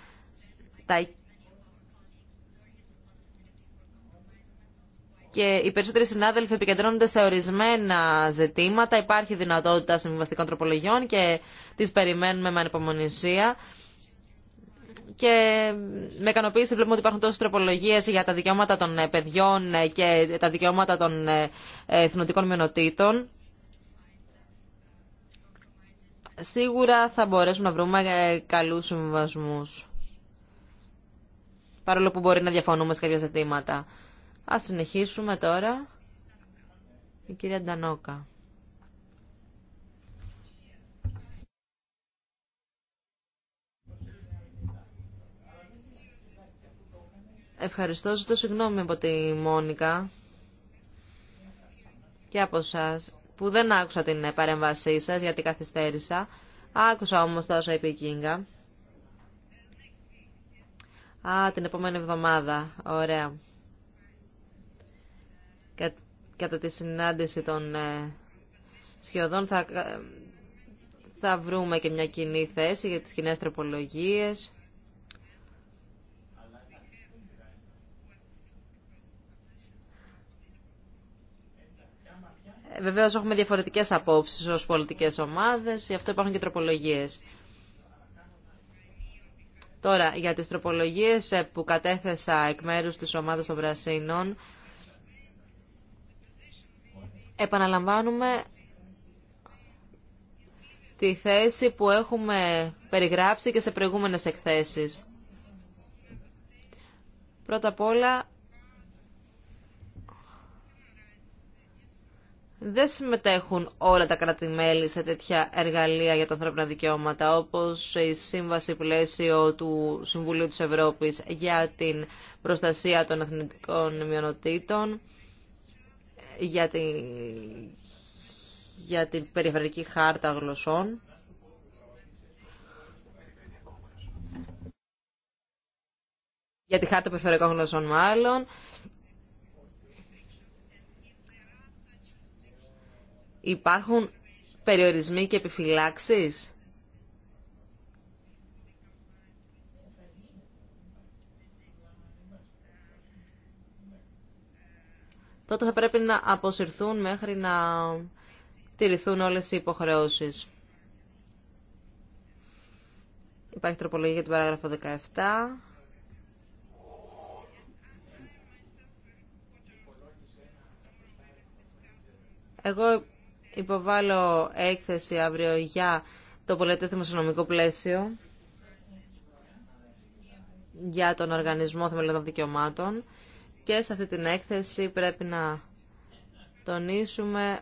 Και οι περισσότεροι συνάδελφοι επικεντρώνονται σε ορισμένα ζητήματα. Υπάρχει δυνατότητα συμβιβαστικών τροπολογιών και τις περιμένουμε με ανεπομονησία. Και με ικανοποίηση βλέπουμε ότι υπάρχουν τόσε τροπολογίε για τα δικαιώματα των ε, παιδιών ε, και τα δικαιώματα των εθνοτικών μειονοτήτων σίγουρα θα μπορέσουμε να βρούμε ε, καλούς συμβασμούς. Παρόλο που μπορεί να διαφωνούμε σε κάποια ζητήματα. Ας συνεχίσουμε τώρα. Η κυρία Ντανόκα. Ευχαριστώ. Ζητώ συγγνώμη από τη Μόνικα και από εσάς που δεν άκουσα την παρέμβασή σας γιατί καθυστέρησα. Άκουσα όμως τα όσα είπε η Α, την επόμενη εβδομάδα. Ωραία. Κα, κατά τη συνάντηση των ε, σχεδόν θα, ε, θα βρούμε και μια κοινή θέση για τις κοινέ τροπολογίες. Βεβαίω έχουμε διαφορετικέ απόψει ω πολιτικέ ομάδε, γι' αυτό υπάρχουν και τροπολογίε. Τώρα, για τις τροπολογίες ε, που κατέθεσα εκ μέρου της ομάδας των Βρασίνων, επαναλαμβάνουμε τη θέση που έχουμε περιγράψει και σε προηγούμενες εκθέσεις. Πρώτα απ' όλα, δεν συμμετέχουν όλα τα κράτη-μέλη σε τέτοια εργαλεία για τα ανθρώπινα δικαιώματα, όπως η Σύμβαση Πλαίσιο του Συμβουλίου της Ευρώπης για την προστασία των εθνικών μειονοτήτων, για την, για την περιφερειακή χάρτα γλωσσών. Για τη χάρτα περιφερειακών γλωσσών μάλλον Υπάρχουν περιορισμοί και επιφυλάξεις. Τότε θα πρέπει να αποσυρθούν μέχρι να τηρηθούν όλες οι υποχρεώσεις. Υπάρχει τροπολογία για την παράγραφο 17. Εγώ Υποβάλλω έκθεση αύριο για το πολιτές δημοσιονομικό πλαίσιο για τον Οργανισμό Θεμελιωδών Δικαιωμάτων και σε αυτή την έκθεση πρέπει να τονίσουμε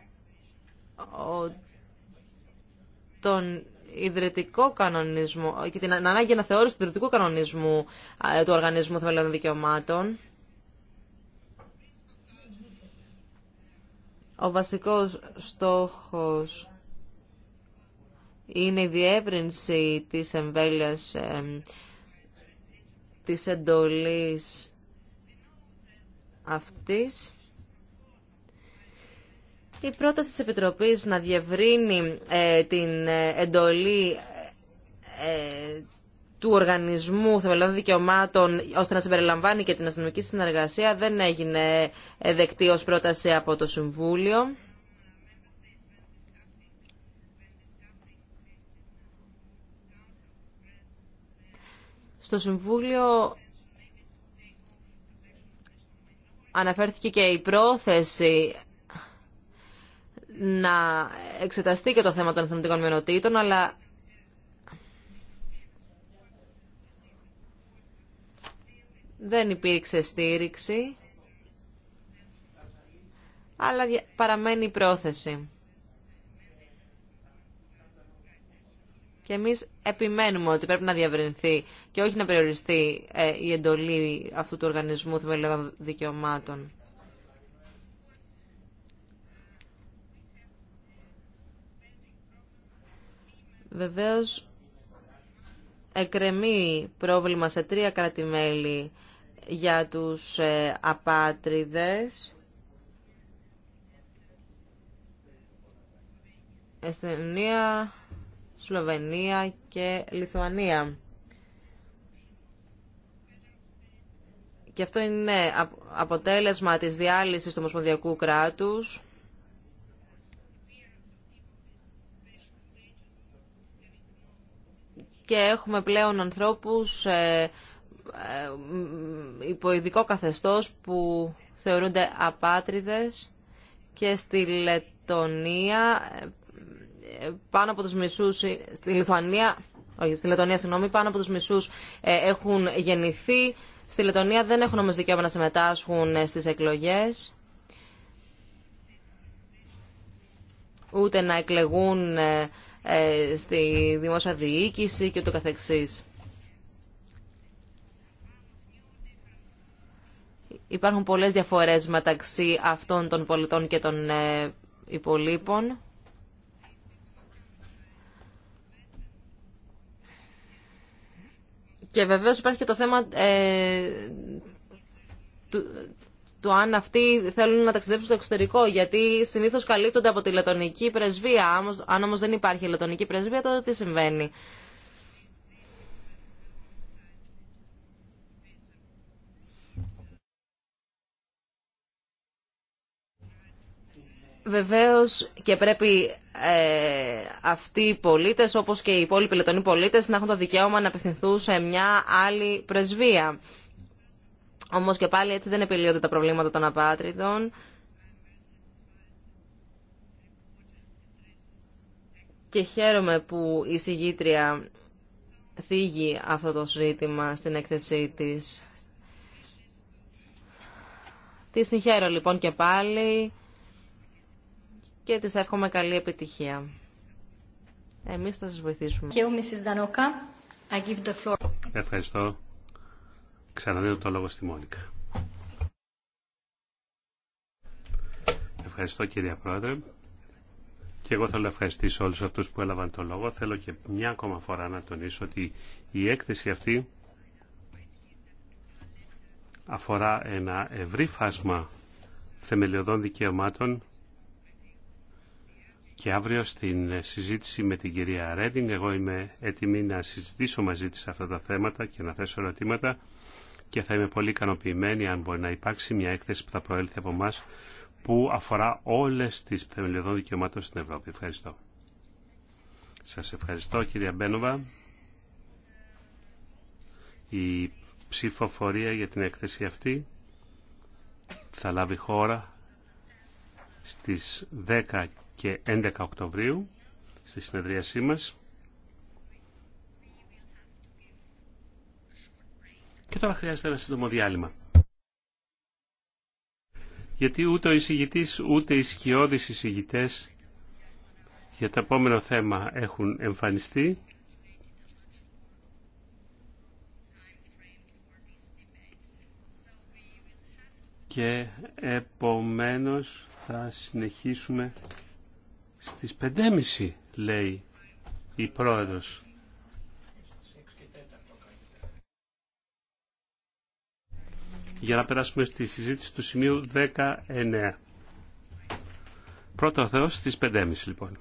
τον ιδρυτικό κανονισμό και την ανάγκη αναθεώρηση του ιδρυτικού κανονισμού ε, του Οργανισμού θεμελιών Δικαιωμάτων Ο βασικός στόχος είναι η διεύρυνση της εμβέλειας της εντολής αυτής. Η πρόταση της Επιτροπής να διευρύνει ε, την ε, εντολή ε, του Οργανισμού Θεμελιών Δικαιωμάτων ώστε να συμπεριλαμβάνει και την αστυνομική συνεργασία δεν έγινε ε, δεκτή ω πρόταση από το Συμβούλιο. Στο Συμβούλιο αναφέρθηκε και η πρόθεση να εξεταστεί και το θέμα των εθνωτικών μειονοτήτων, αλλά Δεν υπήρξε στήριξη, αλλά παραμένει η πρόθεση. Και εμείς επιμένουμε ότι πρέπει να διαβρινθεί και όχι να περιοριστεί ε, η εντολή αυτού του οργανισμού θεμελιώδων δικαιωμάτων. Βεβαίως, εκρεμεί πρόβλημα σε τρία κράτη-μέλη για τους ε, απάτριδες. Εσθενία, Σλοβενία και Λιθουανία. Και αυτό είναι αποτέλεσμα της διάλυσης του Ομοσπονδιακού κράτους. Και έχουμε πλέον ανθρώπους ε, ε, ε, υπό ειδικό καθεστώς που θεωρούνται απάτριδες και στη Λετωνία ε, πάνω από τους μισούς, στη Λιθουανία, όχι, στη Λετωνία, συγγνώμη, πάνω από τους μισούς έχουν γεννηθεί. Στη Λετωνία δεν έχουν όμως δικαίωμα να συμμετάσχουν στις εκλογές. Ούτε να εκλεγούν στη δημόσια διοίκηση και ούτω καθεξής. Υπάρχουν πολλές διαφορές μεταξύ αυτών των πολιτών και των ε, υπολείπων. Και βεβαίως υπάρχει και το θέμα ε, του, αν αυτοί θέλουν να ταξιδέψουν στο εξωτερικό, γιατί συνήθως καλύπτονται από τη λετωνική πρεσβεία. Αν όμως δεν υπάρχει λετωνική πρεσβεία, τότε τι συμβαίνει. Βεβαίως και πρέπει ε, αυτοί οι πολίτες όπως και οι υπόλοιποι λετωνοί πολίτες να έχουν το δικαίωμα να απευθυνθούν σε μια άλλη πρεσβεία. Όμως και πάλι έτσι δεν επιλύονται τα προβλήματα των απάτριδων. Και χαίρομαι που η συγγήτρια θίγει αυτό το ζήτημα στην έκθεσή της. Τη συγχαίρω λοιπόν και πάλι και της εύχομαι καλή επιτυχία. Εμείς θα σας βοηθήσουμε. Ευχαριστώ. Ξαναδίνω το λόγο στη Μόνικα. Ευχαριστώ κυρία Πρόεδρε. Και εγώ θέλω να ευχαριστήσω όλους αυτούς που έλαβαν το λόγο. Θέλω και μια ακόμα φορά να τονίσω ότι η έκθεση αυτή αφορά ένα ευρύ φάσμα θεμελιωδών δικαιωμάτων και αύριο στην συζήτηση με την κυρία Ρέντινγκ. Εγώ είμαι έτοιμη να συζητήσω μαζί της αυτά τα θέματα και να θέσω ερωτήματα και θα είμαι πολύ ικανοποιημένη αν μπορεί να υπάρξει μια έκθεση που θα προέλθει από εμά που αφορά όλες τις θεμελιωδών δικαιωμάτων στην Ευρώπη. Ευχαριστώ. Σας ευχαριστώ κυρία Μπένοβα. Η ψηφοφορία για την έκθεση αυτή θα λάβει χώρα στις 10 και 11 Οκτωβρίου στη συνεδρίασή μας. Και τώρα χρειάζεται ένα σύντομο διάλειμμα. Γιατί ούτε ο εισηγητής ούτε οι σκιώδεις εισηγητές για το επόμενο θέμα έχουν εμφανιστεί. και επομένως θα συνεχίσουμε στις 5.30 λέει η πρόεδρος. Για να περάσουμε στη συζήτηση του σημείου 19. Πρώτο Θεός στις 5.30 λοιπόν.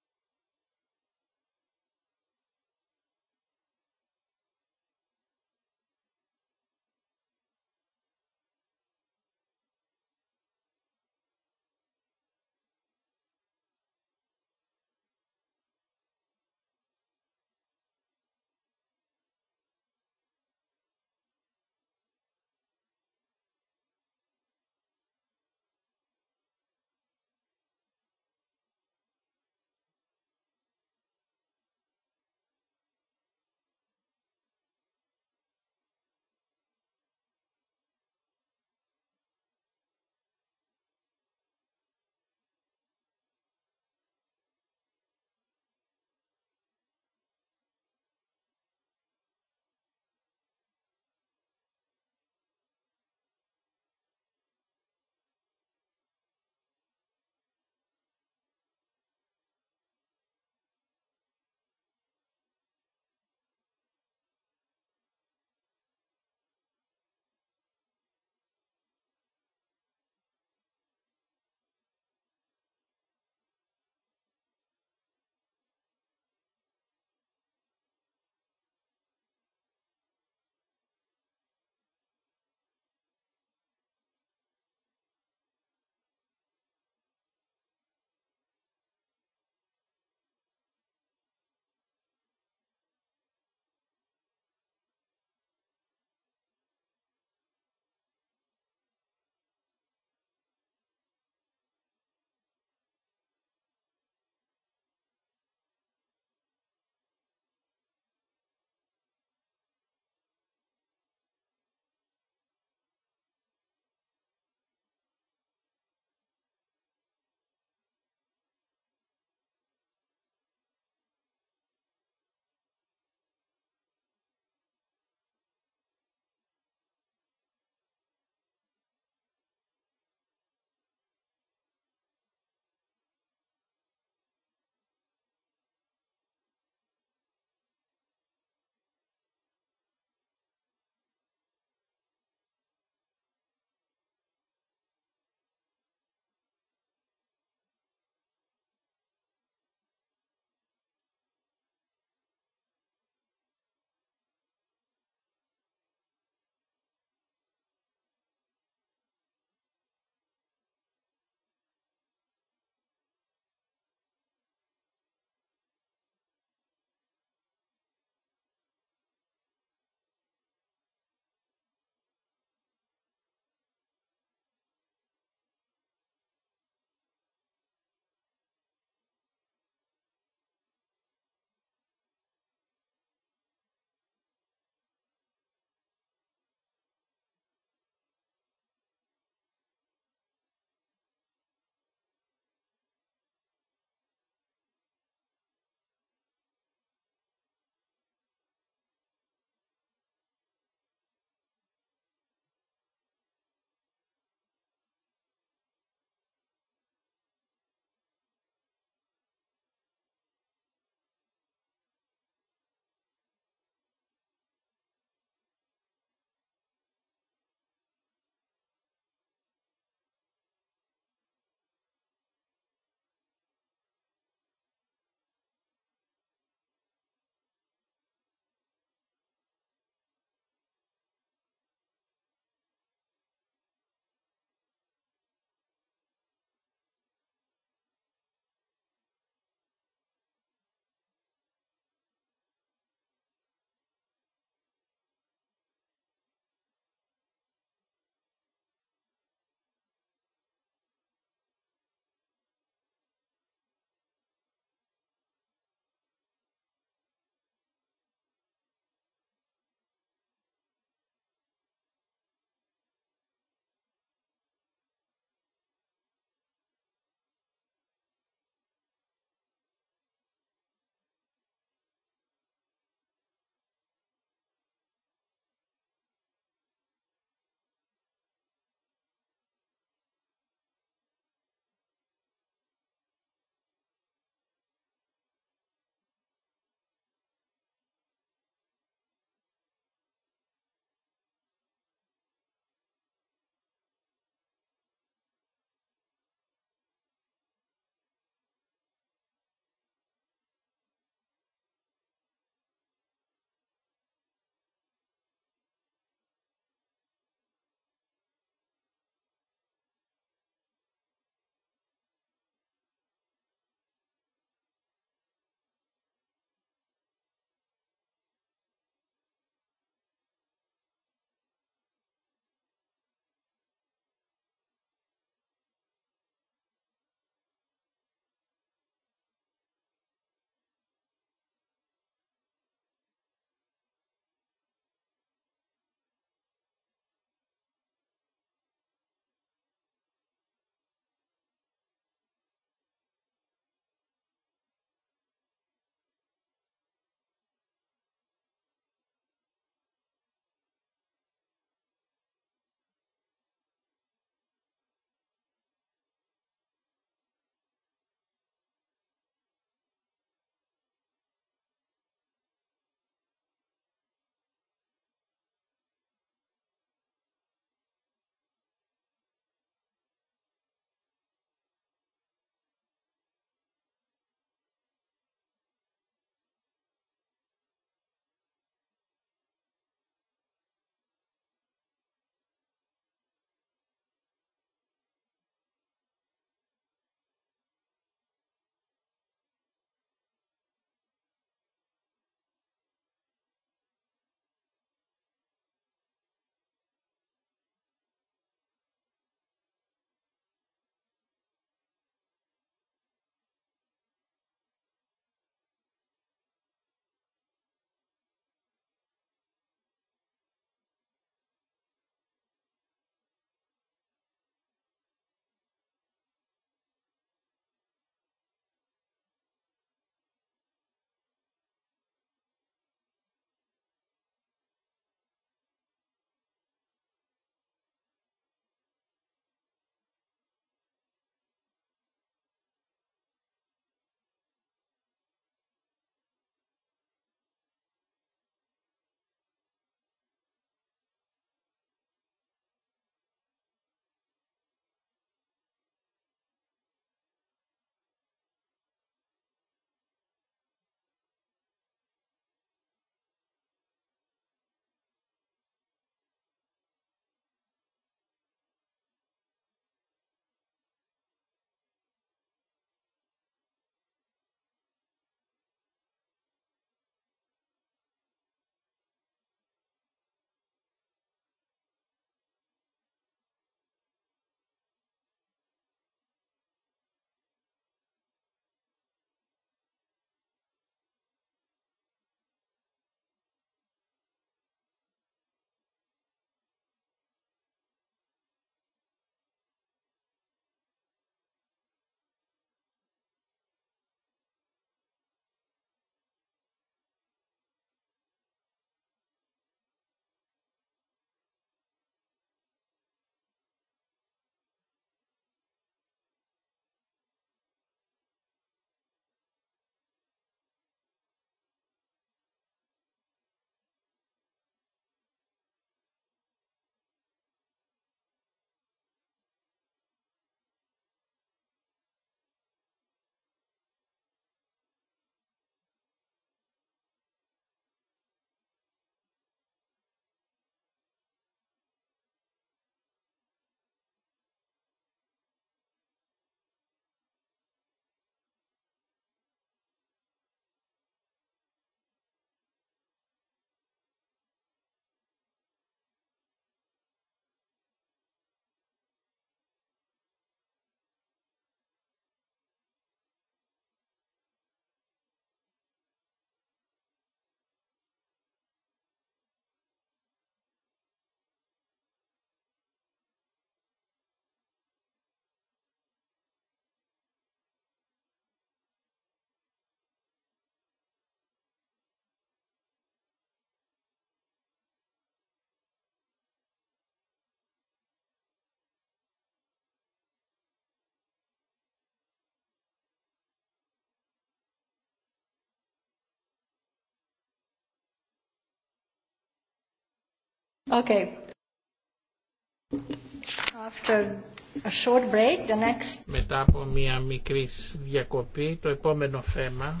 Μετά από μια μικρή διακοπή, το επόμενο θέμα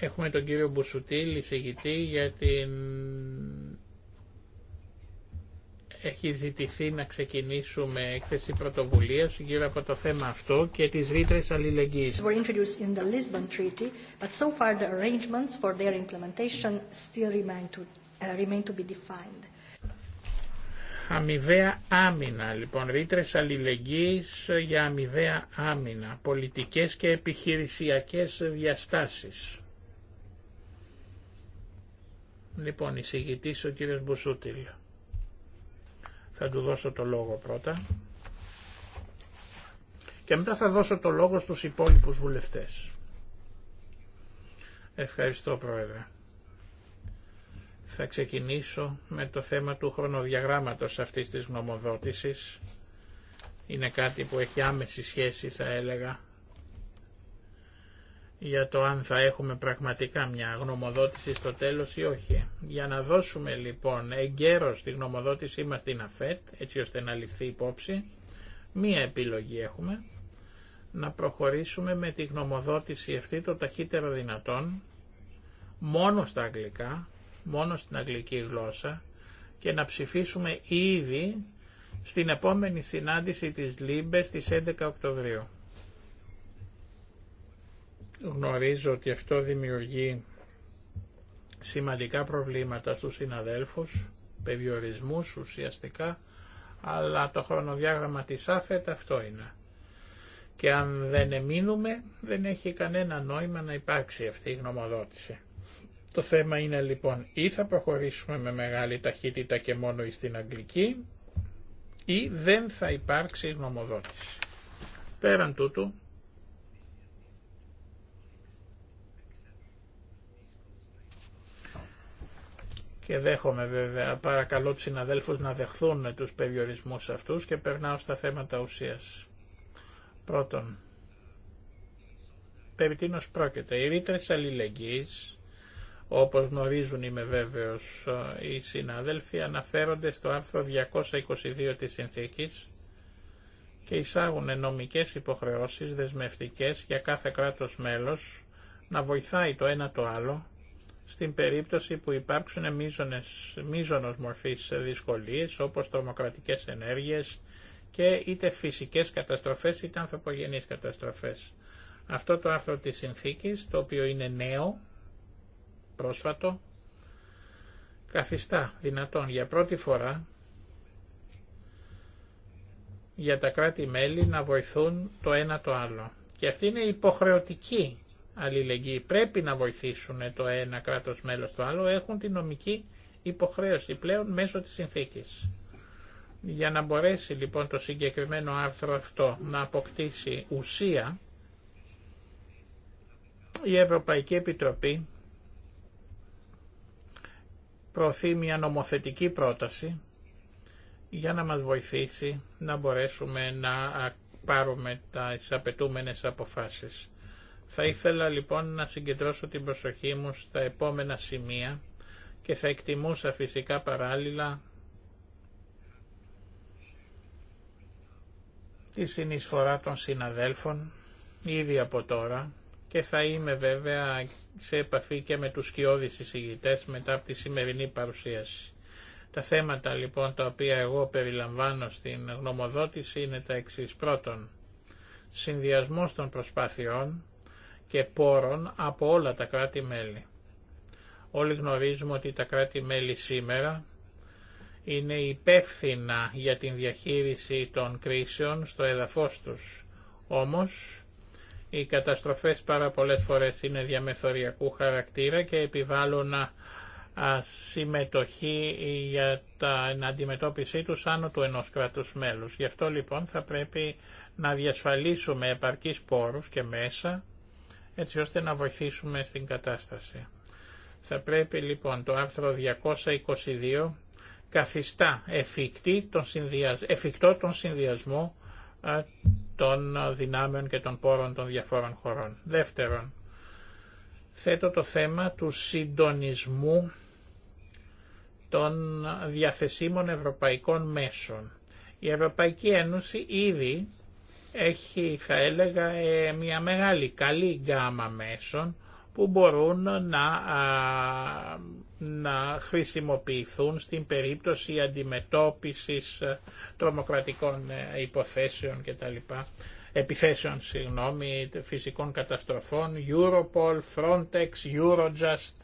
Έχουμε τον κύριο Μπουσουτήλ, εισηγητή για την έχει ζητηθεί να ξεκινήσουμε έκθεση πρωτοβουλίας γύρω από το θέμα αυτό και τις ρήτρες αλληλεγγύης. Αμοιβαία άμυνα, λοιπόν, ρήτρες αλληλεγγύης για αμοιβαία άμυνα, πολιτικές και επιχειρησιακές διαστάσεις. Λοιπόν, εισηγητής ο κύριος Μπουσούτηλ. Θα του δώσω το λόγο πρώτα. Και μετά θα δώσω το λόγο στους υπόλοιπους βουλευτές. Ευχαριστώ Πρόεδρε. Θα ξεκινήσω με το θέμα του χρονοδιαγράμματος αυτής της γνωμοδότησης. Είναι κάτι που έχει άμεση σχέση θα έλεγα για το αν θα έχουμε πραγματικά μια γνωμοδότηση στο τέλος ή όχι. Για να δώσουμε λοιπόν εγκαίρως τη γνωμοδότησή μας στην ΑΦΕΤ, έτσι ώστε να ληφθεί υπόψη, μία επιλογή έχουμε, να προχωρήσουμε με τη γνωμοδότηση αυτή το ταχύτερο δυνατόν, μόνο στα αγγλικά, μόνο στην αγγλική γλώσσα και να ψηφίσουμε ήδη στην επόμενη συνάντηση της ΛΥΜΠΕ στις 11 Οκτωβρίου. Γνωρίζω ότι αυτό δημιουργεί σημαντικά προβλήματα στους συναδέλφους, περιορισμούς ουσιαστικά, αλλά το χρονοδιάγραμμα της ΑΦΕΤ αυτό είναι. Και αν δεν εμείνουμε, δεν έχει κανένα νόημα να υπάρξει αυτή η γνωμοδότηση. Το θέμα είναι λοιπόν ή θα προχωρήσουμε με μεγάλη ταχύτητα και μόνο στην αγγλική ή δεν θα υπάρξει γνωμοδότηση. Πέραν τούτου, και δέχομαι βέβαια, παρακαλώ τους συναδέλφους να δεχθούν τους περιορισμούς αυτούς και περνάω στα θέματα ουσίας. Πρώτον, περί τίνος πρόκειται. Οι ρήτρες αλληλεγγύης, όπως γνωρίζουν είμαι βέβαιος οι συναδέλφοι, αναφέρονται στο άρθρο 222 της συνθήκης και εισάγουν νομικές υποχρεώσεις δεσμευτικές για κάθε κράτος μέλος να βοηθάει το ένα το άλλο στην περίπτωση που υπάρξουν μείζονες, μείζονος μορφής δυσκολίες όπως τρομοκρατικές ενέργειες και είτε φυσικές καταστροφές είτε ανθρωπογενείς καταστροφές. Αυτό το άρθρο της συνθήκης, το οποίο είναι νέο, πρόσφατο, καθιστά δυνατόν για πρώτη φορά για τα κράτη-μέλη να βοηθούν το ένα το άλλο. Και αυτή είναι υποχρεωτική αλληλεγγύη πρέπει να βοηθήσουν το ένα κράτος μέλος το άλλο έχουν τη νομική υποχρέωση πλέον μέσω της συνθήκης. Για να μπορέσει λοιπόν το συγκεκριμένο άρθρο αυτό να αποκτήσει ουσία, η Ευρωπαϊκή Επιτροπή προωθεί μια νομοθετική πρόταση για να μας βοηθήσει να μπορέσουμε να πάρουμε τις απαιτούμενες αποφάσεις. Θα ήθελα λοιπόν να συγκεντρώσω την προσοχή μου στα επόμενα σημεία και θα εκτιμούσα φυσικά παράλληλα τη συνεισφορά των συναδέλφων ήδη από τώρα και θα είμαι βέβαια σε επαφή και με τους σκιώδεις εισηγητές μετά από τη σημερινή παρουσίαση. Τα θέματα λοιπόν τα οποία εγώ περιλαμβάνω στην γνωμοδότηση είναι τα εξής. Πρώτον, συνδυασμός των προσπάθειών και πόρων από όλα τα κράτη-μέλη. Όλοι γνωρίζουμε ότι τα κράτη-μέλη σήμερα είναι υπεύθυνα για την διαχείριση των κρίσεων στο εδαφός τους. Όμως, οι καταστροφές πάρα πολλές φορές είναι διαμεθοριακού χαρακτήρα και επιβάλλουν συμμετοχή για την αντιμετώπιση τους άνω του ενός κράτους μέλους. Γι' αυτό λοιπόν θα πρέπει να διασφαλίσουμε επαρκείς πόρους και μέσα έτσι ώστε να βοηθήσουμε στην κατάσταση. Θα πρέπει λοιπόν το άρθρο 222 καθιστά τον εφικτό τον συνδυασμό των δυνάμεων και των πόρων των διαφόρων χωρών. Δεύτερον, θέτω το θέμα του συντονισμού των διαθεσίμων ευρωπαϊκών μέσων. Η Ευρωπαϊκή Ένωση ήδη έχει θα έλεγα ε, μια μεγάλη καλή γκάμα μέσων που μπορούν να, να χρησιμοποιηθούν στην περίπτωση αντιμετώπισης ε, τρομοκρατικών ε, υποθέσεων κτλ. Επιθέσεων, συγγνώμη, φυσικών καταστροφών, Europol, Frontex, Eurojust,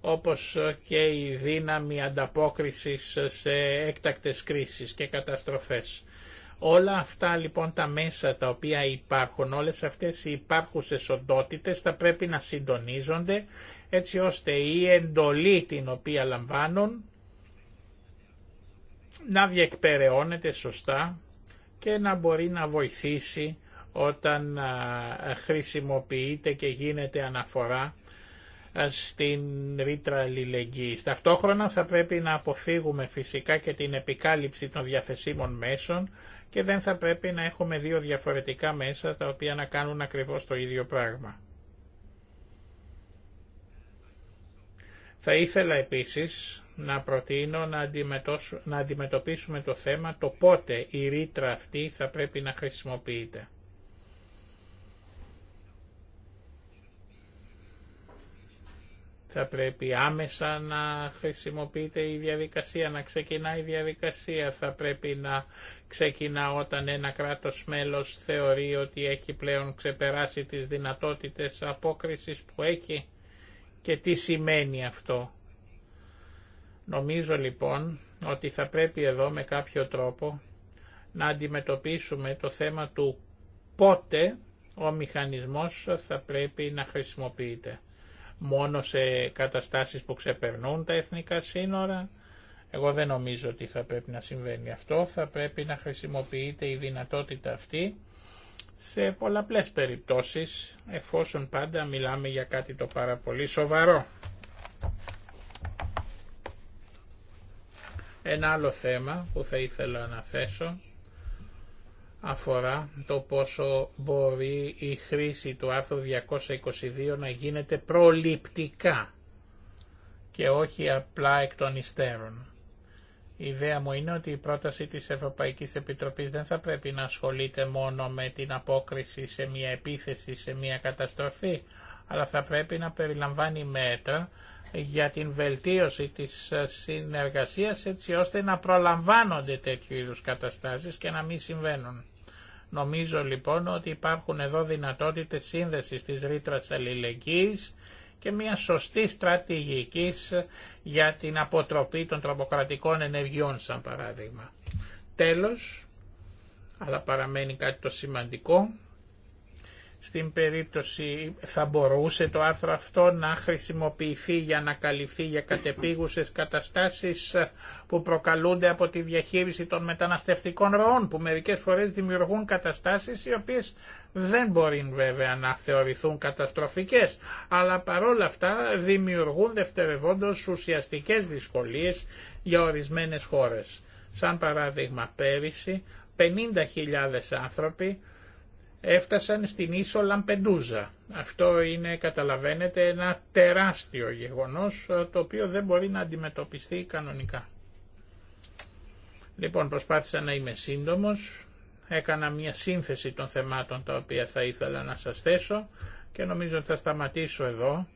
όπως και η δύναμη ανταπόκρισης σε έκτακτες κρίσεις και καταστροφές. Όλα αυτά λοιπόν τα μέσα τα οποία υπάρχουν, όλες αυτές οι υπάρχουσες οντότητες θα πρέπει να συντονίζονται έτσι ώστε η εντολή την οποία λαμβάνουν να διεκπεραιώνεται σωστά και να μπορεί να βοηθήσει όταν χρησιμοποιείται και γίνεται αναφορά στην ρήτρα αλληλεγγύης. Ταυτόχρονα θα πρέπει να αποφύγουμε φυσικά και την επικάλυψη των διαθεσίμων μέσων και δεν θα πρέπει να έχουμε δύο διαφορετικά μέσα τα οποία να κάνουν ακριβώς το ίδιο πράγμα. Θα ήθελα επίσης να προτείνω να αντιμετωπίσουμε το θέμα το πότε η ρήτρα αυτή θα πρέπει να χρησιμοποιείται. θα πρέπει άμεσα να χρησιμοποιείται η διαδικασία, να ξεκινάει η διαδικασία, θα πρέπει να ξεκινά όταν ένα κράτος μέλος θεωρεί ότι έχει πλέον ξεπεράσει τις δυνατότητες απόκρισης που έχει και τι σημαίνει αυτό. Νομίζω λοιπόν ότι θα πρέπει εδώ με κάποιο τρόπο να αντιμετωπίσουμε το θέμα του πότε ο μηχανισμός θα πρέπει να χρησιμοποιείται. Μόνο σε καταστάσεις που ξεπερνούν τα εθνικά σύνορα, εγώ δεν νομίζω ότι θα πρέπει να συμβαίνει αυτό, θα πρέπει να χρησιμοποιείται η δυνατότητα αυτή σε πολλαπλές περιπτώσεις, εφόσον πάντα μιλάμε για κάτι το πάρα πολύ σοβαρό. Ένα άλλο θέμα που θα ήθελα να θέσω αφορά το πόσο μπορεί η χρήση του άρθρου 222 να γίνεται προληπτικά και όχι απλά εκ των υστέρων. Η ιδέα μου είναι ότι η πρόταση της Ευρωπαϊκής Επιτροπής δεν θα πρέπει να ασχολείται μόνο με την απόκριση σε μια επίθεση, σε μια καταστροφή, αλλά θα πρέπει να περιλαμβάνει μέτρα για την βελτίωση της συνεργασίας έτσι ώστε να προλαμβάνονται τέτοιου είδους καταστάσεις και να μην συμβαίνουν. Νομίζω λοιπόν ότι υπάρχουν εδώ δυνατότητες σύνδεσης της ρήτρας αλληλεγγύης και μια σωστή στρατηγική για την αποτροπή των τρομοκρατικών ενεργειών σαν παράδειγμα. Τέλος, αλλά παραμένει κάτι το σημαντικό, στην περίπτωση θα μπορούσε το άρθρο αυτό να χρησιμοποιηθεί για να καλυφθεί για κατεπίγουσες καταστάσεις που προκαλούνται από τη διαχείριση των μεταναστευτικών ροών που μερικές φορές δημιουργούν καταστάσεις οι οποίες δεν μπορεί βέβαια να θεωρηθούν καταστροφικές αλλά παρόλα αυτά δημιουργούν δευτερευόντως ουσιαστικές δυσκολίες για ορισμένες χώρες. Σαν παράδειγμα πέρυσι 50.000 άνθρωποι έφτασαν στην ίσο Λαμπεντούζα. Αυτό είναι, καταλαβαίνετε, ένα τεράστιο γεγονός ε, το οποίο δεν μπορεί να αντιμετωπιστεί κανονικά. Λοιπόν, προσπάθησα να είμαι σύντομος, έκανα μια σύνθεση των θεμάτων τα οποία θα ήθελα να σας θέσω και νομίζω ότι θα σταματήσω εδώ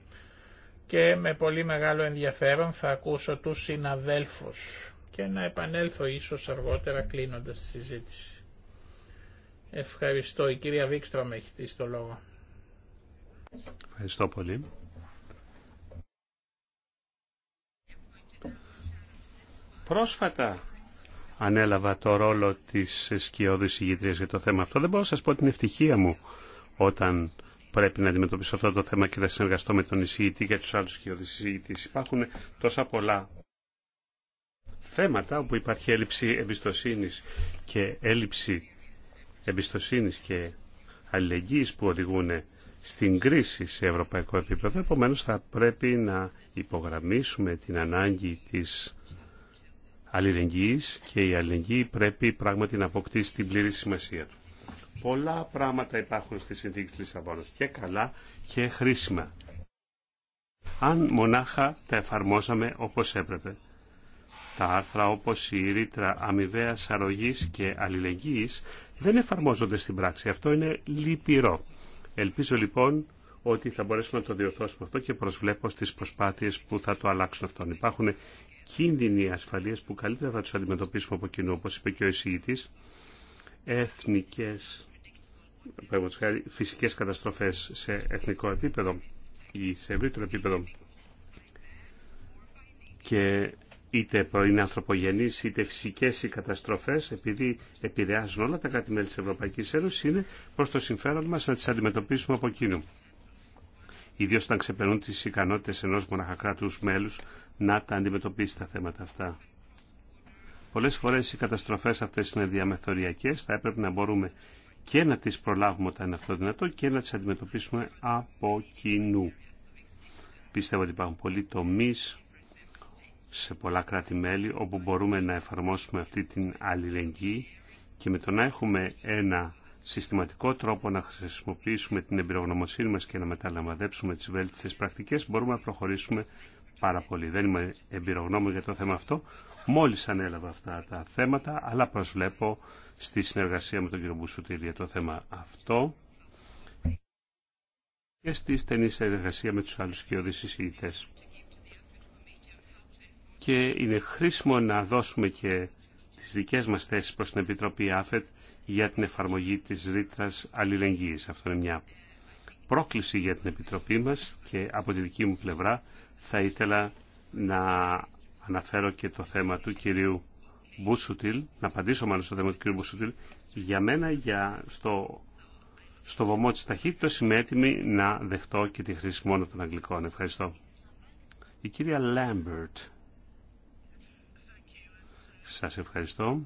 και με πολύ μεγάλο ενδιαφέρον θα ακούσω τους συναδέλφους και να επανέλθω ίσως αργότερα κλείνοντας τη συζήτηση. Ευχαριστώ. Η κυρία με έχει στήσει το λόγο. Ευχαριστώ πολύ. Πρόσφατα ανέλαβα το ρόλο της σκιώδης ηγητρίας για το θέμα αυτό. Δεν μπορώ να σας πω την ευτυχία μου όταν πρέπει να αντιμετωπίσω αυτό το θέμα και θα συνεργαστώ με τον εισηγητή και τους άλλους σκιώδης εισηγητής. Υπάρχουν τόσα πολλά θέματα όπου υπάρχει έλλειψη εμπιστοσύνης και έλλειψη εμπιστοσύνης και αλληλεγγύης που οδηγούν στην κρίση σε ευρωπαϊκό επίπεδο. Επομένως θα πρέπει να υπογραμμίσουμε την ανάγκη της αλληλεγγύης και η αλληλεγγύη πρέπει πράγματι να αποκτήσει την πλήρη σημασία του. Πολλά πράγματα υπάρχουν στη συνθήκη της Λισαβόνας και καλά και χρήσιμα. Αν μονάχα τα εφαρμόσαμε όπως έπρεπε. Τα άρθρα όπως η ρήτρα αμοιβαία αρρωγής και αλληλεγγύης δεν εφαρμόζονται στην πράξη. Αυτό είναι λυπηρό. Ελπίζω λοιπόν ότι θα μπορέσουμε να το διορθώσουμε αυτό και προσβλέπω στις προσπάθειες που θα το αλλάξουν αυτόν. Υπάρχουν κίνδυνοι ασφαλείες που καλύτερα θα τους αντιμετωπίσουμε από κοινού, όπως είπε και ο εισηγητής, εθνικές, φυσικές καταστροφές σε εθνικό επίπεδο ή σε ευρύτερο επίπεδο και είτε είναι ανθρωπογενείς είτε φυσικές οι καταστροφές, επειδή επηρεάζουν όλα τα κράτη-μέλη της Ευρωπαϊκής Ένωσης, είναι προς το συμφέρον μας να τις αντιμετωπίσουμε από κοινού. Ιδίως όταν ξεπερνούν τις ικανότητες ενός μοναχακράτους μέλους να τα αντιμετωπίσει τα θέματα αυτά. Πολλές φορές οι καταστροφές αυτές είναι διαμεθοριακές, θα έπρεπε να μπορούμε και να τις προλάβουμε όταν είναι αυτό δυνατό και να τις αντιμετωπίσουμε από κοινού. Πιστεύω ότι υπάρχουν πολλοί τομεί σε πολλά κράτη-μέλη όπου μπορούμε να εφαρμόσουμε αυτή την αλληλεγγύη και με το να έχουμε ένα συστηματικό τρόπο να χρησιμοποιήσουμε την εμπειρογνωμοσύνη μας και να μεταλαμβαδέψουμε τις βέλτιστες πρακτικές μπορούμε να προχωρήσουμε πάρα πολύ. Δεν είμαι εμπειρογνώμη για το θέμα αυτό. Μόλις ανέλαβα αυτά τα θέματα, αλλά προσβλέπω στη συνεργασία με τον κύριο Μπουσουτήρ για το θέμα αυτό και στη στενή συνεργασία με τους άλλους ηγητές και είναι χρήσιμο να δώσουμε και τις δικές μας θέσεις προς την Επιτροπή ΑΦΕΤ για την εφαρμογή της ρήτρα αλληλεγγύης. Αυτό είναι μια πρόκληση για την Επιτροπή μας και από τη δική μου πλευρά θα ήθελα να αναφέρω και το θέμα του κυρίου Μπούσουτιλ, να απαντήσω μάλλον στο θέμα του κυρίου Μπούσουτιλ, για μένα για, στο, στο βωμό της ταχύτητας είμαι έτοιμη να δεχτώ και τη χρήση μόνο των αγγλικών. Ευχαριστώ. Η κυρία Λάμπερτ. Σας ευχαριστώ.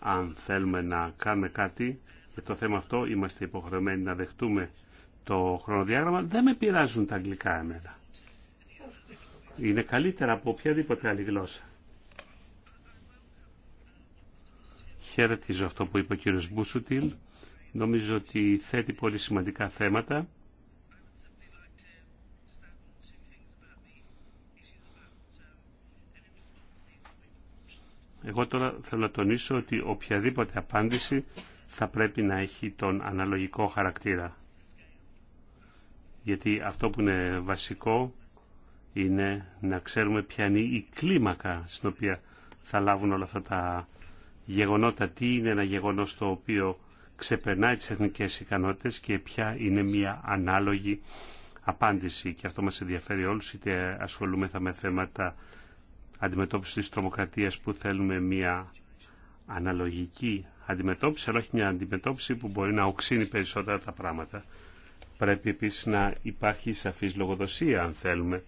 Αν θέλουμε να κάνουμε κάτι με το θέμα αυτό, είμαστε υποχρεωμένοι να δεχτούμε το χρονοδιάγραμμα. Δεν με πειράζουν τα αγγλικά εμένα. Είναι καλύτερα από οποιαδήποτε άλλη γλώσσα. Χαιρετίζω αυτό που είπε ο κύριος Μπούσουτιλ. Νομίζω ότι θέτει πολύ σημαντικά θέματα. Εγώ τώρα θέλω να τονίσω ότι οποιαδήποτε απάντηση θα πρέπει να έχει τον αναλογικό χαρακτήρα. Γιατί αυτό που είναι βασικό είναι να ξέρουμε ποια είναι η κλίμακα στην οποία θα λάβουν όλα αυτά τα γεγονότα. Τι είναι ένα γεγονός το οποίο ξεπερνάει τις εθνικές ικανότητες και ποια είναι μια ανάλογη απάντηση. Και αυτό μας ενδιαφέρει όλους, είτε ασχολούμεθα με θέματα αντιμετώπιση της τρομοκρατίας που θέλουμε μια αναλογική αντιμετώπιση, αλλά όχι μια αντιμετώπιση που μπορεί να οξύνει περισσότερα τα πράγματα. Πρέπει επίσης να υπάρχει σαφής λογοδοσία, αν θέλουμε,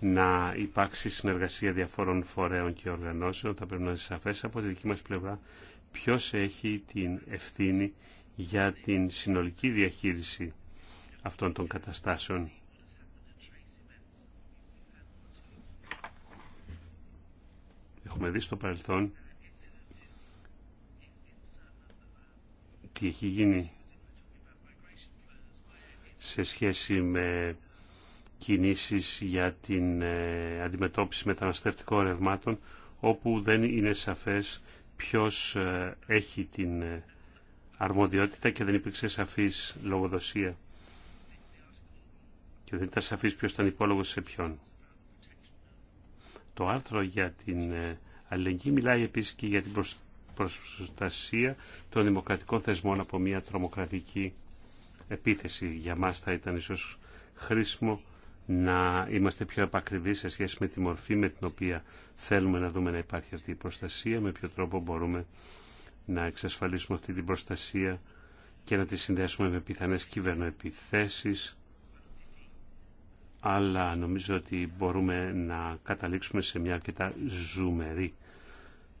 να υπάρξει συνεργασία διαφόρων φορέων και οργανώσεων. Θα πρέπει να είναι σαφές από τη δική μας πλευρά ποιος έχει την ευθύνη για την συνολική διαχείριση αυτών των καταστάσεων Έχουμε δει στο παρελθόν τι έχει γίνει σε σχέση με κινήσεις για την ε, αντιμετώπιση μεταναστευτικών ρευμάτων όπου δεν είναι σαφές ποιος ε, έχει την ε, αρμοδιότητα και δεν υπήρξε σαφής λογοδοσία και δεν ήταν σαφής ποιος ήταν υπόλογος σε ποιον. Το άρθρο για την ε, αλληλεγγύη μιλάει επίσης και για την προστασία των δημοκρατικών θεσμών από μια τρομοκρατική επίθεση. Για μας θα ήταν ίσως χρήσιμο να είμαστε πιο επακριβείς σε σχέση με τη μορφή με την οποία θέλουμε να δούμε να υπάρχει αυτή η προστασία, με ποιο τρόπο μπορούμε να εξασφαλίσουμε αυτή την προστασία και να τη συνδέσουμε με πιθανές κυβερνοεπιθέσεις αλλά νομίζω ότι μπορούμε να καταλήξουμε σε μια αρκετά ζουμερή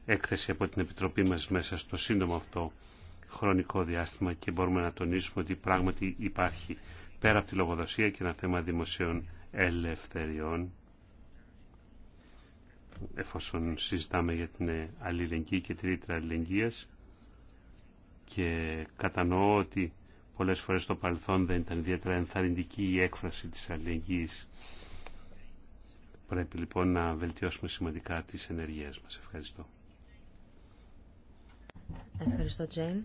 έκθεση από την Επιτροπή μας μέσα στο σύντομο αυτό χρονικό διάστημα και μπορούμε να τονίσουμε ότι πράγματι υπάρχει πέρα από τη λογοδοσία και ένα θέμα δημοσίων ελευθεριών εφόσον συζητάμε για την αλληλεγγύη και τη ρήτρα αλληλεγγύης και κατανοώ ότι πολλές φορές στο παρελθόν δεν ήταν ιδιαίτερα ενθαρρυντική η έκφραση της αλληλεγγύης. Πρέπει λοιπόν να βελτιώσουμε σημαντικά τις ενεργειές μας. Ευχαριστώ. Ευχαριστώ, Τζέιν.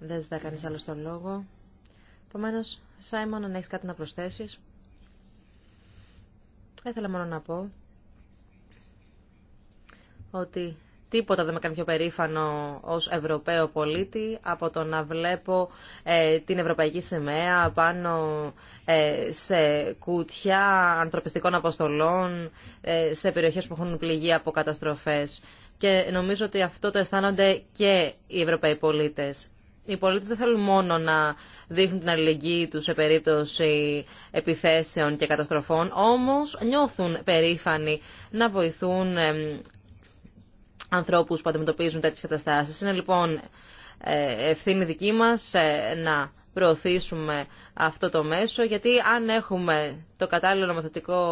Δεν ζητά κανείς άλλο τον λόγο. Επομένω, Σάιμον, αν έχεις κάτι να προσθέσεις. Ήθελα μόνο να πω ότι τίποτα δεν με κάνει πιο περήφανο ως Ευρωπαίο πολίτη από το να βλέπω ε, την Ευρωπαϊκή Σημαία πάνω ε, σε κουτιά ανθρωπιστικών αποστολών, ε, σε περιοχές που έχουν πληγεί από καταστροφές. Και νομίζω ότι αυτό το αισθάνονται και οι Ευρωπαίοι πολίτες. Οι πολίτες δεν θέλουν μόνο να δείχνουν την αλληλεγγύη τους σε περίπτωση επιθέσεων και καταστροφών, όμως νιώθουν περήφανοι να βοηθούν ανθρώπους που αντιμετωπίζουν τέτοιες καταστάσεις. Είναι λοιπόν ε, ευθύνη δική μας ε, να προωθήσουμε αυτό το μέσο, γιατί αν έχουμε το κατάλληλο νομοθετικό,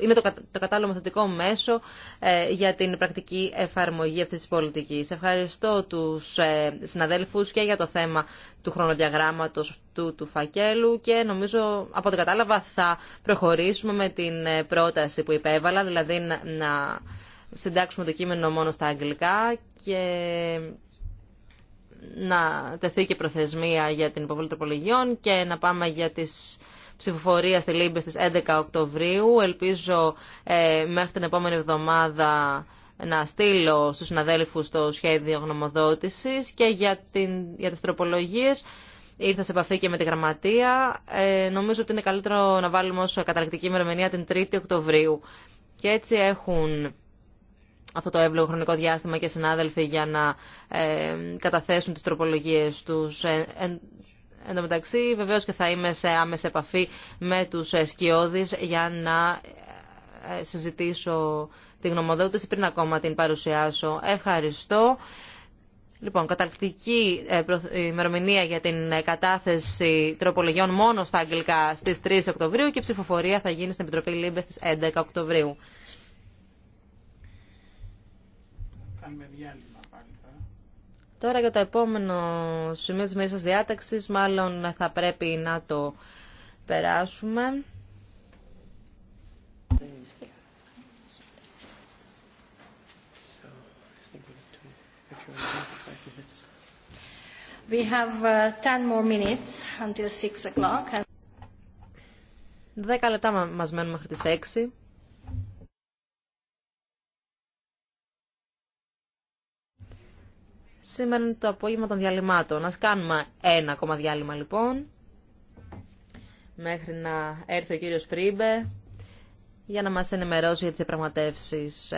είναι το, το κατάλληλο νομοθετικό μέσο ε, για την πρακτική εφαρμογή αυτής της πολιτικής. Ευχαριστώ τους συναδέλφους και για το θέμα του χρονοδιαγράμματος του, του φακέλου και νομίζω, από ό,τι κατάλαβα, θα προχωρήσουμε με την πρόταση που υπέβαλα, δηλαδή να συντάξουμε το κείμενο μόνο στα αγγλικά και να τεθεί και προθεσμία για την υποβολή τροπολογιών και να πάμε για τις ψηφοφορία στη Λίμπη στις 11 Οκτωβρίου. Ελπίζω ε, μέχρι την επόμενη εβδομάδα να στείλω στους συναδέλφους το σχέδιο γνωμοδότησης και για, την, για τις τροπολογίες ήρθα σε επαφή και με τη γραμματεία. Ε, νομίζω ότι είναι καλύτερο να βάλουμε ως καταληκτική ημερομηνία την 3η Οκτωβρίου. Και έτσι έχουν αυτό το εύλογο χρονικό διάστημα και συνάδελφοι για να ε, καταθέσουν τις τροπολογίες τους. Ε, εν τω μεταξύ, βεβαίως και θα είμαι σε άμεση επαφή με τους ε, σκιώδεις για να συζητήσω τη γνωμοδότηση πριν ακόμα την παρουσιάσω. Ευχαριστώ. Λοιπόν, καταρκτική ημερομηνία για την κατάθεση τροπολογιών μόνο στα αγγλικά στις 3 Οκτωβρίου και ψηφοφορία θα γίνει στην Επιτροπή Λίμπες στις 11 Οκτωβρίου. κάνουμε διάλειμμα πάλι τώρα. Τώρα για το επόμενο σημείο της μερικής διάταξης, μάλλον θα πρέπει να το περάσουμε. We have 10 uh, more minutes until 6 o'clock. 10 λεπτά μας μένουν μέχρι τις 6. Σήμερα είναι το απόγευμα των διαλυμάτων. Ας κάνουμε ένα ακόμα διάλειμμα λοιπόν, μέχρι να έρθει ο κύριος Πρίμπε για να μας ενημερώσει για τις διαπραγματεύσεις